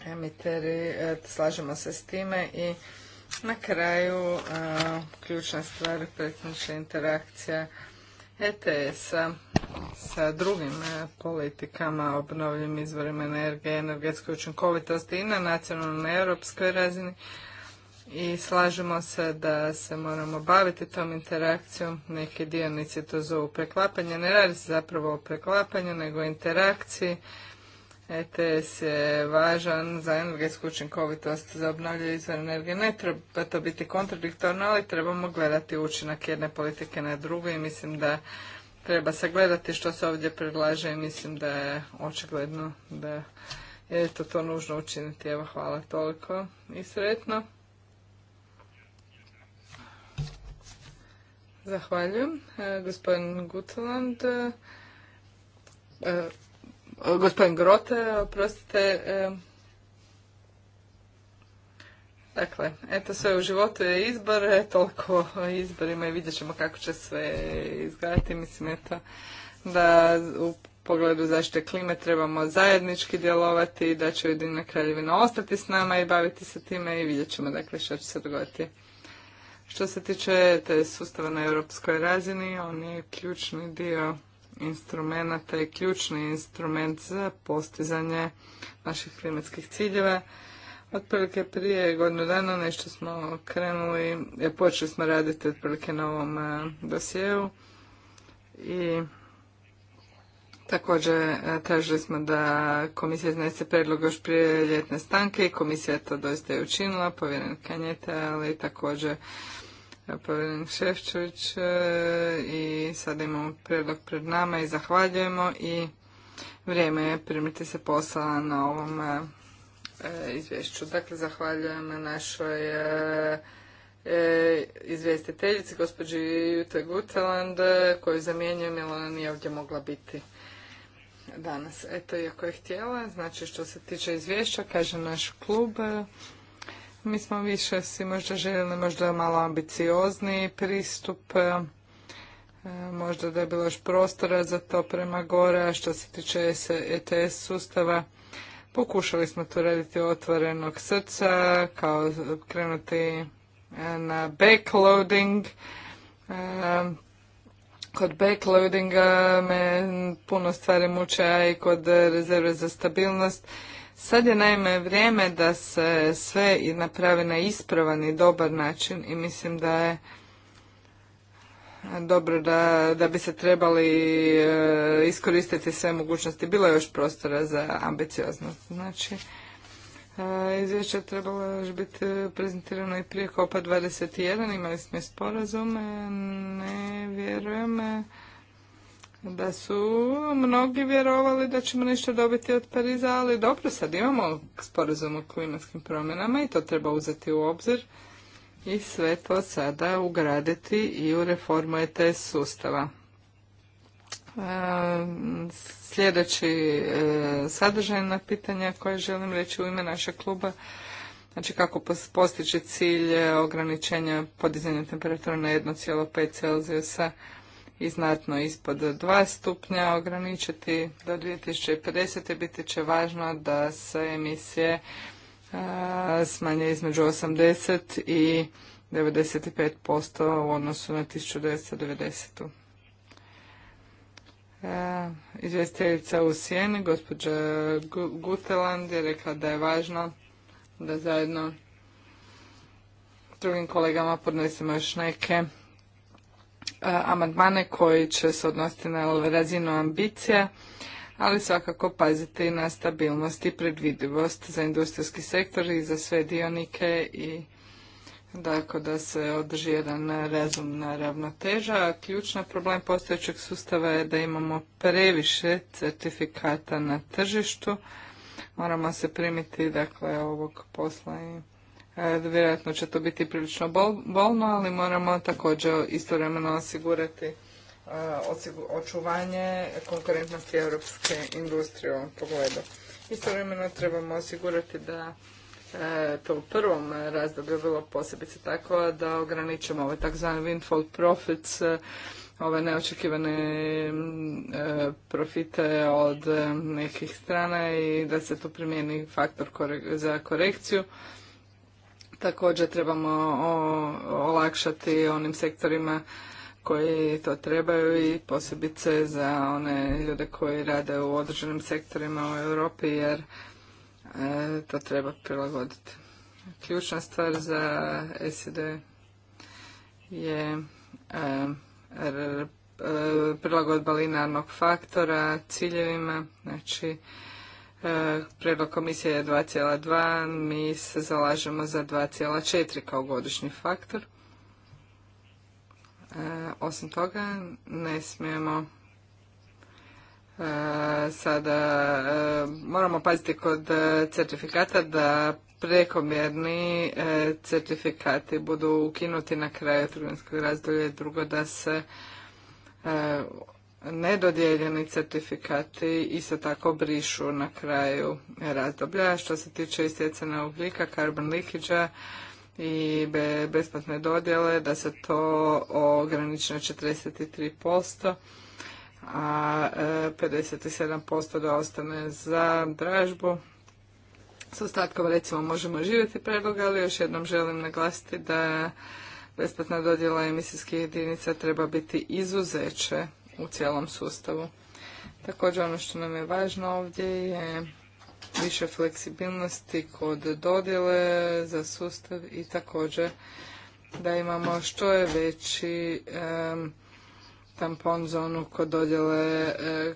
[SPEAKER 1] emiteri, e, slažemo se s time i na kraju e, ključna stvar predsjednična interakcija ETS-a sa drugim e, politikama, obnovljivim izvorima energije, energetskoj učinkovitosti i na nacionalnoj i europskoj razini, i slažemo se da se moramo baviti tom interakcijom. Neki dionici to zovu preklapanje. Ne radi se zapravo o preklapanju, nego o interakciji. ETS je važan za energetsku učinkovitost za obnavljaju izvore energije. Ne treba to biti kontradiktorno, ali trebamo gledati učinak jedne politike na drugu i mislim da treba se gledati što se ovdje predlaže i mislim da je očigledno da je to, to nužno učiniti. Evo, hvala toliko i sretno. Zahvaljujem. E, gospodin Gutland, e, e, gospodin Grote, oprostite. Dakle, eto sve u životu je izbor, toliko o izborima i vidjet ćemo kako će sve izgledati. Mislim eto da u pogledu zaštite klime trebamo zajednički djelovati, da će Ujedinjena kraljevina ostati s nama i baviti se time i vidjet ćemo dakle što će se dogoditi. Što se tiče te sustava na europskoj razini, on je ključni dio instrumenta i ključni instrument za postizanje naših klimatskih ciljeva. Otprilike prije godinu dana nešto smo krenuli, e, počeli smo raditi otprilike na ovom e, dosjeu i Također e, tražili smo da komisija iznese predlog još prije ljetne stanke i komisija to doista je učinila, povjerenik Kanjeta, ali također e, povjerenik Šefčević e, i sada imamo predlog pred nama i zahvaljujemo i vrijeme je primiti se posla na ovom izvješću. Dakle, zahvaljujem našoj izvjestiteljici, gospođi Jute Guteland, koju zamjenjujem jer ona nije ovdje mogla biti danas. Eto, iako je htjela, znači što se tiče izvješća, kaže naš klub, e, mi smo više si možda željeli možda malo ambiciozniji pristup, e, e, možda da je bilo još prostora za to prema gore, a što se tiče ETS sustava, pokušali smo tu raditi otvorenog srca, kao krenuti na backloading, Kod backloadinga me puno stvari muče, a i kod rezerve za stabilnost. Sad je naime vrijeme da se sve napravi na ispravan i dobar način i mislim da je dobro da, da bi se trebali e, iskoristiti sve mogućnosti. Bilo je još prostora za ambicioznost. Znači, Izvješće trebalo još biti e, prezentirano i prije kopa 21, imali smo i sporazume, ne vjerujem e, da su mnogi vjerovali da ćemo nešto dobiti od Pariza, ali dobro, sad imamo sporazum o klimatskim promjenama i to treba uzeti u obzir i sve to sada ugraditi i u reformu ETS sustava sljedeći e, sadržaj na pitanja koje želim reći u ime našeg kluba. Znači kako postići cilj ograničenja podizanja temperature na 1,5 Celzijusa i znatno ispod 2 stupnja ograničiti do 2050. biti će važno da se emisije e, smanje između 80 i 95% u odnosu na 1990. Eh, izvjestiteljica u Sijeni, gospođa Guteland, je rekla da je važno da zajedno drugim kolegama podnesemo još neke eh, amandmane koji će se odnositi na razinu ambicija, ali svakako paziti na stabilnost i predvidivost za industrijski sektor i za sve dionike i Dakle, da se održi jedan razumna ravnoteža. Ključna problem postojećeg sustava je da imamo previše certifikata na tržištu. Moramo se primiti dakle, ovog posla i e, vjerojatno će to biti prilično bolno, ali moramo također istovremeno osigurati e, očuvanje konkurentnosti europske industrije u ovom pogledu. Istovremeno trebamo osigurati da E, to u prvom razdoblju bilo posebice tako da ograničimo ove ovaj takzvane windfall profits, e, ove neočekivane mm, e, profite od nekih strana i da se tu primijeni faktor za korekciju. Također trebamo olakšati onim sektorima koji to trebaju i posebice za one ljude koji rade u određenim sektorima u Europi jer E, to treba prilagoditi. Ključna stvar za SED je e, e, prilagodba linearnog faktora ciljevima, znači predlog komisije je 2,2, mi se zalažemo za 2,4 kao godišnji faktor. osim toga, ne smijemo E, sada e, moramo paziti kod e, certifikata da prekomjerni certifikati budu ukinuti na kraju trgovinskog razdoblja drugo da se nedodijeljeni certifikati isto tako brišu na kraju razdoblja. Što se tiče istjecanja ugljika, carbon leakage i besplatne dodjele, da se to ograniči na 43% a 57% e, da ostane za dražbu. S ostatkom recimo možemo živjeti predlog, ali još jednom želim naglasiti da besplatna dodjela emisijskih jedinica treba biti izuzeće u cijelom sustavu. Također ono što nam je važno ovdje je više fleksibilnosti kod dodjele za sustav i također da imamo što je veći tampon zonu kod dodjele e,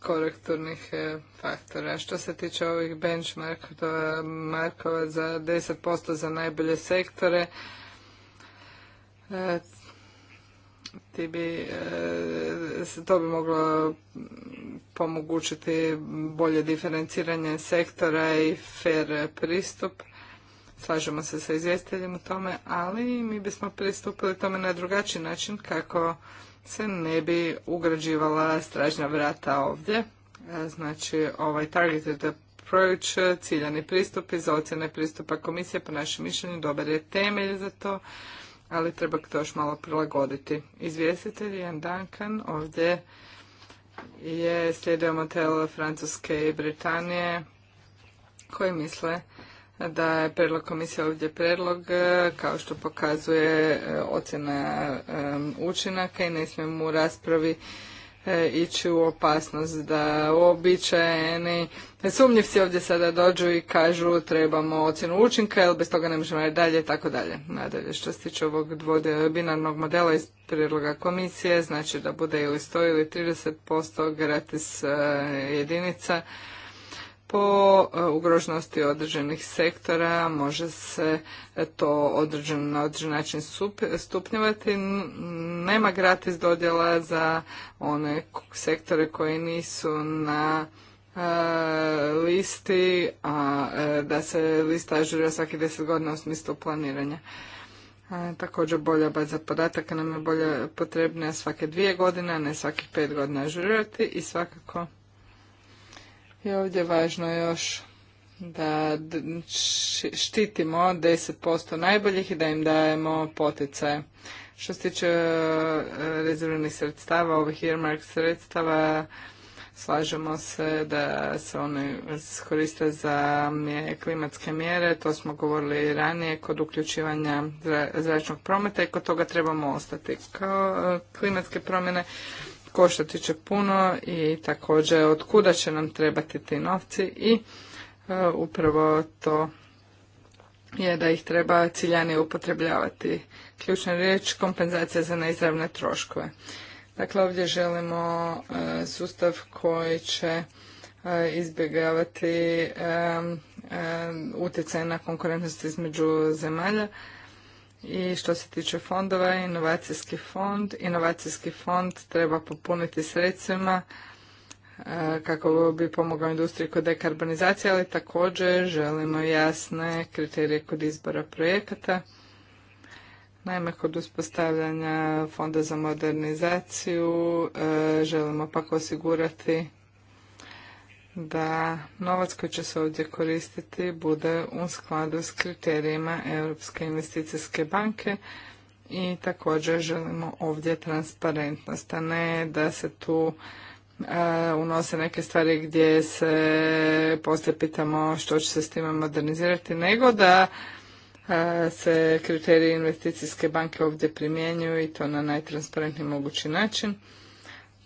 [SPEAKER 1] korekturnih e, faktora. Što se tiče ovih benchmarkova za 10% za najbolje sektore, e, ti bi, to bi moglo pomogućiti bolje diferenciranje sektora i fair pristup. Slažemo se sa izvjestiteljem u tome, ali mi bismo pristupili tome na drugačiji način kako se ne bi ugrađivala stražnja vrata ovdje. E, znači, ovaj targeted approach, ciljani pristup i za ocjene pristupa komisije, po našem mišljenju, dobar je temelj za to, ali treba to još malo prilagoditi. Izvjestitelj Ian Duncan ovdje je slijedio model Francuske i Britanije koji misle da je predlog komisije ovdje predlog e, kao što pokazuje e, ocjena e, učinaka i ne smijemo u raspravi ići u opasnost da uobičajeni sumnjivci ovdje sada dođu i kažu trebamo ocjenu učinka jer bez toga ne možemo raditi dalje i tako dalje. Nadalje što se tiče ovog binarnog modela iz prijedloga komisije znači da bude ili 100 ili 30% gratis jedinica po e, ugroženosti određenih sektora može se e, to određen, na određen način stupnjevati. Nema gratis dodjela za one sektore koji nisu na e, listi, a da se lista ažurira svaki deset godina u smislu planiranja. također bolja baza podataka nam je bolje potrebna svake dvije godine, a ne svakih pet godina ažurirati i svakako i ovdje važno još da štitimo 10% najboljih i da im dajemo poticaje. Što se tiče e, rezervnih sredstava, ovih earmark sredstava, slažemo se da se one koriste za klimatske mjere, to smo govorili ranije kod uključivanja zračnog prometa i kod toga trebamo ostati. Kao e, klimatske promjene koštati će puno i također od kuda će nam trebati ti novci i e, upravo to je da ih treba ciljani upotrebljavati. Ključna riječ kompenzacija za neizravne troškove. Dakle, ovdje želimo e, sustav koji će e, izbjegavati utjecaj na konkurentnost između zemalja i što se tiče fondova, inovacijski fond, inovacijski fond treba popuniti sredstvima e, kako bi pomogao industriji kod dekarbonizacije, ali također želimo jasne kriterije kod izbora projekata. Naime, kod uspostavljanja fonda za modernizaciju e, želimo pak osigurati da novac koji će se ovdje koristiti bude u skladu s kriterijima Europske investicijske banke i također želimo ovdje transparentnost, a ne da se tu e, unose neke stvari gdje se poslije pitamo što će se s time modernizirati, nego da e, se kriteriji investicijske banke ovdje primjenjuju i to na najtransparentniji mogući način.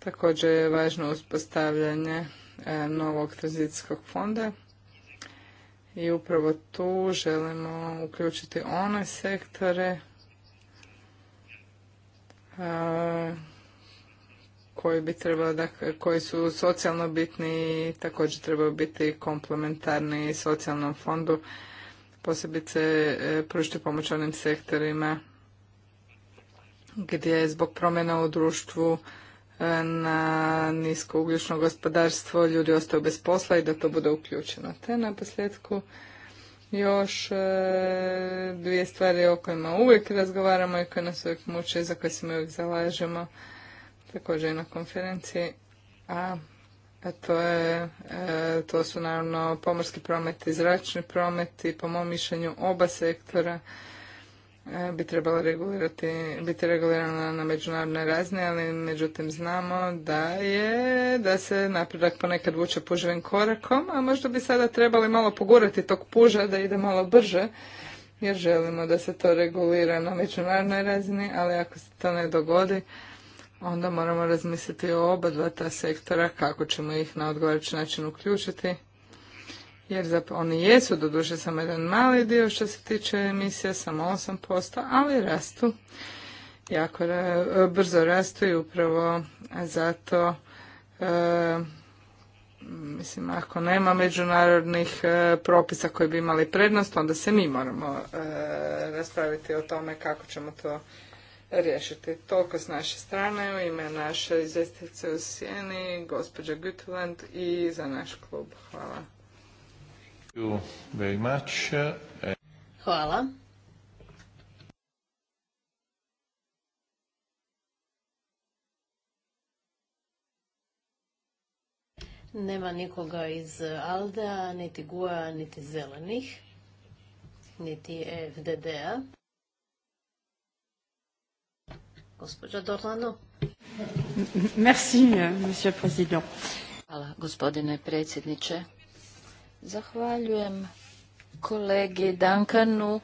[SPEAKER 1] Također je važno uspostavljanje E, novog tranzicijskog fonda i upravo tu želimo uključiti one sektore e, koji bi trebali, koji su socijalno bitni i također trebaju biti komplementarni socijalnom fondu, posebice e, pružiti pomoć onim sektorima gdje je zbog promjena u društvu na nisko ugljično gospodarstvo, ljudi ostaju bez posla i da to bude uključeno. Te na posljedku još e, dvije stvari o kojima uvijek razgovaramo i koje nas uvijek muče i za koje se mi uvijek zalažemo, također i na konferenciji, a to, je, e, to su naravno pomorski promet i zračni promet i po mom mišljenju oba sektora E, bi trebala regulirati, biti regulirana na međunarodnoj razini, ali međutim znamo da je, da se napredak ponekad vuče puževim korakom, a možda bi sada trebali malo pogurati tog puža da ide malo brže, jer želimo da se to regulira na međunarodnoj razini, ali ako se to ne dogodi, onda moramo razmisliti o oba dva ta sektora, kako ćemo ih na odgovarajući način uključiti jer zapravo oni jesu doduše samo jedan mali dio što se tiče emisija, samo 8%, ali rastu, jako brzo rastu i upravo zato e, mislim ako nema međunarodnih e, propisa koji bi imali prednost, onda se mi moramo e, raspraviti o tome kako ćemo to riješiti. Toliko s naše strane, u ime naše izvjestice u Sjeni, gospođa Gutland i za naš
[SPEAKER 3] klub. Hvala. Hvala. Nema nikoga iz Alda, niti Gua, niti Zelenih, niti FDD-a. Gospođa Dorlano.
[SPEAKER 2] Merci, monsieur président. Hvala, gospodine predsjedniče. Zahvaljujem kolegi Dankanu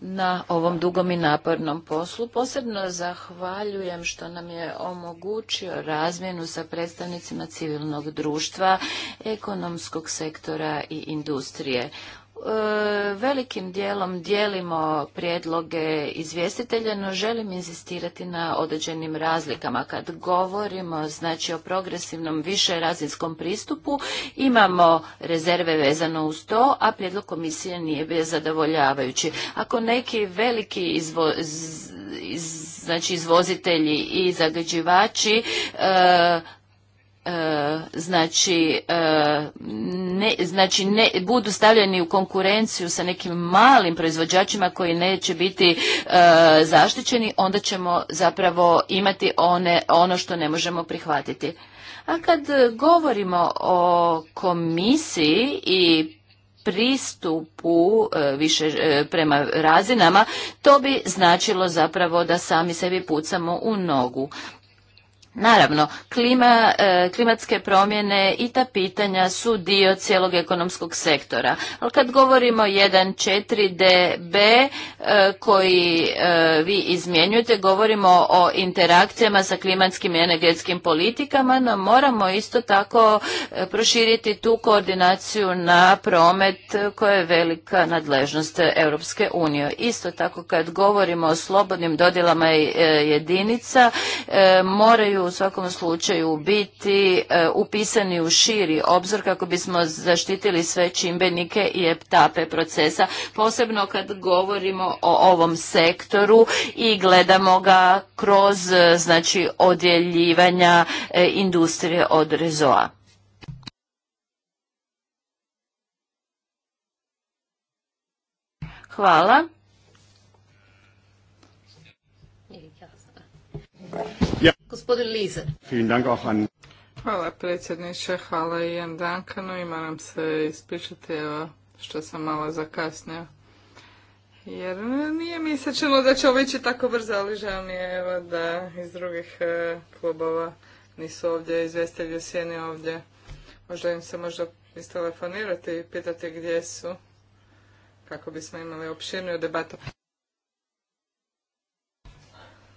[SPEAKER 2] na ovom dugom i napornom poslu. Posebno zahvaljujem što nam je omogućio razmjenu sa predstavnicima civilnog društva, ekonomskog sektora i industrije. E, velikim dijelom dijelimo prijedloge izvjestitelja, no želim insistirati na određenim razlikama. Kad govorimo znači, o progresivnom višerazinskom pristupu, imamo rezerve vezano uz to, a prijedlog komisije nije bio zadovoljavajući. Ako neki veliki znači izvozitelji i zagađivači e, E, znači, e, ne, znači ne, budu stavljeni u konkurenciju sa nekim malim proizvođačima koji neće biti e, zaštićeni, onda ćemo zapravo imati one, ono što ne možemo prihvatiti. A kad govorimo o komisiji i pristupu više prema razinama, to bi značilo zapravo da sami sebi pucamo u nogu. Naravno, klima, e, klimatske promjene i ta pitanja su dio cijelog ekonomskog sektora. Ali kad govorimo 1.4DB e, koji e, vi izmjenjujete, govorimo o interakcijama sa klimatskim i energetskim politikama, no moramo isto tako proširiti tu koordinaciju na promet koja je velika nadležnost Europske unije. Isto tako kad govorimo o slobodnim dodjelama jedinica, moraju u svakom slučaju biti e, upisani u širi obzor kako bismo zaštitili sve čimbenike i etape procesa, posebno kad govorimo o ovom sektoru i gledamo ga kroz e, znači odjeljivanja e, industrije od rezoa. Hvala.
[SPEAKER 1] Hvala predsjedniče, hvala i Jan Dankanu i moram se ispričati što sam malo zakasnio. Jer nije mi se da će ovo ići tako brzo, ali žao mi je da iz drugih e, klubova nisu ovdje izvestelji sjeni ovdje. Možda im se možda istelefonirati i pitati gdje su kako bismo imali opširniju debatu.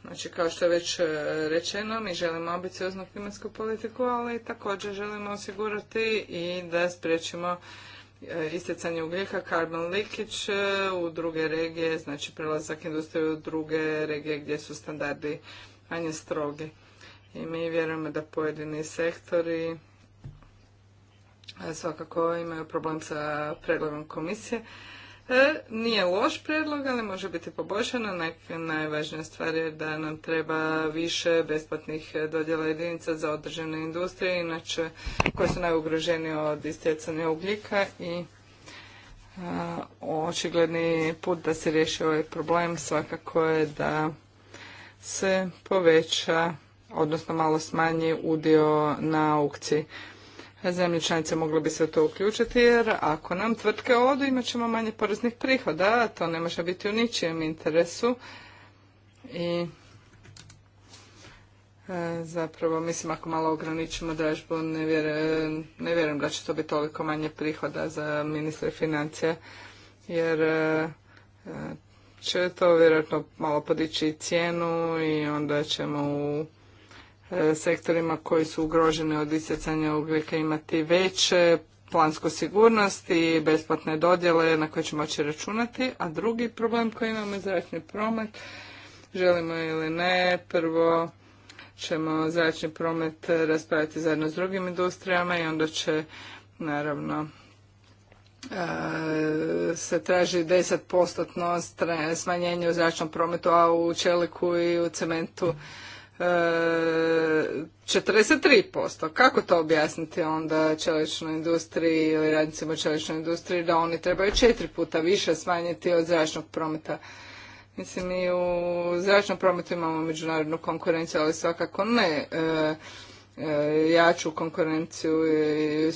[SPEAKER 1] Znači, kao što je već e, rečeno, mi želimo ambicioznu klimatsku politiku, ali također želimo osigurati i da spriječimo e, istjecanje ugljika, carbon leakage e, u druge regije, znači prelazak industrije u druge regije gdje su standardi manje strogi. I mi vjerujemo da pojedini sektori svakako imaju problem sa pregledom komisije, E, nije loš predlog, ali može biti poboljšano. Neka najvažnija stvar je da nam treba više besplatnih dodjela jedinica za održene industrije, inače koje su najugroženije od istjecanja ugljika i e, očigledni put da se riješi ovaj problem svakako je da se poveća, odnosno malo smanji udio na aukciji zemlje članice mogle bi se u to uključiti jer ako nam tvrtke odu imat ćemo manje poreznih prihoda, a to ne može biti u ničijem interesu i e, zapravo mislim ako malo ograničimo dražbu ne, vjerujem da će to biti toliko manje prihoda za ministre financija jer e, e, će to vjerojatno malo podići cijenu i onda ćemo u E, sektorima koji su ugroženi od isjecanja ugljika imati veće plansku sigurnost i besplatne dodjele na koje će moći računati. A drugi problem koji imamo je zračni promet. Želimo ili ne, prvo ćemo zračni promet raspraviti zajedno s drugim industrijama i onda će naravno e, se traži 10% smanjenje u zračnom prometu, a u čeliku i u cementu 43%. E, Kako to objasniti onda čeličnoj industriji ili radnicima u čeličnoj industriji da oni trebaju četiri puta više smanjiti od zračnog prometa? Mislim, mi u zračnom prometu imamo međunarodnu konkurenciju, ali svakako ne e, e, jaču konkurenciju i,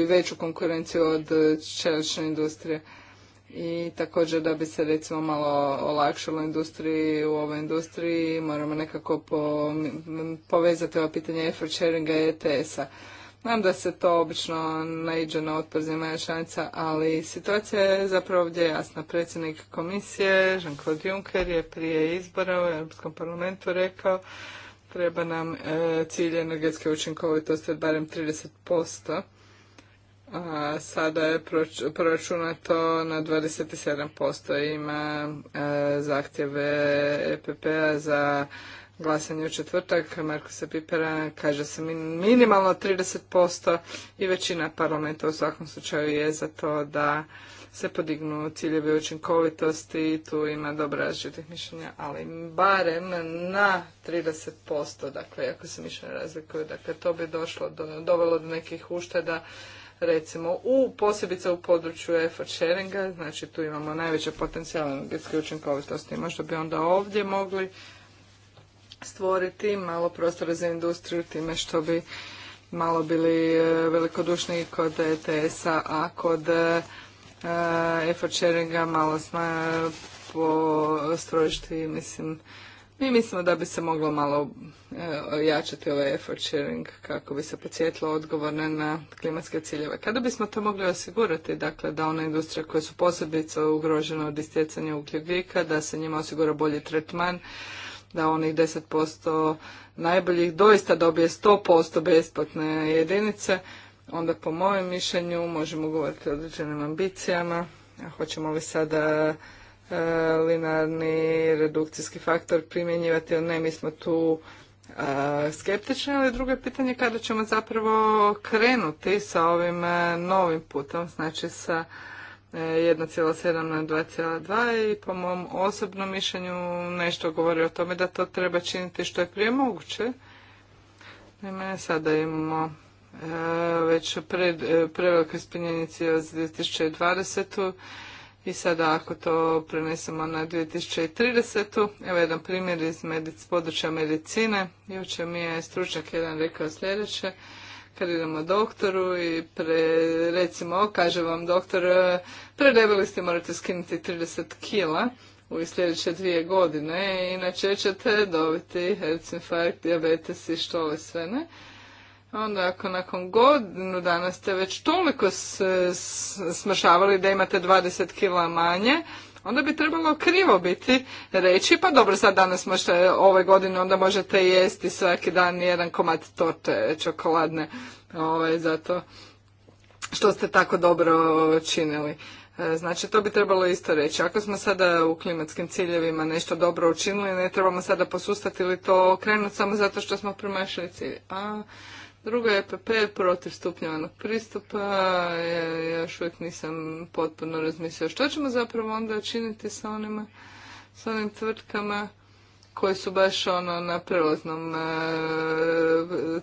[SPEAKER 1] i veću konkurenciju od čelične industrije i također da bi se recimo malo olakšalo industriji u ovoj industriji moramo nekako povezati ova pitanja effort sharinga i ETS-a. Znam da se to obično naiđe na otpor zemalja članica, ali situacija je zapravo ovdje jasna. Predsjednik komisije Jean-Claude Juncker je prije izbora u Europskom parlamentu rekao treba nam e, cilj energetske učinkovitosti od barem 30% a sada je proračunato na 27%. Ima e, zahtjeve EPP-a za glasanje u četvrtak. se Pipera kaže se minimalno 30% i većina parlamenta u svakom slučaju je za to da se podignu ciljevi učinkovitosti i tu ima dobra različitih mišljenja, ali barem na 30%, dakle, ako se mišljenje razlikuju, dakle, to bi došlo, do, dovelo do nekih ušteda recimo u posebice u području effort sharinga, znači tu imamo najveće potencijale energetske učinkovitosti. Možda bi onda ovdje mogli stvoriti malo prostora za industriju time što bi malo bili e, velikodušni kod ETS-a, a kod e, e, effort sharinga malo smo postrožiti, mislim, mi mislimo da bi se moglo malo e, jačati ovaj effort sharing kako bi se podsjetilo odgovorne na klimatske ciljeve. Kada bismo to mogli osigurati, dakle da ona industrija koja su posebice ugrožena od istjecanja ugljivika, da se njima osigura bolji tretman, da onih 10% najboljih doista dobije 100% besplatne jedinice, onda po mojem mišljenju možemo govoriti o određenim ambicijama. hoćemo li sada E, linearni redukcijski faktor primjenjivati ili ne. Mi smo tu e, skeptični, ali drugo je pitanje kada ćemo zapravo krenuti sa ovim e, novim putom, znači sa 1,7 na 2,2 i po mom osobnom mišljenju nešto govori o tome da to treba činiti što je prije moguće. Naime, sada imamo već prevelike preveliko od 2020. za 2020. I sada ako to prenesemo na 2030. Evo jedan primjer iz medic, područja medicine. Jučer mi je stručnjak jedan rekao sljedeće. Kad idemo doktoru i pre, recimo, kaže vam doktor, e, predebili ste, morate skinuti 30 kila u sljedeće dvije godine, inače ćete dobiti herc, infarkt, diabetes i što sve ne. Onda ako nakon godinu danas ste već toliko smršavali da imate 20 kila manje, onda bi trebalo krivo biti reći, pa dobro sad danas možete ove godine onda možete jesti svaki dan jedan komad torte čokoladne, ovaj, zato što ste tako dobro činili. E, znači, to bi trebalo isto reći. Ako smo sada u klimatskim ciljevima nešto dobro učinili, ne trebamo sada posustati ili to okrenuti samo zato što smo promašili cilje. A, Drugo je EPP protiv stupnjavanog pristupa. Ja još uvijek nisam potpuno razmislio što ćemo zapravo onda činiti sa onima, sa onim tvrtkama koji su baš ono na prelaznom e,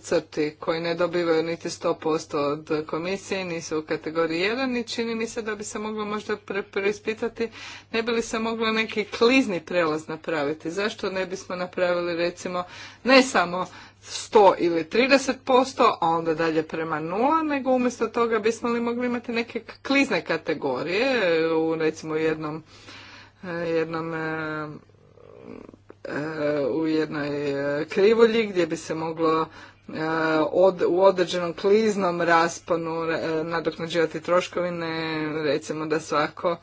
[SPEAKER 1] crti, koji ne dobivaju niti 100% od komisije, nisu u kategoriji 1 i čini mi se da bi se moglo možda preispitati ne bi li se moglo neki klizni prelaz napraviti. Zašto ne bismo napravili recimo ne samo 100 ili 30%, a onda dalje prema nula, nego umjesto toga bismo li mogli imati neke klizne kategorije u recimo jednom, eh, jednom eh, eh, u jednoj krivulji gdje bi se moglo od, u određenom kliznom rasponu nadoknađivati troškovine, recimo da svako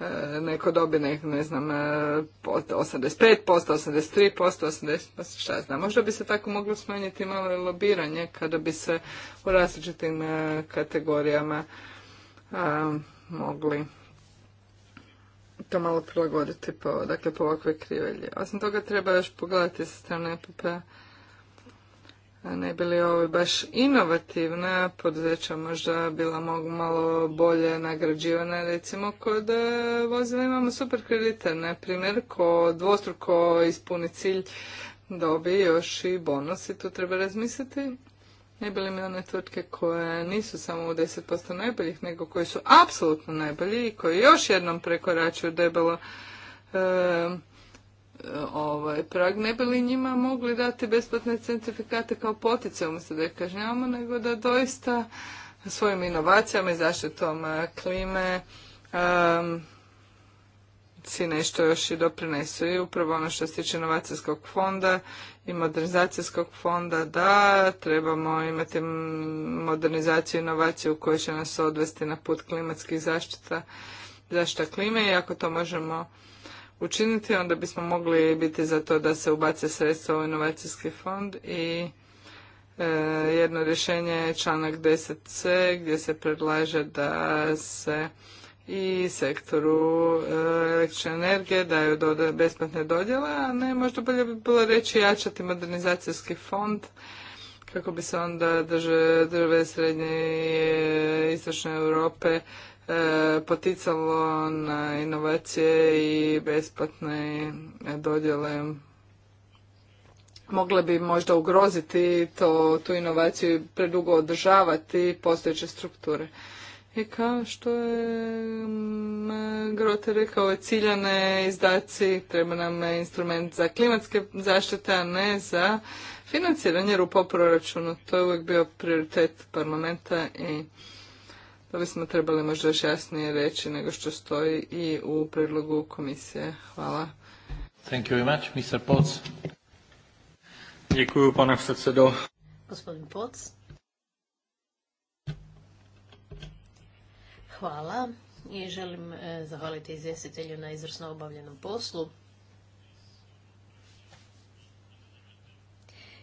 [SPEAKER 1] E, neko dobi nek, ne znam, 85%, 83%, 80%, šta znam. Možda bi se tako moglo smanjiti malo lobiranje kada bi se u različitim e, kategorijama e, mogli to malo prilagoditi po, dakle, po ovakve krivelje. Osim toga treba još pogledati sa strane epp ne bi li ovo baš inovativna poduzeća možda bila mogu malo bolje nagrađivana. Recimo kod e, vozila imamo super kredite, na primjer ko dvostruko ispuni cilj dobije još i bonus i tu treba razmisliti. Ne bi li mi one tvrtke koje nisu samo u 10% najboljih, nego koji su apsolutno najbolji i koji još jednom prekoračuju debelo e, E, ovaj, prag, ne bi li njima mogli dati besplatne certifikate kao potice, umjesto da je kažnjavamo, nego da doista svojim inovacijama i zaštitom e, klime um, si nešto još i doprinesu. I upravo ono što se tiče inovacijskog fonda i modernizacijskog fonda, da, trebamo imati modernizaciju i inovaciju koje će nas odvesti na put klimatskih zaštita, zaštita klime i ako to možemo učiniti, onda bismo mogli biti za to da se ubace sredstva u inovacijski fond i e, jedno rješenje je članak 10c gdje se predlaže da se i sektoru e, električne energije daju besplatne dodjela, a ne možda bolje bi bilo reći jačati modernizacijski fond kako bi se onda države srednje i e, istočne Europe E, poticalo na inovacije i besplatne dodjele mogle bi možda ugroziti to, tu inovaciju i predugo održavati postojeće strukture. I kao što je mm, Grote rekao, ciljane izdaci, treba nam instrument za klimatske zaštite, a ne za financiranje rupa u proračunu. To je uvijek bio prioritet parlamenta i to bismo trebali možda još jasnije reći nego što stoji i u predlogu komisije.
[SPEAKER 3] Hvala. Thank you very much, Mr. Potts. Děkuju,
[SPEAKER 1] pane předsedo.
[SPEAKER 3] Gospodin Potts. Hvala i želim e, zahvaliti izvjestitelju na izvrsno obavljenom poslu.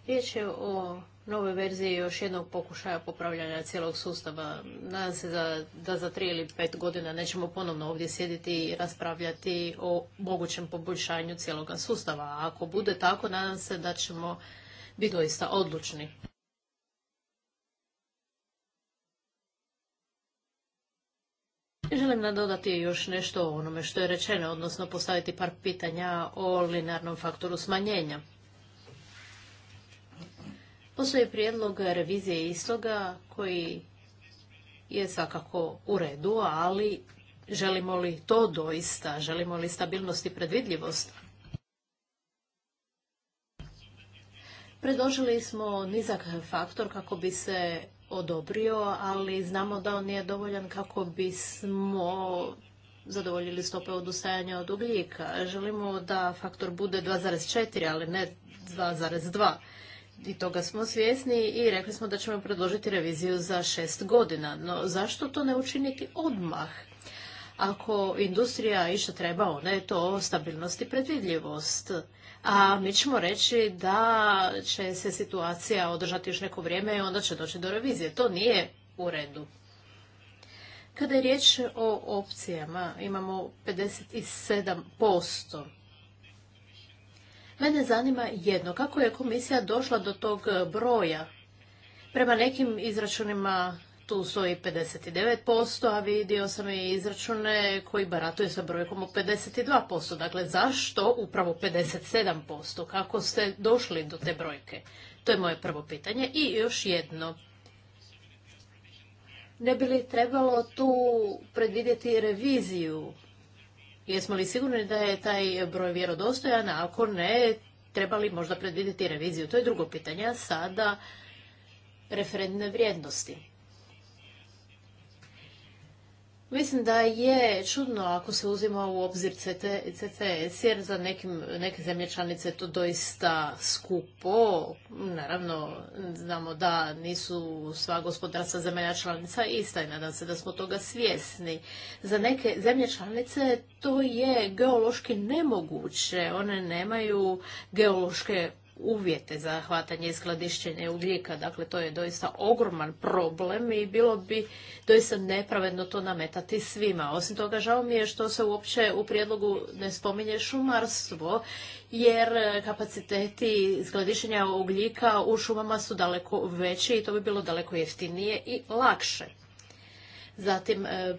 [SPEAKER 3] Riječ je o nove verzije još jednog pokušaja popravljanja cijelog sustava. Nadam se da, da za tri ili pet godina nećemo ponovno ovdje sjediti i raspravljati o mogućem poboljšanju cijeloga sustava. A ako bude tako, nadam se da ćemo biti doista odlučni. Želim nadodati još nešto o onome što je rečeno, odnosno postaviti par pitanja o linearnom faktoru smanjenja. Postoji prijedlog revizije istoga koji je svakako u redu, ali želimo li to doista, želimo li stabilnost i predvidljivost?
[SPEAKER 2] Predložili
[SPEAKER 3] smo nizak faktor kako bi se odobrio, ali znamo da on nije dovoljan kako bismo zadovoljili stope odustajanja od ugljika. Želimo da faktor bude 2,4, ali ne 2,2 i toga smo svjesni i rekli smo da ćemo predložiti reviziju za šest godina. No zašto to ne učiniti odmah? Ako industrija išta treba, ona je to stabilnost i predvidljivost. A mi ćemo reći da će se situacija održati još neko vrijeme i onda će doći do revizije. To nije u redu. Kada je riječ o opcijama, imamo 57%. Mene zanima jedno, kako je komisija došla do tog broja? Prema nekim izračunima tu stoji 59%, a vidio sam i izračune koji baratuje sa brojkom od 52%. Dakle, zašto upravo 57%? Kako ste došli do te brojke? To je moje prvo pitanje. I još jedno. Ne bi li trebalo tu predvidjeti reviziju Jesmo li sigurni da je taj broj vjerodostojan? Ako ne, treba li možda predvidjeti reviziju? To je drugo pitanje. Sada referentne vrijednosti. Mislim da je čudno ako se uzima u obzir CTS jer za neke zemlje članice je to doista skupo. Naravno, znamo da nisu sva gospodarstva zemlja članica ista i nadam se da smo toga svjesni. Za neke zemlje članice to je geološki nemoguće. One nemaju geološke uvjete za hvatanje i skladišćenje ugljika. Dakle, to je doista ogroman problem i bilo bi doista nepravedno to nametati svima. Osim toga, žao mi je što se uopće u prijedlogu ne spominje šumarstvo, jer kapaciteti skladištenja ugljika u šumama su daleko veći i to bi bilo daleko jeftinije i lakše zatim e,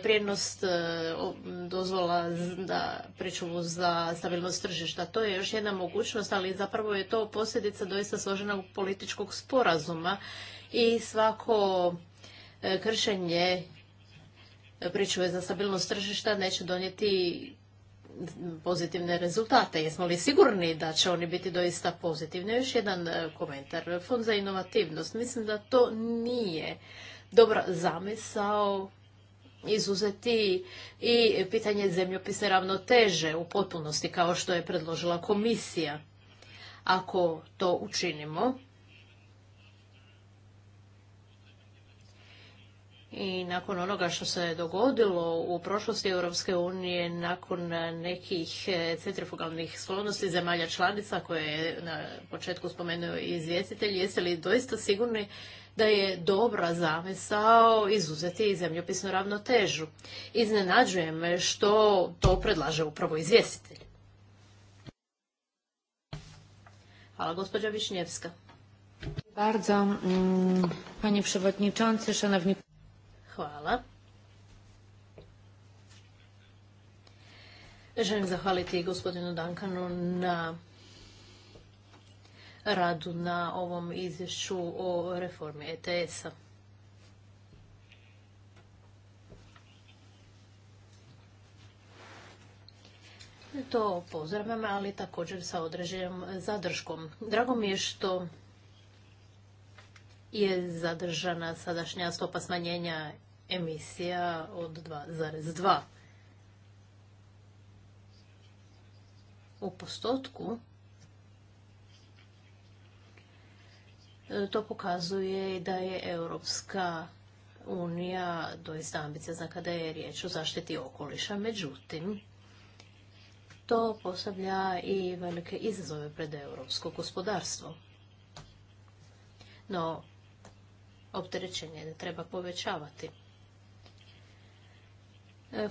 [SPEAKER 3] prijednost, e, e, dozvola da pričuvu za stabilnost tržišta. To je još jedna mogućnost, ali zapravo je to posljedica doista složenog političkog sporazuma i svako kršenje pričuve za stabilnost tržišta neće donijeti pozitivne rezultate. Jesmo li sigurni da će oni biti doista pozitivni? Još jedan komentar. Fond za inovativnost. Mislim da to nije dobra zamisao izuzeti i pitanje zemljopisne ravnoteže u potpunosti kao što je predložila komisija. Ako to učinimo, I nakon onoga što se je dogodilo u prošlosti Europske unije, nakon nekih e, centrifugalnih sklonosti zemalja članica koje je na početku spomenuo i izvjestitelj, jeste li doista sigurni da je dobra zamisao izuzeti i zemljopisnu ravnotežu. Iznenađuje me što to predlaže upravo izvjestitelj. Hvala, gospođa Višnjevska.
[SPEAKER 2] Bardzo, mm, panie przewodniczący,
[SPEAKER 3] szanowni... Hvala. Želim zahvaliti gospodinu Dankanu na radu na ovom izvješću o reformi ETS-a. To pozdravljam, ali također sa određenom zadrškom. Drago mi je što je zadržana sadašnja stopa smanjenja emisija od 2,2. U postotku E, to pokazuje da je Europska unija doista ambiciozna kada je riječ o zaštiti okoliša. Međutim, to postavlja i velike izazove pred europsko gospodarstvo. No, opterećenje ne treba povećavati.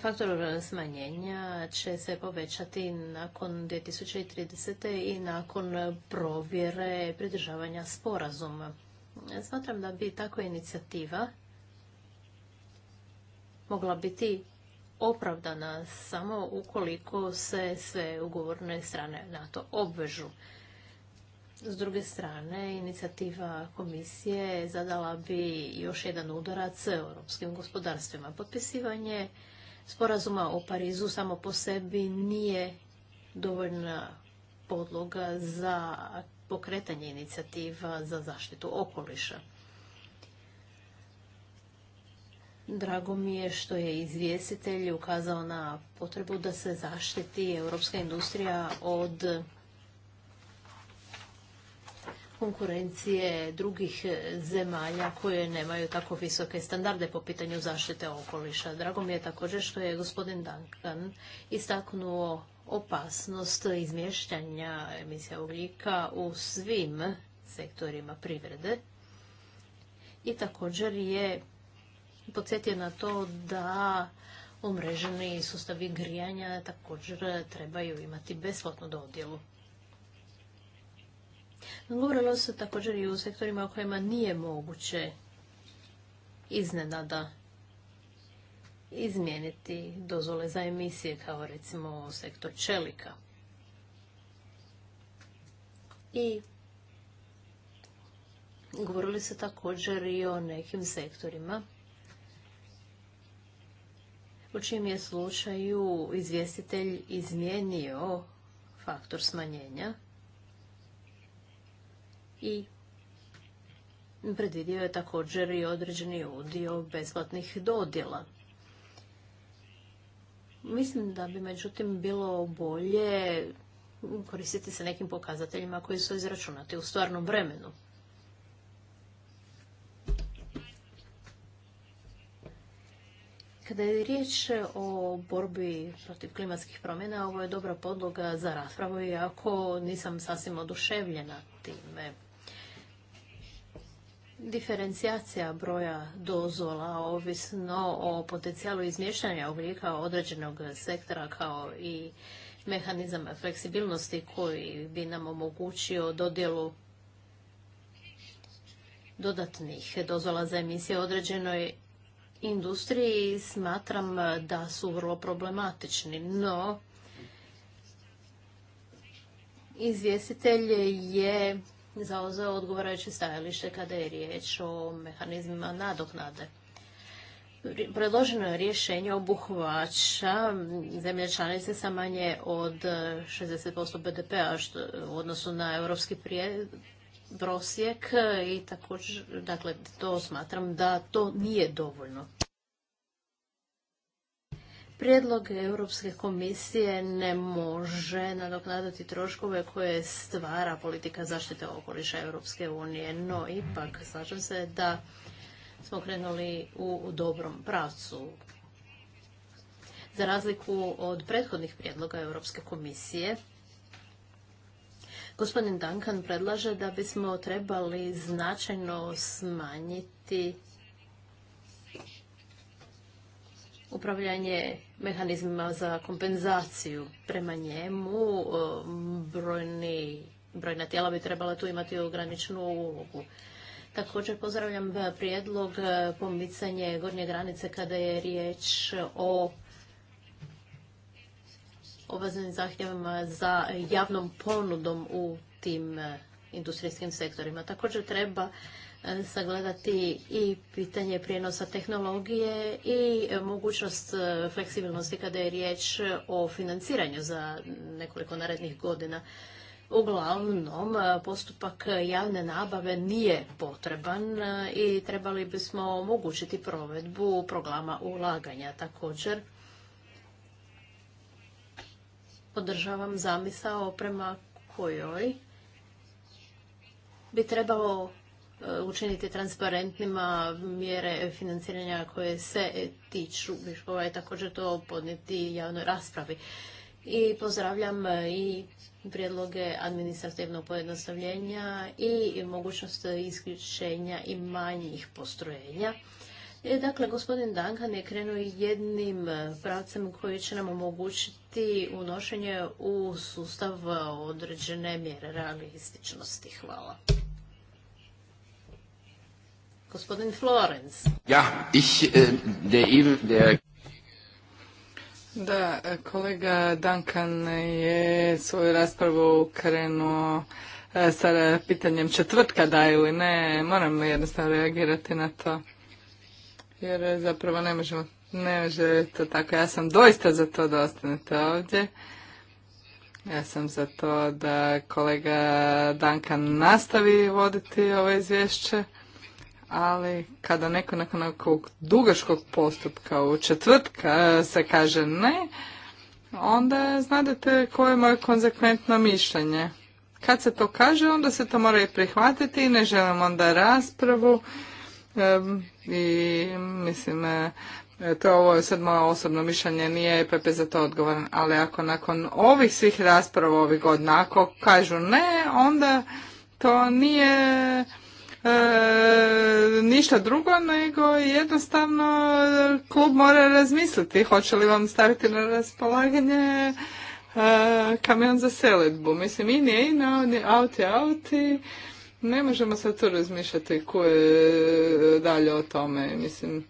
[SPEAKER 3] Faktor smanjenja će se povećati nakon 2030. i nakon provjere pridržavanja sporazuma. Smatram da bi takva inicijativa mogla biti opravdana samo ukoliko se sve ugovorne strane na obvežu. S druge strane, inicijativa komisije zadala bi još jedan udarac europskim gospodarstvima. Potpisivanje sporazuma o Parizu samo po sebi nije dovoljna podloga za pokretanje inicijativa za zaštitu okoliša. Drago mi je što je izvjestitelj ukazao na potrebu da se zaštiti europska industrija od konkurencije drugih e, zemalja koje nemaju tako visoke standarde po pitanju zaštite okoliša. Drago mi je također što je gospodin Duncan istaknuo opasnost izmještanja emisija ugljika u svim sektorima privrede. I također je podsjetio na to da umreženi sustavi grijanja također trebaju imati besplatnu dodjelu. Govorilo se također i u sektorima u kojima nije moguće iznenada izmijeniti dozvole za emisije kao recimo sektor čelika. I govorili se također i o nekim sektorima u čijem je slučaju izvjestitelj izmijenio faktor smanjenja i predvidio je također i određeni udio besplatnih dodjela. Mislim da bi međutim bilo bolje koristiti se nekim pokazateljima koji su izračunati u stvarnom vremenu. Kada je riječ o borbi protiv klimatskih promjena, ovo je dobra podloga za raspravu, iako nisam sasvim oduševljena time diferencijacija broja dozvola ovisno o potencijalu izmješanja oblika određenog sektora kao i mehanizam fleksibilnosti koji bi nam omogućio dodjelu dodatnih dozvola za emisije određenoj industriji smatram da su vrlo problematični, no izvjestitelj je zauzeo odgovarajuće stajalište kada je riječ o mehanizmima nadoknade. Predloženo rješenje obuhvaća zemlje članice sa manje od 60% BDP-a u odnosu na europski prosjek i također, dakle, to smatram da to nije dovoljno. Prijedlog Europske komisije ne može nadoknadati troškove koje stvara politika zaštite okoliša Europske unije, no ipak slažem se da smo krenuli u dobrom pravcu. Za razliku od prethodnih prijedloga Europske komisije, gospodin Duncan predlaže da bismo trebali značajno smanjiti upravljanje mehanizmima za kompenzaciju prema njemu. E, brojna tijela bi trebala tu imati ograničnu ulogu. Također pozdravljam prijedlog e, pomicanje gornje granice kada je riječ o obaznim zahtjevima za javnom ponudom u tim e, industrijskim sektorima. Također treba sagledati i pitanje prijenosa tehnologije i mogućnost e, fleksibilnosti kada je riječ o financiranju za nekoliko narednih godina. Uglavnom, e, postupak javne nabave nije potreban e, i trebali bismo omogućiti provedbu programa ulaganja također. Podržavam zamisao prema kojoj bi trebalo E, učiniti transparentnima mjere financiranja koje se tiču i također to podnijeti javnoj raspravi. I pozdravljam i prijedloge administrativnog pojednostavljenja i mogućnost isključenja i manjih postrojenja. E, dakle, gospodin Duncan je krenuo jednim pravcem koji će nam omogućiti unošenje u sustav određene mjere realističnosti. Hvala. Gospodin Florence.
[SPEAKER 2] Ja, ich, eh, der, der...
[SPEAKER 3] Da, kolega
[SPEAKER 1] Duncan je svoju raspravu krenuo eh, sa pitanjem četvrtka da ili ne. Moram jednostavno reagirati na to. Jer zapravo ne možemo, ne može to tako. Ja sam doista za to da ostanete ovdje. Ja sam za to da kolega Dankan nastavi voditi ovo izvješće ali kada neko nakon nekog dugaškog postupka u četvrtka se kaže ne, onda znate koje je moje konzekventno mišljenje. Kad se to kaže, onda se to mora i prihvatiti i ne želim onda raspravu i mislim e, to ovo je sad moje osobno mišljenje, nije EPP za to odgovoran, ali ako nakon ovih svih rasprava ovih godina, ako kažu ne, onda to nije E, ništa drugo, nego jednostavno klub mora razmisliti hoće li vam staviti na raspolaganje e, kamion za selitbu. Mislim, i nije, i na auti, auti. Ne možemo sad tu razmišljati ko je e, dalje o tome. Mislim,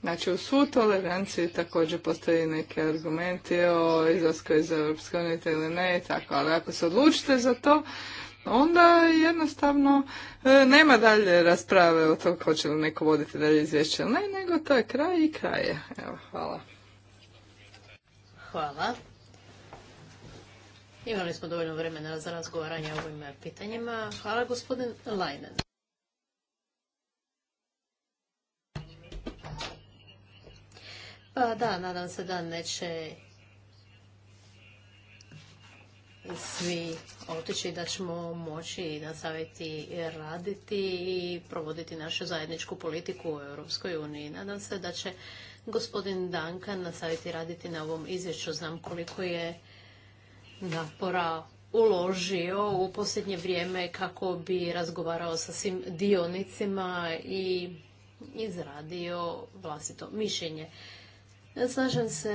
[SPEAKER 1] Znači, u svu toleranciji također postoji neki argumenti o izlasku iz Europske unije ili ne tako, ali ako se odlučite za to, onda jednostavno e, nema dalje rasprave o tom hoće li neko voditi dalje izvješće ne, nego to je kraj i kraj je. Evo, hvala.
[SPEAKER 3] Hvala. Imali smo dovoljno vremena za razgovaranje o ovim pitanjima. Hvala gospodin Lajnen. Pa da, nadam se da neće svi otići, da ćemo moći nastaviti raditi i provoditi našu zajedničku politiku u Europskoj uniji. Nadam se da će gospodin Dankan nastaviti raditi na ovom izvješću. Znam koliko je napora uložio u posljednje vrijeme kako bi razgovarao sa svim dionicima i izradio vlastito mišljenje. Slažem se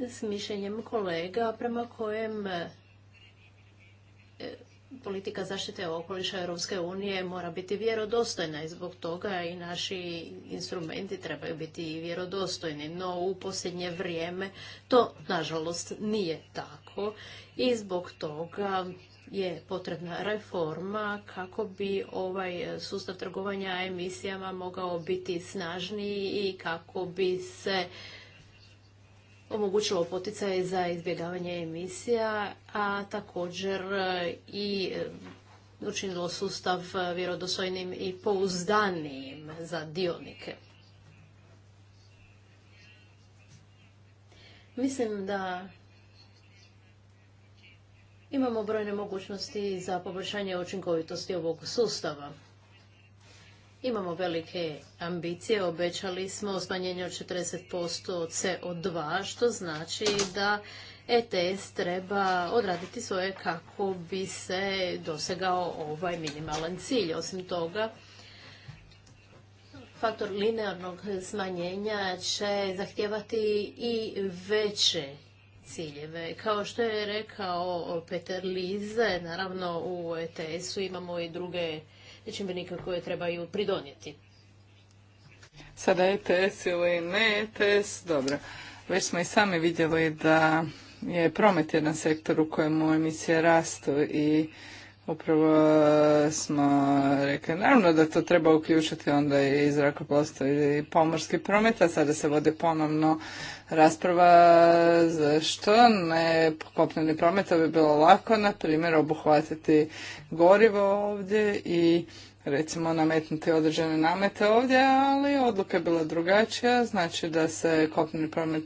[SPEAKER 3] s mišljenjem kolega prema kojem e, politika zaštite okoliša Europske unije mora biti vjerodostojna i zbog toga i naši instrumenti trebaju biti vjerodostojni. No u posljednje vrijeme to nažalost nije tako i zbog toga je potrebna reforma kako bi ovaj sustav trgovanja emisijama mogao biti snažniji i kako bi se omogućilo poticaje za izbjegavanje emisija, a također e, i e, učinilo sustav e, vjerodostojnim i pouzdanijim za dionike. Mislim da imamo brojne mogućnosti za poboljšanje učinkovitosti ovog sustava. Imamo velike ambicije, obećali smo smanjenje od 40% CO2, što znači da ETS treba odraditi svoje kako bi se dosegao ovaj minimalan cilj. Osim toga, faktor linearnog smanjenja će zahtijevati i veće ciljeve. Kao što je rekao Peter Lize, naravno u ETS-u imamo i druge čimbenika koje trebaju pridonijeti.
[SPEAKER 1] Sada ETS ili ne ETS, dobro. Već smo i sami vidjeli da je promet jedan sektor u kojemu emisije rastu i upravo smo rekli naravno da to treba uključiti onda i zrakoplovstvo i pomorski promet, a sada se vode ponovno rasprava zašto ne kopneni promet, bi bilo lako, na primjer, obuhvatiti gorivo ovdje i recimo nametnuti određene namete ovdje, ali odluka je bila drugačija, znači da se kopneni promet,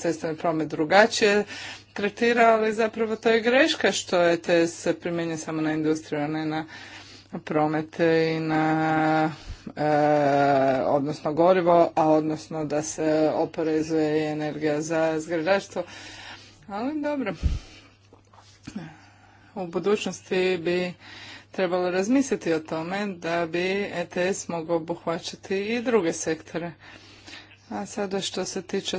[SPEAKER 1] cestovni promet drugačije tretira, ali zapravo to je greška što je te se primjenjuje samo na industriju, a ne na promet i na e, odnosno gorivo, a odnosno da se oporezuje i energija za zgradaštvo. Ali dobro. U budućnosti bi trebalo razmisliti o tome da bi ETS mogao obuhvaćati i druge sektore. A sada što se tiče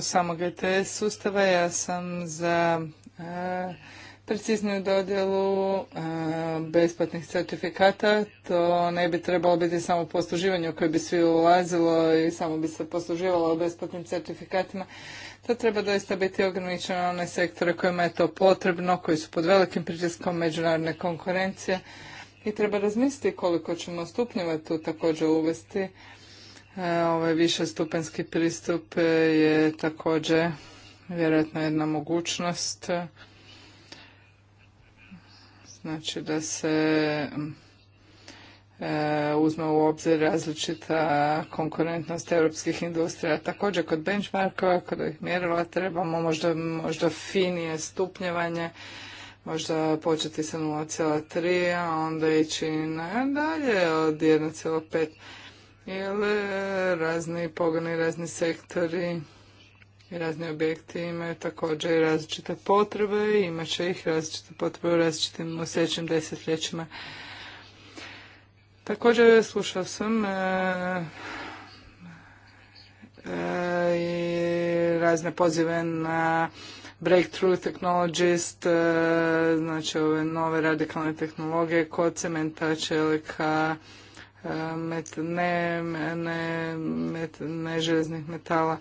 [SPEAKER 1] samog ETS sustava, ja sam za e, precizniju dodjelu e, besplatnih certifikata. To ne bi trebalo biti samo posluživanje u koje bi svi ulazilo i samo bi se posluživalo o besplatnim certifikatima. To treba doista biti ograničeno na one sektore kojima je to potrebno, koji su pod velikim pritiskom međunarodne konkurencije i treba razmisliti koliko ćemo stupnjeva tu također uvesti. E, ovaj višestupanjski pristup je također vjerojatno jedna mogućnost Znači da se e, uzme u obzir različita konkurentnost europskih industrija. Također kod benchmarkova, kod ih mjerila trebamo možda, možda finije stupnjevanje, možda početi sa 0,3, a onda ići nadalje od 1,5. Ili e, razni pogoni, razni sektori Razni objekti imaju također različite potrebe, imat će ih različite potrebe u različitim u sljedećim desetljećima. Također slušao sam e, e, i razne pozive na breakthrough technologist, e, znači ove nove radikalne tehnologije kod cementa, čelika, e, met, ne, ne, metala.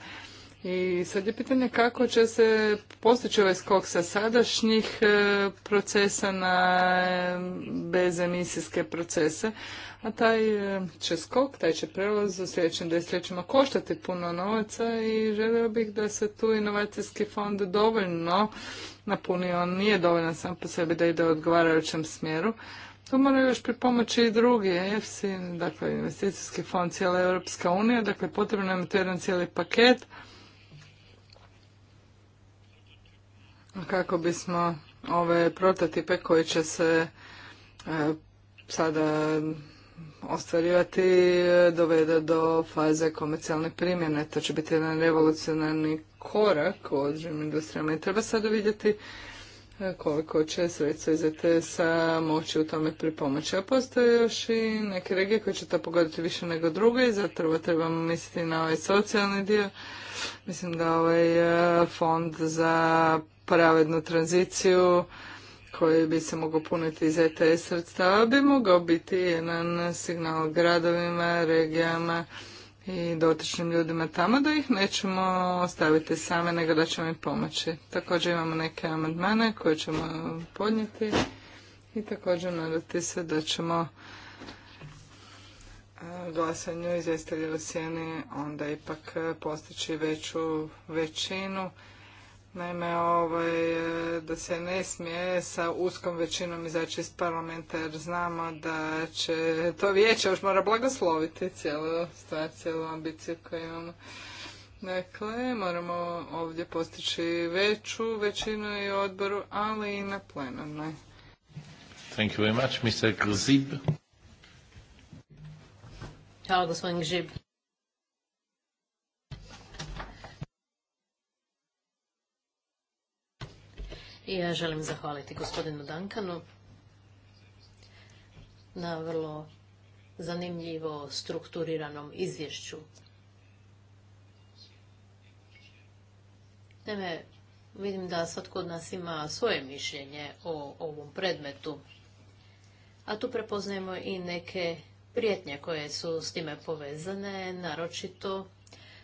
[SPEAKER 1] I sad je pitanje kako će se postići ovaj skok sa sadašnjih e, procesa na e, bezemisijske procese, a taj e, će skok, taj će prelaz u sljedećim desetljećima koštati puno novaca i želio bih da se tu inovacijski fond dovoljno napuni, on nije dovoljan sam po sebi da ide u odgovarajućem smjeru. Tu moraju još pripomoći i drugi, EFSI, dakle investicijski fond cijela Europska unija, dakle potrebno je jedan cijeli paket kako bismo ove prototipe koji će se e, sada ostvarivati e, dovede do faze komercijalne primjene. To će biti jedan revolucionarni korak u određenim industrijama i treba sad vidjeti e, koliko će sredstva iz ets moći u tome pripomoći. A postoje još i neke regije koje će to pogoditi više nego druge i trebamo misliti na ovaj socijalni dio. Mislim da ovaj fond za pravednu tranziciju koji bi se mogao puniti iz ETS sredstava bi mogao biti jedan signal gradovima, regijama i dotičnim ljudima tamo da ih nećemo ostaviti same nego da ćemo im pomoći. Također imamo neke amandmane koje ćemo podnijeti i također nadati se da ćemo e, glasanju izvjestelja u sjeni onda ipak e, postići veću većinu Naime, ovaj, e, da se ne smije sa uskom većinom izaći iz parlamenta jer znamo da će to vijeće još mora blagosloviti cijelu stvar, cijelu ambiciju koju imamo. Dakle, moramo ovdje postići veću većinu i odboru, ali i na plenarnoj. Thank you very much, Mr.
[SPEAKER 3] Hvala, gospodin Grzib. I ja želim zahvaliti gospodinu Dankanu na vrlo zanimljivo strukturiranom izvješću. Naime, vidim da svatko od nas ima svoje mišljenje o ovom predmetu, a tu prepoznajemo i neke prijetnje koje su s time povezane, naročito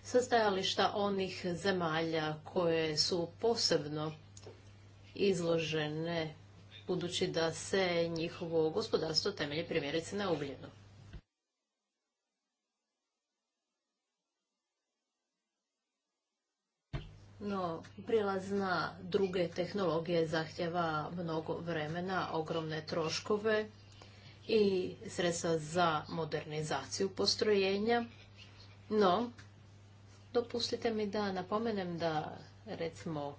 [SPEAKER 3] sa stajališta onih zemalja koje su posebno izložene budući da se njihovo gospodarstvo temelji primjerice na ugljenu. No, prilaz na druge tehnologije zahtjeva mnogo vremena, ogromne troškove i sredstva za modernizaciju postrojenja. No, dopustite mi da napomenem da recimo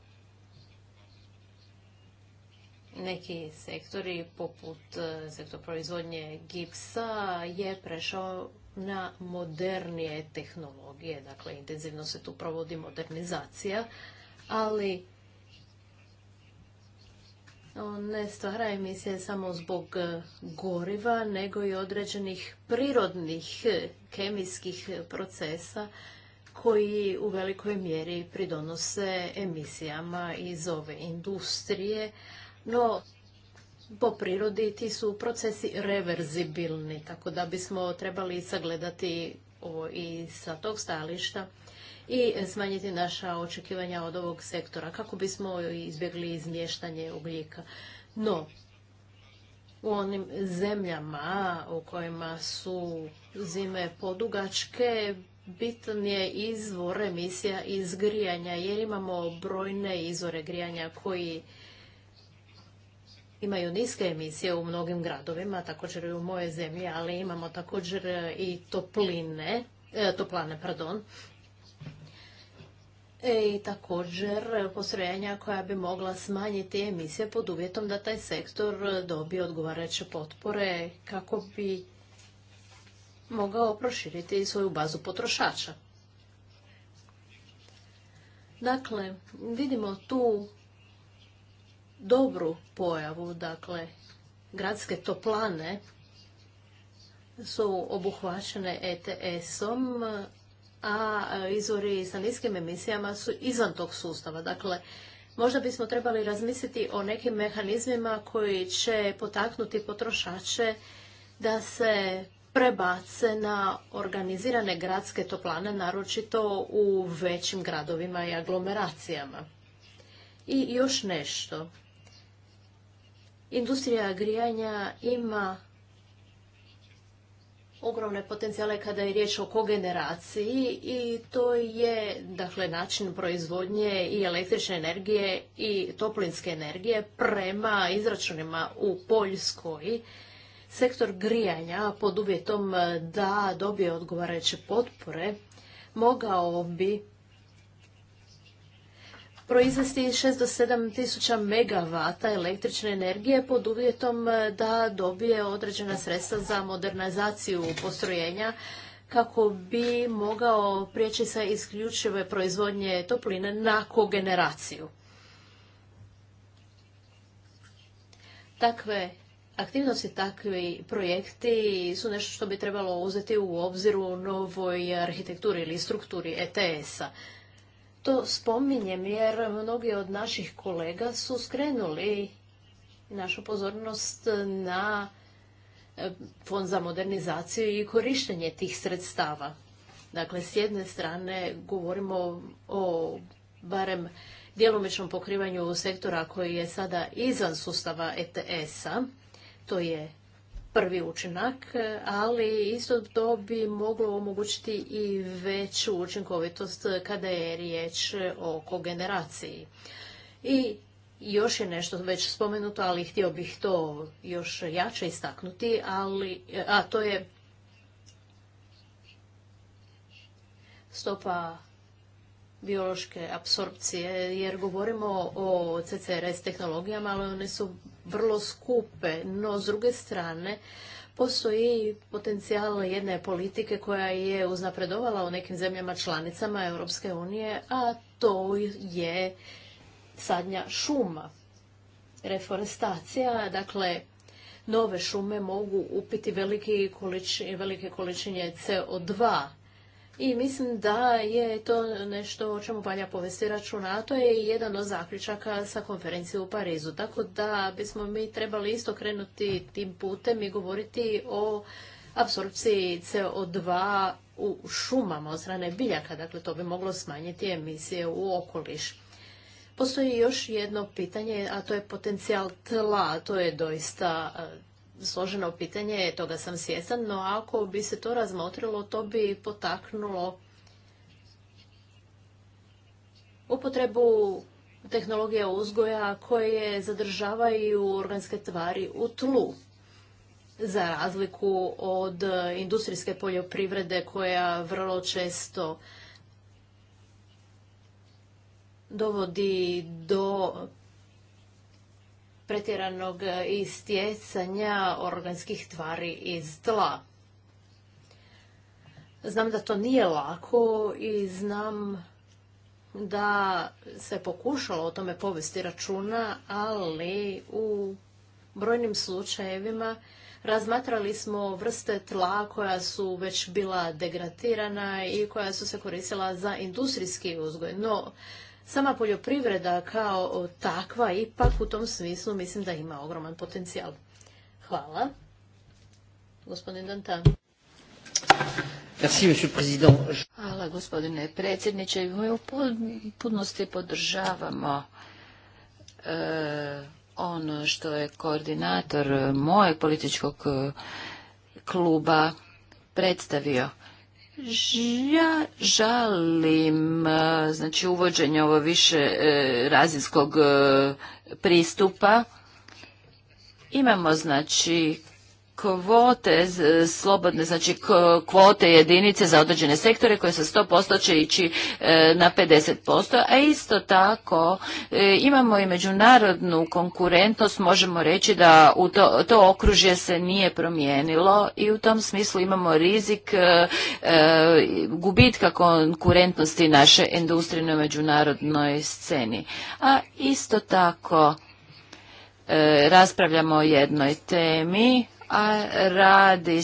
[SPEAKER 3] neki sektori, poput e, sektor proizvodnje gipsa, je prešao na modernije tehnologije. Dakle, intenzivno se tu provodi modernizacija, ali on ne stvara emisije samo zbog e, goriva, nego i određenih prirodnih e, kemijskih procesa koji u velikoj mjeri pridonose emisijama iz ove industrije, no, po prirodi ti su procesi reverzibilni, tako da bismo trebali sagledati ovo i sa tog stališta i smanjiti naša očekivanja od ovog sektora kako bismo izbjegli izmještanje ugljika. No, u onim zemljama u kojima su zime podugačke, bitan je izvor emisija iz grijanja, jer imamo brojne izvore grijanja koji imaju niske emisije u mnogim gradovima, također i u moje zemlji, ali imamo također e, i topline, e, toplane, pardon, e, i također postrojenja koja bi mogla smanjiti emisije pod uvjetom da taj sektor dobije odgovarajuće potpore kako bi mogao proširiti svoju bazu potrošača. Dakle, vidimo tu dobru pojavu, dakle gradske toplane su obuhvaćene ETS-om, a izvori sa niskim emisijama su izvan tog sustava. Dakle, možda bismo trebali razmisliti o nekim mehanizmima koji će potaknuti potrošače da se prebace na organizirane gradske toplane, naročito u većim gradovima i aglomeracijama. I još nešto industrija grijanja ima ogromne potencijale kada je riječ o kogeneraciji i to je dakle, način proizvodnje i električne energije i toplinske energije prema izračunima u Poljskoj. Sektor grijanja pod uvjetom da dobije odgovarajuće potpore mogao bi proizvesti 6 do 7 tisuća megavata električne energije pod uvjetom e, da dobije određena sredstva za modernizaciju postrojenja kako bi mogao prijeći sa isključive proizvodnje topline na kogeneraciju. Takve aktivnosti, takvi projekti su nešto što bi trebalo uzeti u obzir u novoj arhitekturi ili strukturi ETS-a to spominjem jer mnogi od naših kolega su skrenuli našu pozornost na e, fond za modernizaciju i korištenje tih sredstava. Dakle, s jedne strane govorimo o barem djelomičnom pokrivanju sektora koji je sada izvan sustava ETS-a. To je prvi učinak, ali isto to bi moglo omogućiti i veću učinkovitost kada je riječ o kogeneraciji. I još je nešto već spomenuto, ali htio bih to još jače istaknuti, ali, a to je stopa biološke apsorpcije, jer govorimo o CCRS tehnologijama, ali one su vrlo skupe, no s druge strane postoji potencijal jedne politike koja je uznapredovala u nekim zemljama članicama Europske unije, a to je sadnja šuma. Reforestacija, dakle, nove šume mogu upiti velike količine CO2, i mislim da je to nešto o čemu valja povesti računa, a to je jedan od zaključaka sa konferencije u Parizu. Tako da bismo mi trebali isto krenuti tim putem i govoriti o apsorpciji CO2 u šumama od strane biljaka, dakle to bi moglo smanjiti emisije u okoliš. Postoji još jedno pitanje, a to je potencijal tla, to je doista složeno pitanje, toga sam svjestan, no ako bi se to razmotrilo, to bi potaknulo upotrebu tehnologija uzgoja koje zadržavaju organske tvari u tlu. Za razliku od industrijske poljoprivrede koja vrlo često dovodi do pretjeranog e, istjecanja organskih tvari iz tla. Znam da to nije lako i znam da se pokušalo o tome povesti računa, ali u brojnim slučajevima razmatrali smo vrste tla koja su već bila degradirana i koja su se koristila za industrijski uzgoj. No, sama poljoprivreda kao takva ipak u tom smislu mislim da ima ogroman
[SPEAKER 2] potencijal. Hvala. Gospodin Dantan. Hvala gospodine predsjedniče. U potpunosti podržavamo e, ono što je koordinator mojeg političkog e, kluba predstavio. Ja žalim e, znači uvođenje ovo više e, razinskog e, pristupa. Imamo znači kvote slobodne, znači kvote jedinice za određene sektore koje sa 100% će ići e, na 50%, a isto tako e, imamo i međunarodnu konkurentnost, možemo reći da to, to okružje se nije promijenilo i u tom smislu imamo rizik e, gubitka konkurentnosti naše industrije na međunarodnoj sceni. A isto tako raspravljamo o jednoj temi a radi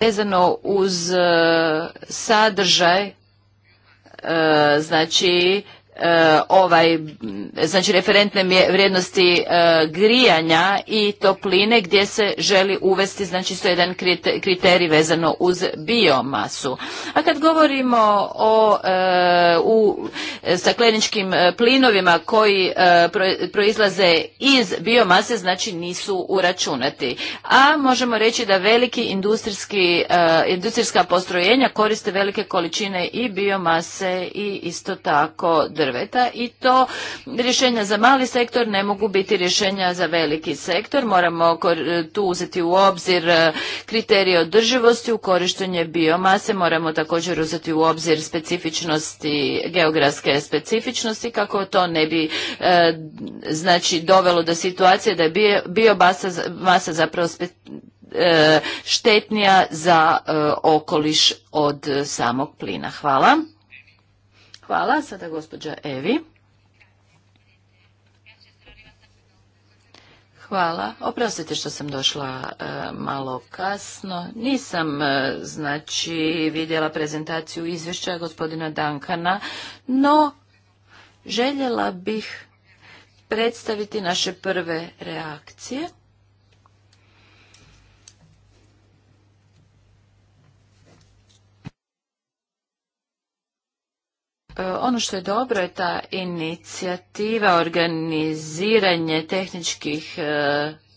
[SPEAKER 2] vezano uz e, sadržaj, e, znači E, ovaj, znači referentne vrijednosti e, grijanja i topline gdje se želi uvesti znači jedan kriterij vezano uz biomasu. A kad govorimo o e, u stakleničkim plinovima koji proizlaze iz biomase znači nisu uračunati. A možemo reći da veliki industrijski, industrijska postrojenja koriste velike količine i biomase i isto tako drva drveta i to rješenja za mali sektor ne mogu biti rješenja za veliki sektor. Moramo tu uzeti u obzir e, kriterije održivosti u korištenje biomase, moramo također uzeti u obzir specifičnosti, geografske specifičnosti kako to ne bi e, znači dovelo do situacije da je biomasa masa zapravo e, štetnija za okoliš od samog plina. Hvala. Hvala. Sada gospođa Evi. Hvala. Oprostite što sam došla e, malo kasno. Nisam, e, znači, vidjela prezentaciju izvješća gospodina Dankana, no željela bih predstaviti naše prve reakcije. E, ono što je dobro je ta inicijativa organiziranje tehničkih e,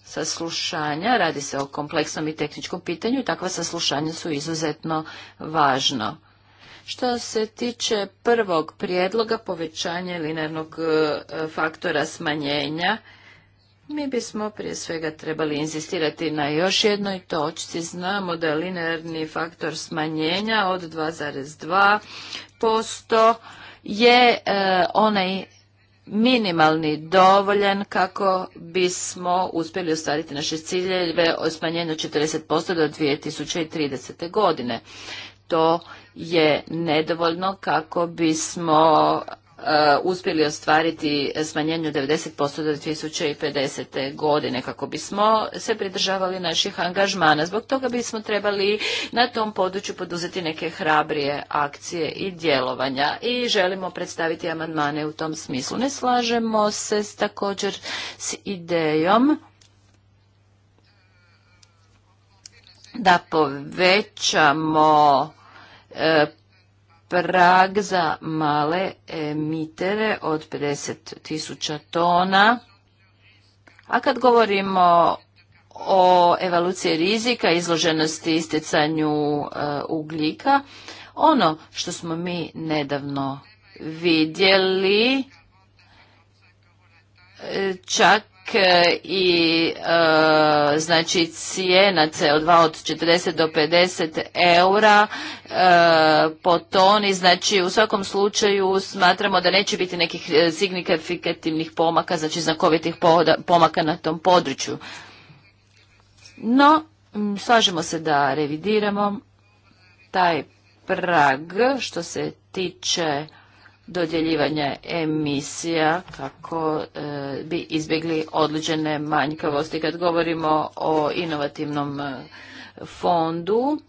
[SPEAKER 2] saslušanja, radi se o kompleksnom i tehničkom pitanju i takva saslušanja su izuzetno važno. Što se tiče prvog prijedloga povećanja linearnog e, faktora smanjenja, mi bismo prije svega trebali inzistirati na još jednoj točci. Znamo da je linearni faktor smanjenja od 2,2% je e, onaj minimalni dovoljan kako bismo uspjeli ostvariti naše ciljeve o smanjenju 40% do 2030. godine. To je nedovoljno kako bismo E, uspjeli ostvariti smanjenje od 90% do 2050. godine kako bismo se pridržavali naših angažmana. Zbog toga bismo trebali na tom području poduzeti neke hrabrije akcije i djelovanja i želimo predstaviti amandmane u tom smislu. Ne slažemo se također s idejom da povećamo e, prag za male emitere od 50.000 tona. A kad govorimo o evoluciji rizika, izloženosti isticanju e, ugljika, ono što smo mi nedavno vidjeli, e, čak E, i e, znači cijena CO2 od 40 do 50 eura e, po toni. Znači u svakom slučaju smatramo da neće biti nekih e, signifikativnih pomaka, znači znakovitih pomaka na tom području. No, slažemo se da revidiramo taj prag što se tiče dodjeljivanja emisija kako e, bi izbjegli određene manjkavosti. Kad govorimo o inovativnom e, fondu,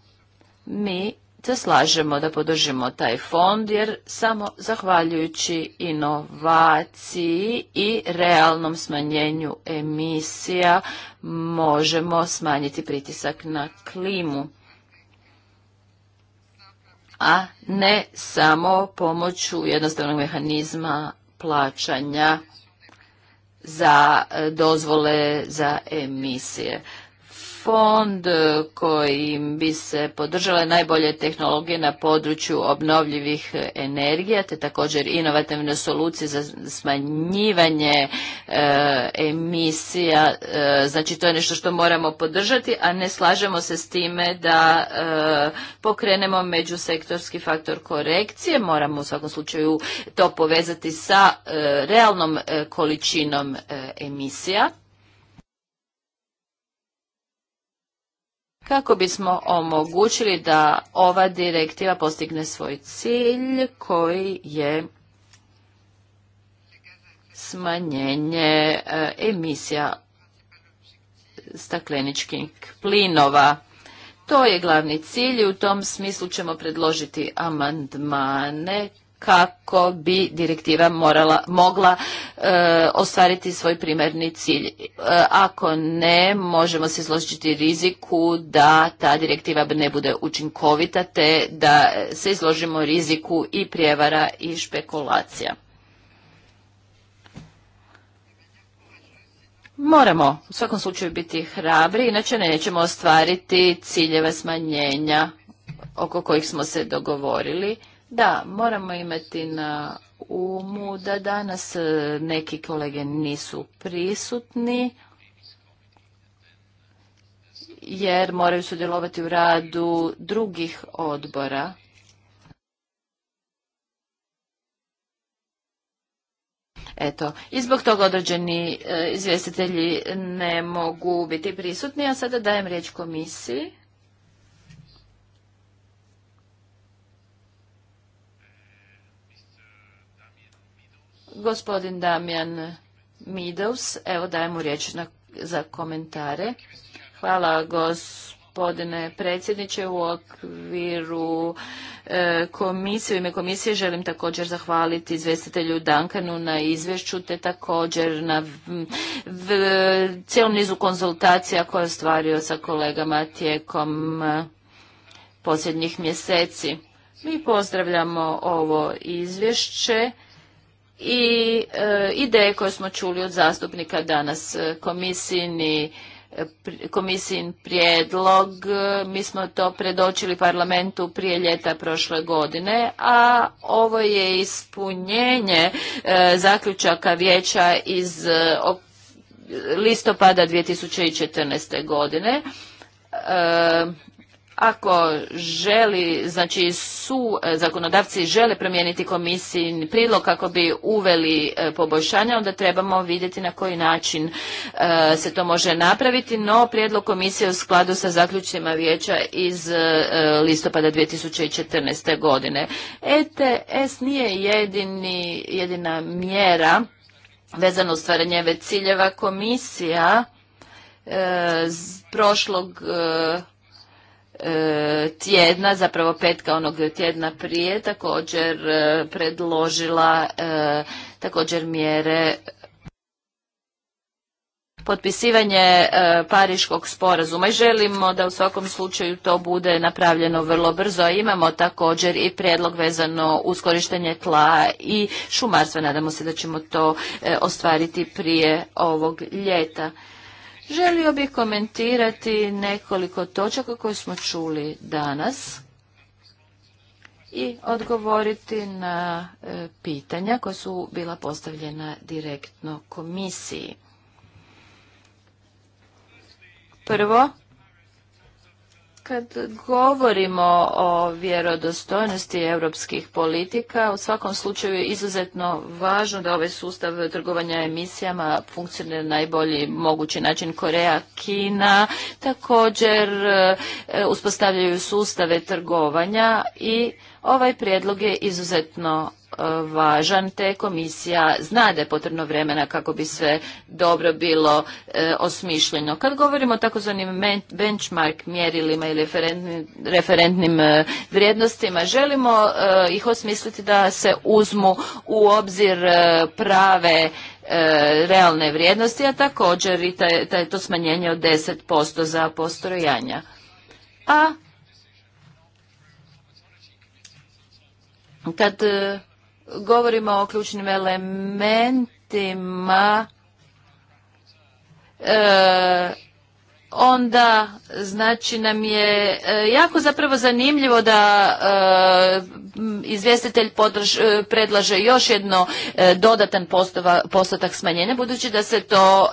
[SPEAKER 2] mi se slažemo da podržimo taj fond jer samo zahvaljujući inovaciji i realnom smanjenju emisija možemo smanjiti pritisak na klimu a ne samo pomoću jednostavnog mehanizma plaćanja za e, dozvole za emisije fond e, kojim bi se podržale najbolje tehnologije na području obnovljivih energija, te također inovativne solucije za smanjivanje e, emisija. E, znači to je nešto što moramo podržati, a ne slažemo se s time da pokrenemo međusektorski faktor korekcije. Moramo u svakom slučaju to povezati sa realnom količinom emisija. kako bismo omogućili da ova direktiva postigne svoj cilj koji je smanjenje e, emisija stakleničkih plinova. To je glavni cilj i u tom smislu ćemo predložiti amandmane kako bi direktiva morala, mogla e, ostvariti svoj primarni cilj. E, ako ne, možemo se izložiti riziku da ta direktiva ne bude učinkovita, te da se izložimo riziku i prijevara i špekulacija. Moramo u svakom slučaju biti hrabri, inače nećemo ostvariti ciljeve smanjenja oko kojih smo se dogovorili da, moramo imati na umu da danas e, neki kolege nisu prisutni jer moraju sudjelovati u radu drugih odbora. Eto, i zbog toga određeni e, izvjestitelji ne mogu biti prisutni, a sada dajem riječ komisiji. Gospodin Damjan Midaus, evo dajemo riječ za komentare. Hvala gospodine predsjedniče u okviru e, komisije. U ime komisije želim također zahvaliti izvjestitelju Dankanu na izvješću te također na cijelom nizu konzultacija koje je ostvario sa kolegama tijekom e, posljednjih mjeseci. Mi pozdravljamo ovo izvješće i e, ideje koje smo čuli od zastupnika danas, e, komisijni e, komisijin prijedlog, mi smo to predočili parlamentu prije ljeta prošle godine, a ovo je ispunjenje zaključaka vijeća iz e, listopada 2014. godine ako želi, znači su e, zakonodavci žele promijeniti komisiji prilog kako bi uveli e, poboljšanje, onda trebamo vidjeti na koji način e, se to može napraviti, no prijedlog komisije u skladu sa zaključcima vijeća iz listopada 2014. godine. ETS nije jedini, jedina mjera vezano stvaranje ciljeva komisija prošlog E, tjedna, zapravo petka onog tjedna prije, također e, predložila e, također mjere potpisivanje Pariškog sporazuma i želimo da u svakom slučaju to bude napravljeno vrlo brzo. Imamo također i prijedlog vezano uz korištenje tla i šumarstva. Nadamo se da ćemo to ostvariti prije ovog ljeta. Želio bih komentirati nekoliko točaka koje smo čuli danas i odgovoriti na e, pitanja koja su bila postavljena direktno komisiji. Prvo, kad govorimo o vjerodostojnosti europskih politika, u svakom slučaju je izuzetno važno da ovaj sustav trgovanja emisijama funkcionira na najbolji mogući način. Koreja, Kina također e, uspostavljaju sustave trgovanja i ovaj prijedlog je izuzetno važan, te komisija zna da je potrebno vremena kako bi sve dobro bilo e, osmišljeno. Kad govorimo o takozvanim benchmark mjerilima ili referentnim, e, vrijednostima, želimo e, ih osmisliti da se uzmu u obzir prave realne vrijednosti, a također i to smanjenje od 10% za postrojanja. A kad govorimo o ključnim elementima e, onda znači nam je e, jako zapravo zanimljivo da e, izvjestitelj e, predlaže još jedno dodatan postotak smanjenja budući da se to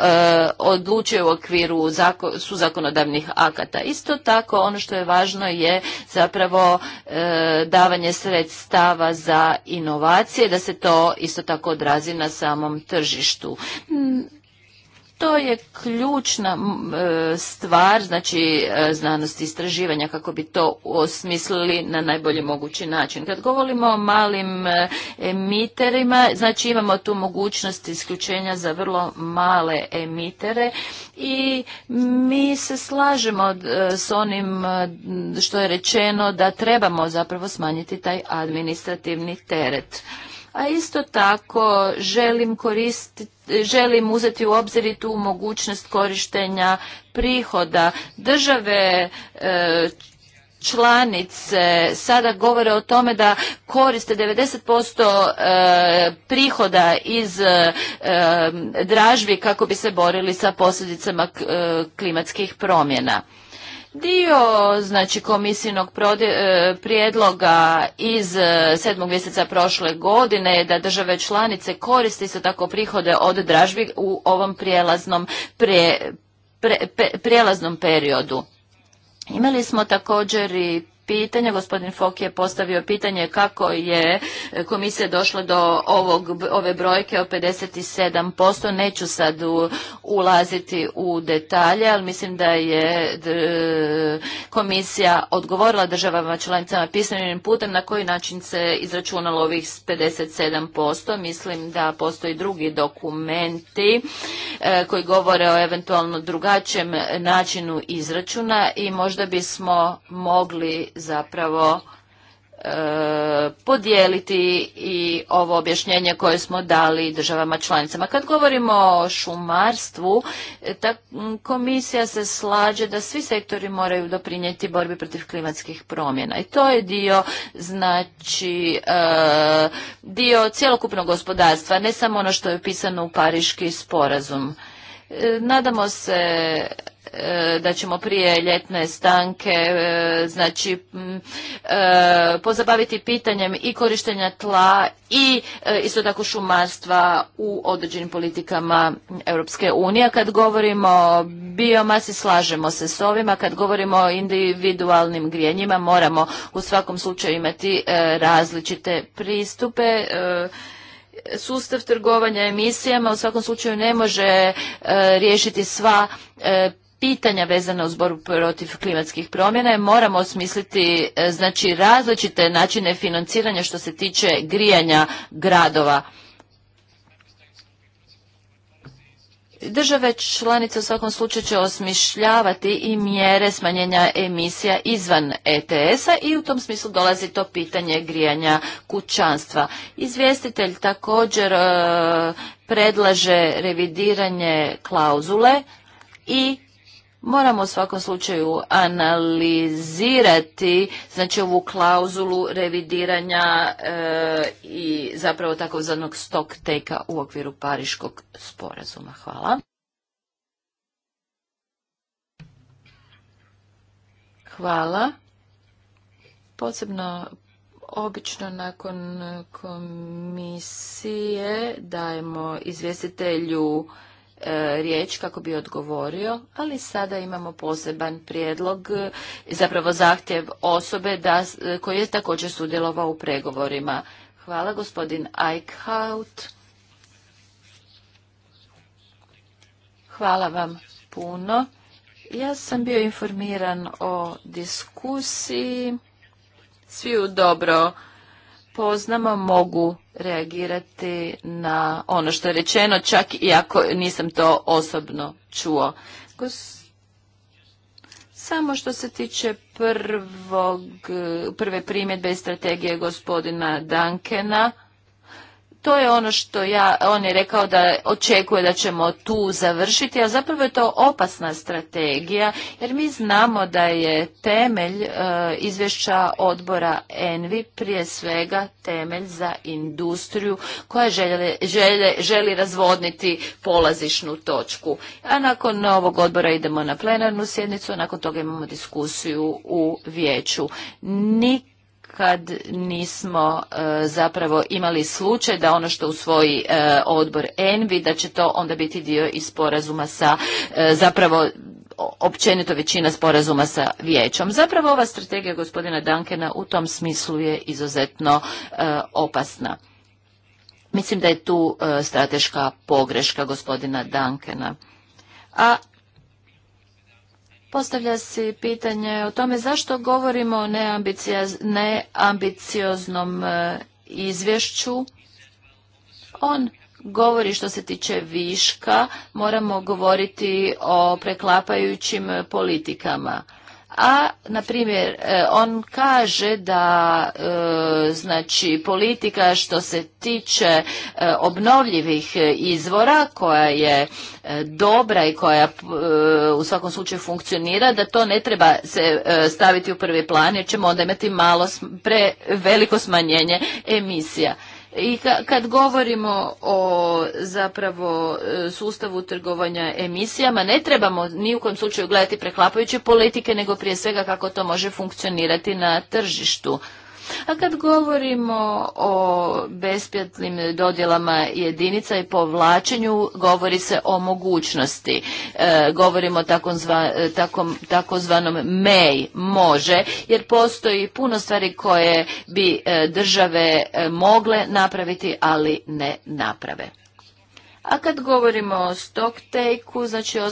[SPEAKER 2] odlučuje u okviru suzakonodavnih zakonodavnih akata. Isto tako ono što je važno je zapravo davanje sredstava za inovacije da se to isto tako odrazi na samom tržištu to je ključna e, stvar, znači e, znanosti istraživanja kako bi to osmislili na najbolji mogući način. Kad govorimo o malim e, emiterima, znači imamo tu mogućnost isključenja za vrlo male emitere i mi se slažemo s onim što je rečeno da trebamo zapravo smanjiti taj administrativni teret. A isto tako želim koristiti želim uzeti u obzir i tu mogućnost korištenja prihoda. Države e, članice sada govore o tome da koriste 90% e, prihoda iz e, dražbi kako bi se borili sa posljedicama klimatskih promjena. Dio znači komisijnog e, prijedloga iz e, sedmog mjeseca prošle godine je da države članice koriste se tako prihode od dražbi u ovom prijelaznom, pre, prijelaznom periodu. Imali smo također i pitanja. Gospodin Fok je postavio pitanje kako je komisija došla do ovog, ove brojke o 57%. Neću sad ulaziti u detalje, ali mislim da je komisija odgovorila državama članicama pisanim putem na koji način se izračunalo ovih 57%. Mislim da postoji drugi dokumenti e, koji govore o eventualno drugačijem načinu izračuna i možda bismo mogli zapravo e, podijeliti i ovo objašnjenje koje smo dali državama članicama. Kad govorimo o šumarstvu, e, ta komisija se slađe da svi sektori moraju doprinijeti borbi protiv klimatskih promjena. I to je dio, znači, e, dio cjelokupnog gospodarstva, ne samo ono što je pisano u Pariški sporazum. Nadamo se E, da ćemo prije ljetne stanke e, znači e, pozabaviti pitanjem i korištenja tla i isto tako šumarstva u određenim politikama Europske unije. Kad govorimo o biomasi slažemo se s ovima, kad govorimo o individualnim grijenjima moramo u svakom slučaju imati različite pristupe sustav trgovanja emisijama u svakom slučaju ne može riješiti sva pitanja vezana uz borbu protiv klimatskih promjena moramo osmisliti e, znači različite načine financiranja što se tiče grijanja gradova. Države članice u svakom slučaju će osmišljavati i mjere smanjenja emisija izvan ETS-a i u tom smislu dolazi to pitanje grijanja kućanstva. Izvjestitelj također e, predlaže revidiranje klauzule i Moramo u svakom slučaju analizirati znači ovu klauzulu revidiranja e, i zapravo takozvanog stok teka u okviru Pariškog sporazuma. Hvala. Hvala. Posebno obično nakon komisije dajemo izvjestitelju E, riječ kako bi odgovorio, ali sada imamo poseban prijedlog, e, zapravo zahtjev osobe da, e, koji je također sudjelovao u pregovorima. Hvala gospodin Eichhout. Hvala vam puno. Ja sam bio informiran o diskusiji. Svi u dobro poznamo mogu reagirati na ono što je rečeno, čak i ako nisam to osobno čuo. Samo što se tiče prve primjedbe i strategije gospodina Dankena, to je ono što ja, on je rekao da očekuje da ćemo tu završiti, a zapravo je to opasna strategija, jer mi znamo da je temelj e, izvješća odbora Envi prije svega temelj za industriju koja žele, žele, želi razvodniti polazišnu točku. A nakon ovog odbora idemo na plenarnu sjednicu, a nakon toga imamo diskusiju u vijeću. Nik kad nismo e, zapravo imali slučaj da ono što usvoji e, odbor ENVI, da će to onda biti dio i sporazuma sa e, zapravo općenito većina sporazuma sa vijećom. Zapravo ova strategija gospodina Dankena u tom smislu je izuzetno opasna. Mislim da je tu strateška pogreška gospodina Dankena. A Postavlja se pitanje o tome zašto govorimo o neambicioznom e, izvješću. On govori što se tiče viška, moramo govoriti o preklapajućim politikama a na primjer e, on kaže da e, znači politika što se tiče e, obnovljivih izvora koja je dobra i koja u svakom slučaju funkcionira da to ne treba se staviti u prvi plan jer ćemo onda imati malo pre veliko smanjenje emisija i kad govorimo o zapravo e, sustavu trgovanja emisijama, ne trebamo ni u kojem slučaju gledati preklapajuće politike, nego prije svega kako to može funkcionirati na tržištu. A kad govorimo o besplatnim dodjelama jedinica i povlačenju, govori se o mogućnosti. E, govorimo o e, takozvanom may, može, jer postoji puno stvari koje bi e, države mogle napraviti, ali ne naprave. A kad govorimo o stock znači o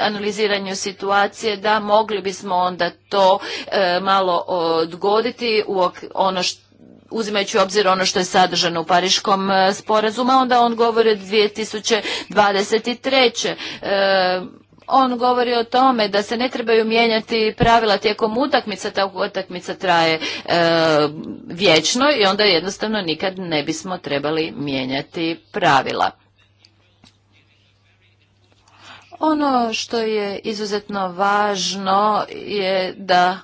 [SPEAKER 2] analiziranju situacije da mogli bismo onda to e, malo odgoditi u ono uzimajući u obzir ono što je sadržano u Pariškom e, sporazumu, onda on govori o 2023. E, on govori o tome da se ne trebaju mijenjati pravila tijekom utakmica, ta utakmica traje e, vječno i onda jednostavno nikad ne bismo trebali mijenjati pravila. Ono što je izuzetno važno je da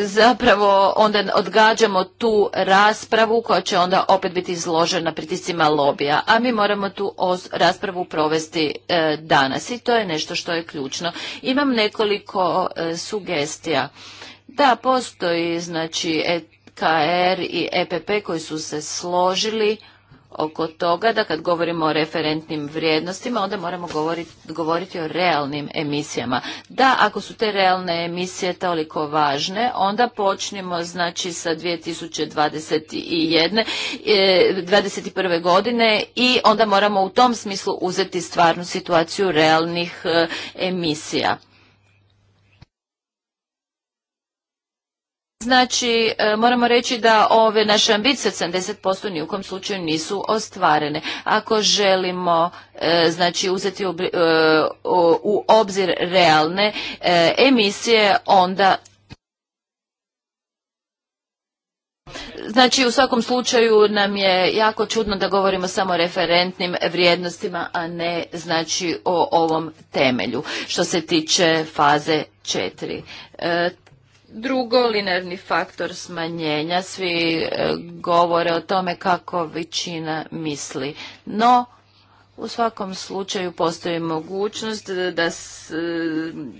[SPEAKER 2] zapravo onda odgađamo tu raspravu koja će onda opet biti izložena pritiscima lobija, a mi moramo tu raspravu provesti e, danas i to je nešto što je ključno. Imam nekoliko e, sugestija. Da, postoji znači EKR i EPP koji su se složili oko toga da kad govorimo o referentnim vrijednostima, onda moramo govoriti, govoriti o realnim emisijama. Da, ako su te realne emisije toliko važne, onda počnimo znači sa 2021. 21. E, godine i onda moramo u tom smislu uzeti stvarnu situaciju realnih e, emisija. Znači, e, moramo reći da ove naše ambicije 70% ni u kom slučaju nisu ostvarene. Ako želimo e, znači, uzeti e, u obzir realne emisije, onda Znači, u svakom slučaju nam je jako čudno da govorimo samo o referentnim vrijednostima, a ne znači o ovom temelju, što se tiče faze 4. Drugo, linerni faktor smanjenja. Svi e, govore o tome kako većina misli. No, u svakom slučaju postoji mogućnost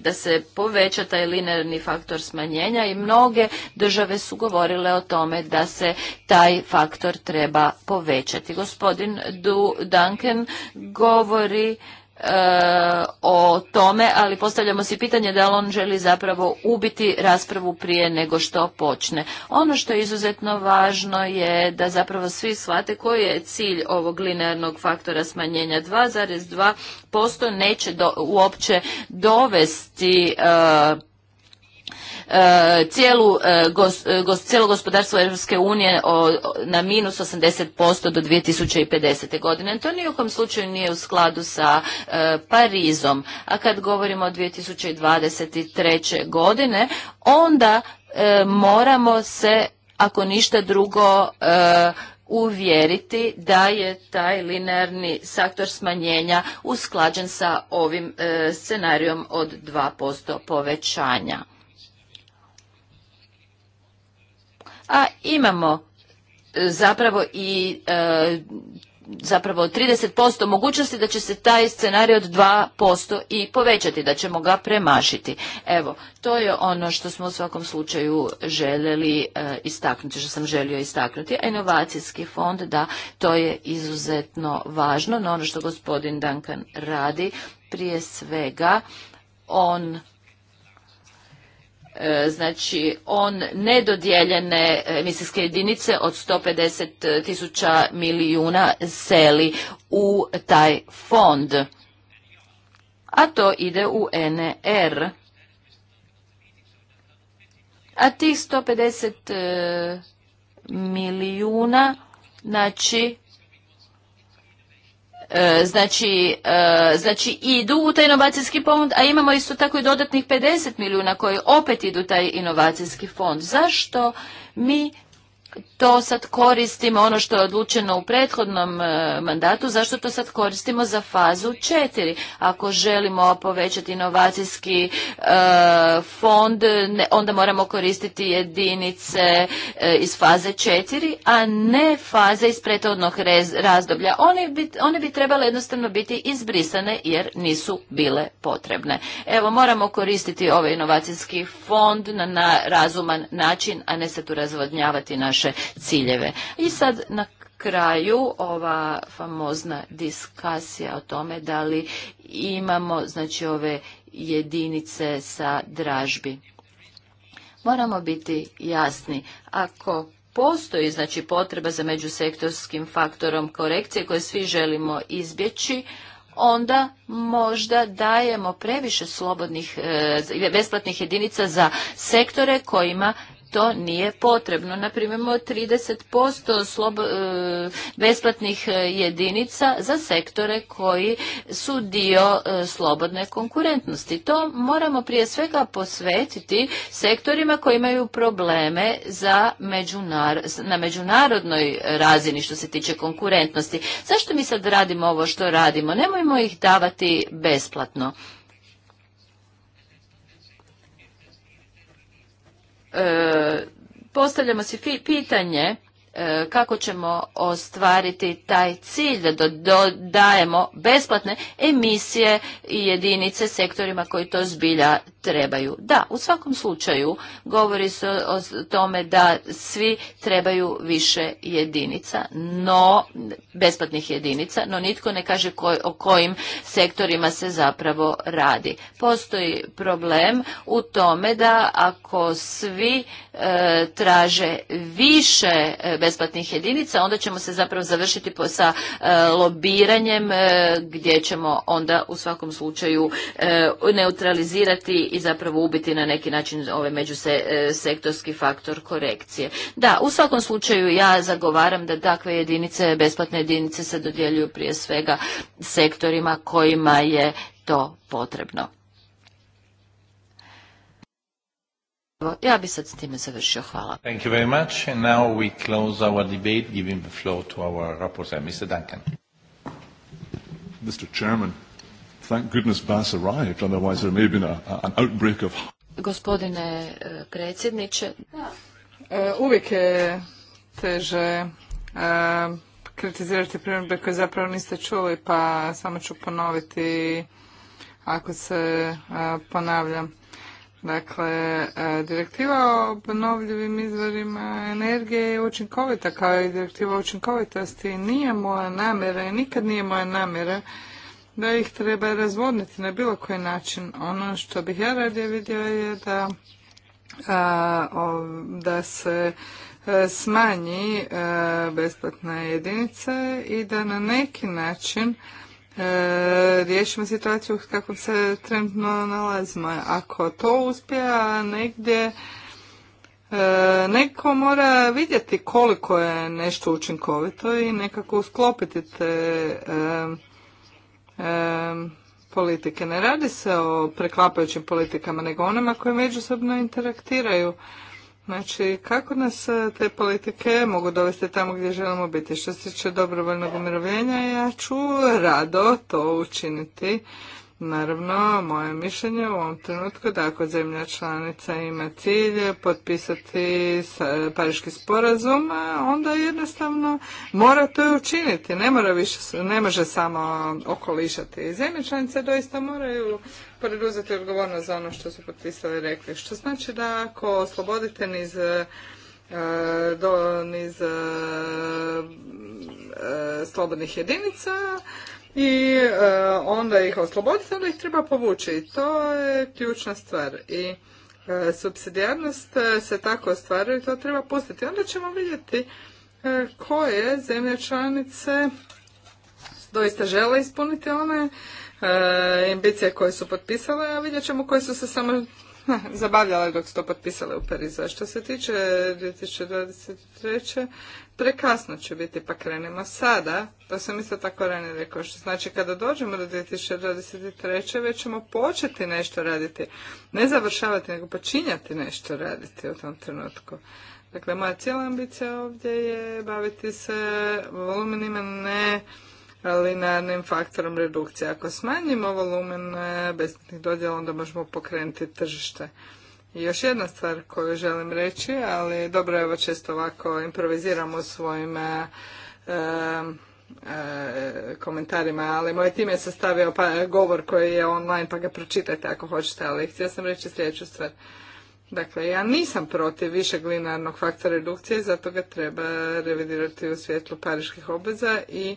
[SPEAKER 2] da e, se, poveća taj linerni faktor smanjenja i mnoge države su govorile o tome da se taj faktor treba povećati. Gospodin du Duncan govori o tome, ali postavljamo si pitanje da li on želi zapravo ubiti raspravu prije nego što počne. Ono što je izuzetno važno je da zapravo svi shvate koji je cilj ovog linearnog faktora smanjenja 2,2% neće uopće dovesti e, Eh, eh, eh, cijelo gospodarstvo Europske unije na minus 80% do 2050. godine. To ni u kom slučaju nije u skladu sa Parizom. A kad govorimo o 2023. godine, onda moramo se, ako ništa drugo, uvjeriti da je taj linearni sektor smanjenja usklađen sa ovim scenarijom od 2% povećanja. a imamo e, zapravo i e, zapravo 30% mogućnosti da će se taj scenarij od 2% i povećati, da ćemo ga premašiti. Evo, to je ono što smo u svakom slučaju željeli e, istaknuti, što sam želio istaknuti. A inovacijski fond, da, to je izuzetno važno, no ono što gospodin Duncan radi, prije svega on E, znači on nedodijeljene emisijske jedinice od 150 tisuća milijuna seli u taj fond. A to ide u NR. A tih 150 e, milijuna, znači E, znači, e, znači idu u taj inovacijski fond, a imamo isto tako i dodatnih 50 milijuna koji opet idu taj inovacijski fond. Zašto mi to sad koristimo, ono što je odlučeno u prethodnom e, mandatu, zašto to sad koristimo za fazu četiri? Ako želimo povećati inovacijski e, fond, onda moramo koristiti jedinice e, iz faze četiri, a ne faze iz prethodnog razdoblja. One bi, one trebale jednostavno biti izbrisane jer nisu bile potrebne. Evo, moramo koristiti ovaj inovacijski fond na, na razuman način, a ne se tu razvodnjavati naš ciljeve. I sad na kraju ova famozna diskasija o tome da li imamo znači ove jedinice sa dražbi. Moramo biti jasni. Ako postoji znači potreba za međusektorskim faktorom korekcije koje svi želimo izbjeći, onda možda dajemo previše slobodnih, e, besplatnih jedinica za sektore kojima to nije potrebno. Naprimjer, 30% e, besplatnih e, jedinica za sektore koji su dio e, slobodne konkurentnosti. To moramo prije svega posvetiti sektorima koji imaju probleme za na međunarodnoj razini što se tiče konkurentnosti. Zašto mi sad radimo ovo što radimo? Nemojmo ih davati besplatno. E, postavljamo si pitanje E, kako ćemo ostvariti taj cilj da dodajemo besplatne emisije i jedinice sektorima koji to zbilja trebaju. Da, u svakom slučaju govori se o, tome da svi trebaju više jedinica, no besplatnih jedinica, no nitko ne kaže o kojim sektorima se zapravo radi. Postoji problem u tome da ako svi e, traže više e, besplatnih jedinica, onda ćemo se zapravo završiti po, sa e, lobiranjem e, gdje ćemo onda u svakom slučaju e, neutralizirati i zapravo ubiti na neki način ovaj međusektorski faktor korekcije. Da, u svakom slučaju ja zagovaram da takve jedinice, besplatne jedinice se dodjeljuju prije svega sektorima kojima je to potrebno. Ja bi sad s time završio. Hvala. Thank you very much. And now we close our debate, giving the floor to our rapporteur, Mr. Duncan. Mr.
[SPEAKER 3] Chairman, thank goodness Bass arrived, otherwise there may have been an outbreak of...
[SPEAKER 2] Gospodine e, predsjedniče, e, uvijek je teže
[SPEAKER 1] e, kritizirati primjerbe koje zapravo niste čuli, pa samo ću ponoviti ako se ponavljam. Dakle, e, direktiva o obnovljivim izvorima energije je učinkovita kao i direktiva o učinkovitosti. Nije moja namjera i nikad nije moja namjera da ih treba razvodniti na bilo koji način. Ono što bih ja radije vidio je da, a, da se e, smanji a, e, besplatna jedinica i da na neki način E, riješimo situaciju kako se trenutno nalazimo. Ako to uspije negdje, e, neko mora vidjeti koliko je nešto učinkovito i nekako usklopiti te e, politike. Ne radi se o preklapajućim politikama, nego onima koje međusobno interaktiraju Znači, kako nas e, te politike mogu dovesti tamo gdje želimo biti? Što se tiče dobrovoljnog umirovljenja, ja ću rado to učiniti Naravno, moje mišljenje u ovom trenutku da ako zemlja članica ima cilj potpisati e, pariški sporazum, e, onda jednostavno mora to učiniti. Ne, mora više, ne može samo okolišati. Zemlje članice doista moraju preduzeti odgovornost za ono što su potpisali i rekli. Što znači da ako oslobodite niz e, do niz slobodnih jedinica, i e, onda ih osloboditi, onda ih treba povući. I to je ključna stvar. I e, subsidijarnost e, se tako ostvaruje i to treba pustiti. Onda ćemo vidjeti koje zemlje članice doista žele ispuniti one ambicije koje su potpisale, a vidjet ćemo koje su se samo zabavljala dok su to potpisale u Parizu. što se tiče 2023. prekasno će biti, pa krenemo sada. To sam isto tako rane rekao. Što znači kada dođemo do 2023. već ćemo početi nešto raditi. Ne završavati, nego počinjati nešto raditi u tom trenutku. Dakle, moja cijela ambicija ovdje je baviti se volumenima ne linearnim faktorom redukcije. Ako smanjimo volumen e, besplatnih dodjela, onda možemo pokrenuti tržište. I još jedna stvar koju želim reći, ali dobro je ovo često ovako improviziramo svojim e, e, komentarima, ali moj tim je sastavio pa, govor koji je online, pa ga pročitajte ako hoćete, ali htio sam reći sljedeću stvar. Dakle, ja nisam protiv višeg linearnog faktora redukcije, zato ga treba revidirati u svjetlu pariških obveza i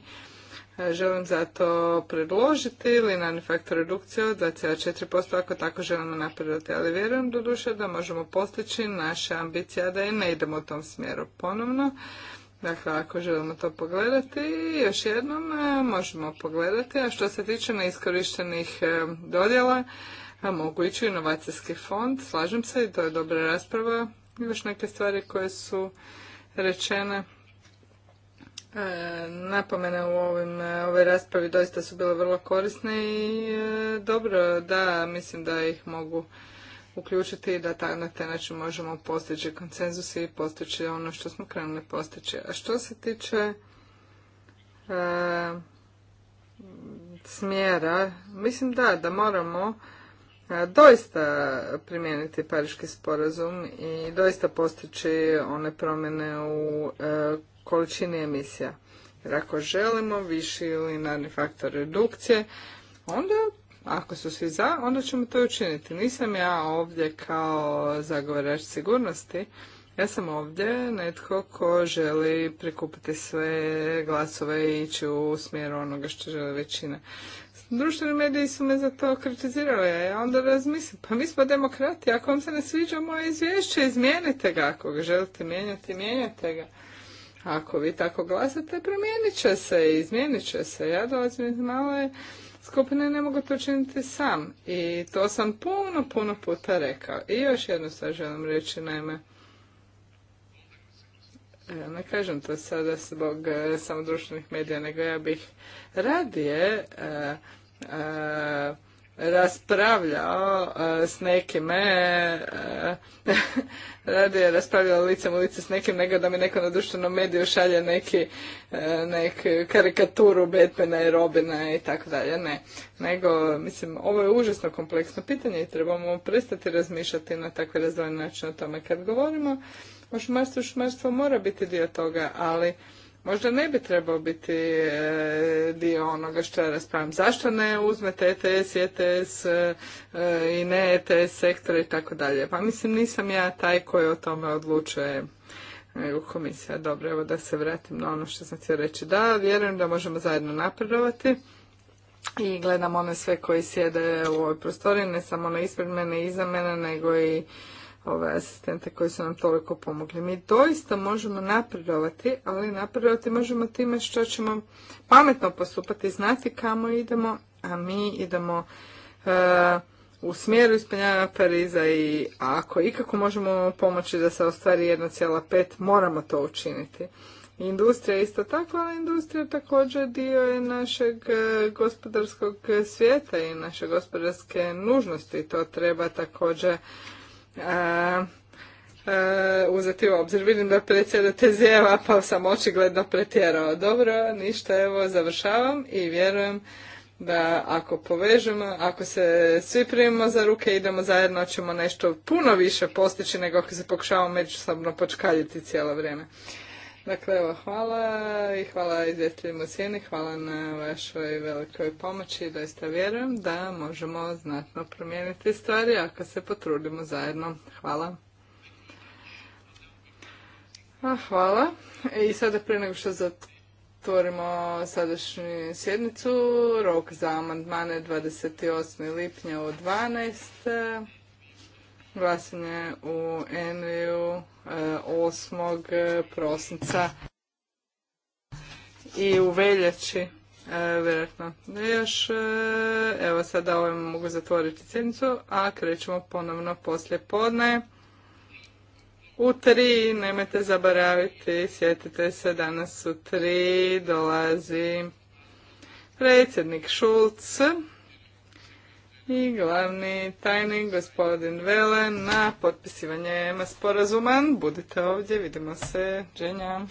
[SPEAKER 1] Želim zato predložiti linarni faktor redukcije od 2,4% ako tako želimo napredati, ali vjerujem do duše da možemo postići naša ambicija da i ne idemo u tom smjeru ponovno. Dakle, ako želimo to pogledati, još jednom e, možemo pogledati. A što se tiče neiskorištenih e, dodjela, e, mogu ići inovacijski fond, slažem se i to je dobra rasprava. Još neke stvari koje su rečene E, napomene u ovim, e, ovoj raspravi doista su bile vrlo korisne i e, dobro da mislim da ih mogu uključiti i da tako na taj način možemo postići konsenzus i postići ono što smo krenuli postići. A što se tiče smjera, mislim da, da moramo doista primijeniti Pariški sporazum i doista postići one promjene u količini emisija. Jer ako želimo viši linarni faktor redukcije, onda ako su svi za, onda ćemo to učiniti. Nisam ja ovdje kao zagovarač sigurnosti, ja sam ovdje netko ko želi prikupiti sve glasove i ići u smjeru onoga što žele većina. Društveni mediji su me za to kritizirali, a ja onda razmislim, pa mi smo demokrati, ako vam se ne sviđa moje izvješće, izmijenite ga, ako ga želite mijenjati, mijenjate ga. Ako vi tako glasate, promijenit će se, izmijenit će se. Ja dolazim iz male skupine, ne mogu to činiti sam. I to sam puno, puno puta rekao. I još jednu stvar želim reći, naime, e, ne kažem to sada zbog e, samo medija, nego ja bih radije e, raspravljao e, s nekime, e, radi je raspravljao licem u lice s nekim nego da mi neko na društvenom mediju šalje neki, e, neki karikaturu Batmana i Robina i tako dalje. Ne, nego mislim ovo je užasno kompleksno pitanje i trebamo prestati razmišljati na takve razvojne način o tome. Kad govorimo o šumarstvu, šumarstvo mora biti dio toga, ali možda ne bi trebao biti e, dio onoga što ja raspravljam. Zašto ne uzmete ETS, ETS i ne ETS sektor i tako dalje? Pa mislim nisam ja taj koji o tome odlučuje u komisija. Dobro, evo da se vratim na ono što sam htio reći. Da, vjerujem da možemo zajedno napredovati i gledam one sve koji sjede u ovoj prostoriji, ne samo na ispred mene, iza mene, nego i ove asistente koji su nam toliko pomogli. Mi doista možemo napredovati, ali napredovati možemo time što ćemo pametno postupati, znati kamo idemo, a mi idemo e, u smjeru ispunjavanja Pariza i ako ikako možemo pomoći da se ostvari 1,5, moramo to učiniti. Industrija je isto tako, ali industrija također dio je našeg e, gospodarskog svijeta i naše gospodarske nužnosti. To treba također uzeti u obzir. Vidim da predsjedate zjeva, pa sam očigledno pretjerao. Dobro, ništa, evo, završavam i vjerujem da ako povežemo, ako se svi primimo za ruke, idemo zajedno, ćemo nešto puno više postići nego ako se pokušavamo međusobno počkaljiti cijelo vrijeme. Dakle, evo, hvala i hvala izvjestiteljima u sjeni, hvala na vašoj velikoj pomoći. Doista vjerujem da možemo znatno promijeniti stvari ako se potrudimo zajedno. Hvala. hvala. I sada prije nego što zatvorimo sadašnju sjednicu, rok za amandmane 28. lipnja u 12 glasanje u Enriju 8. E, e, prosinca i u veljači e, vjerojatno. Još, evo sada ovaj mogu zatvoriti sjednicu, a krećemo ponovno poslije podne. U tri, nemojte zaboraviti, sjetite se, danas u tri dolazi predsjednik Šulc i glavni tajnik gospodin Vele na potpisivanje sporazuma. Budite ovdje, vidimo se, dženja.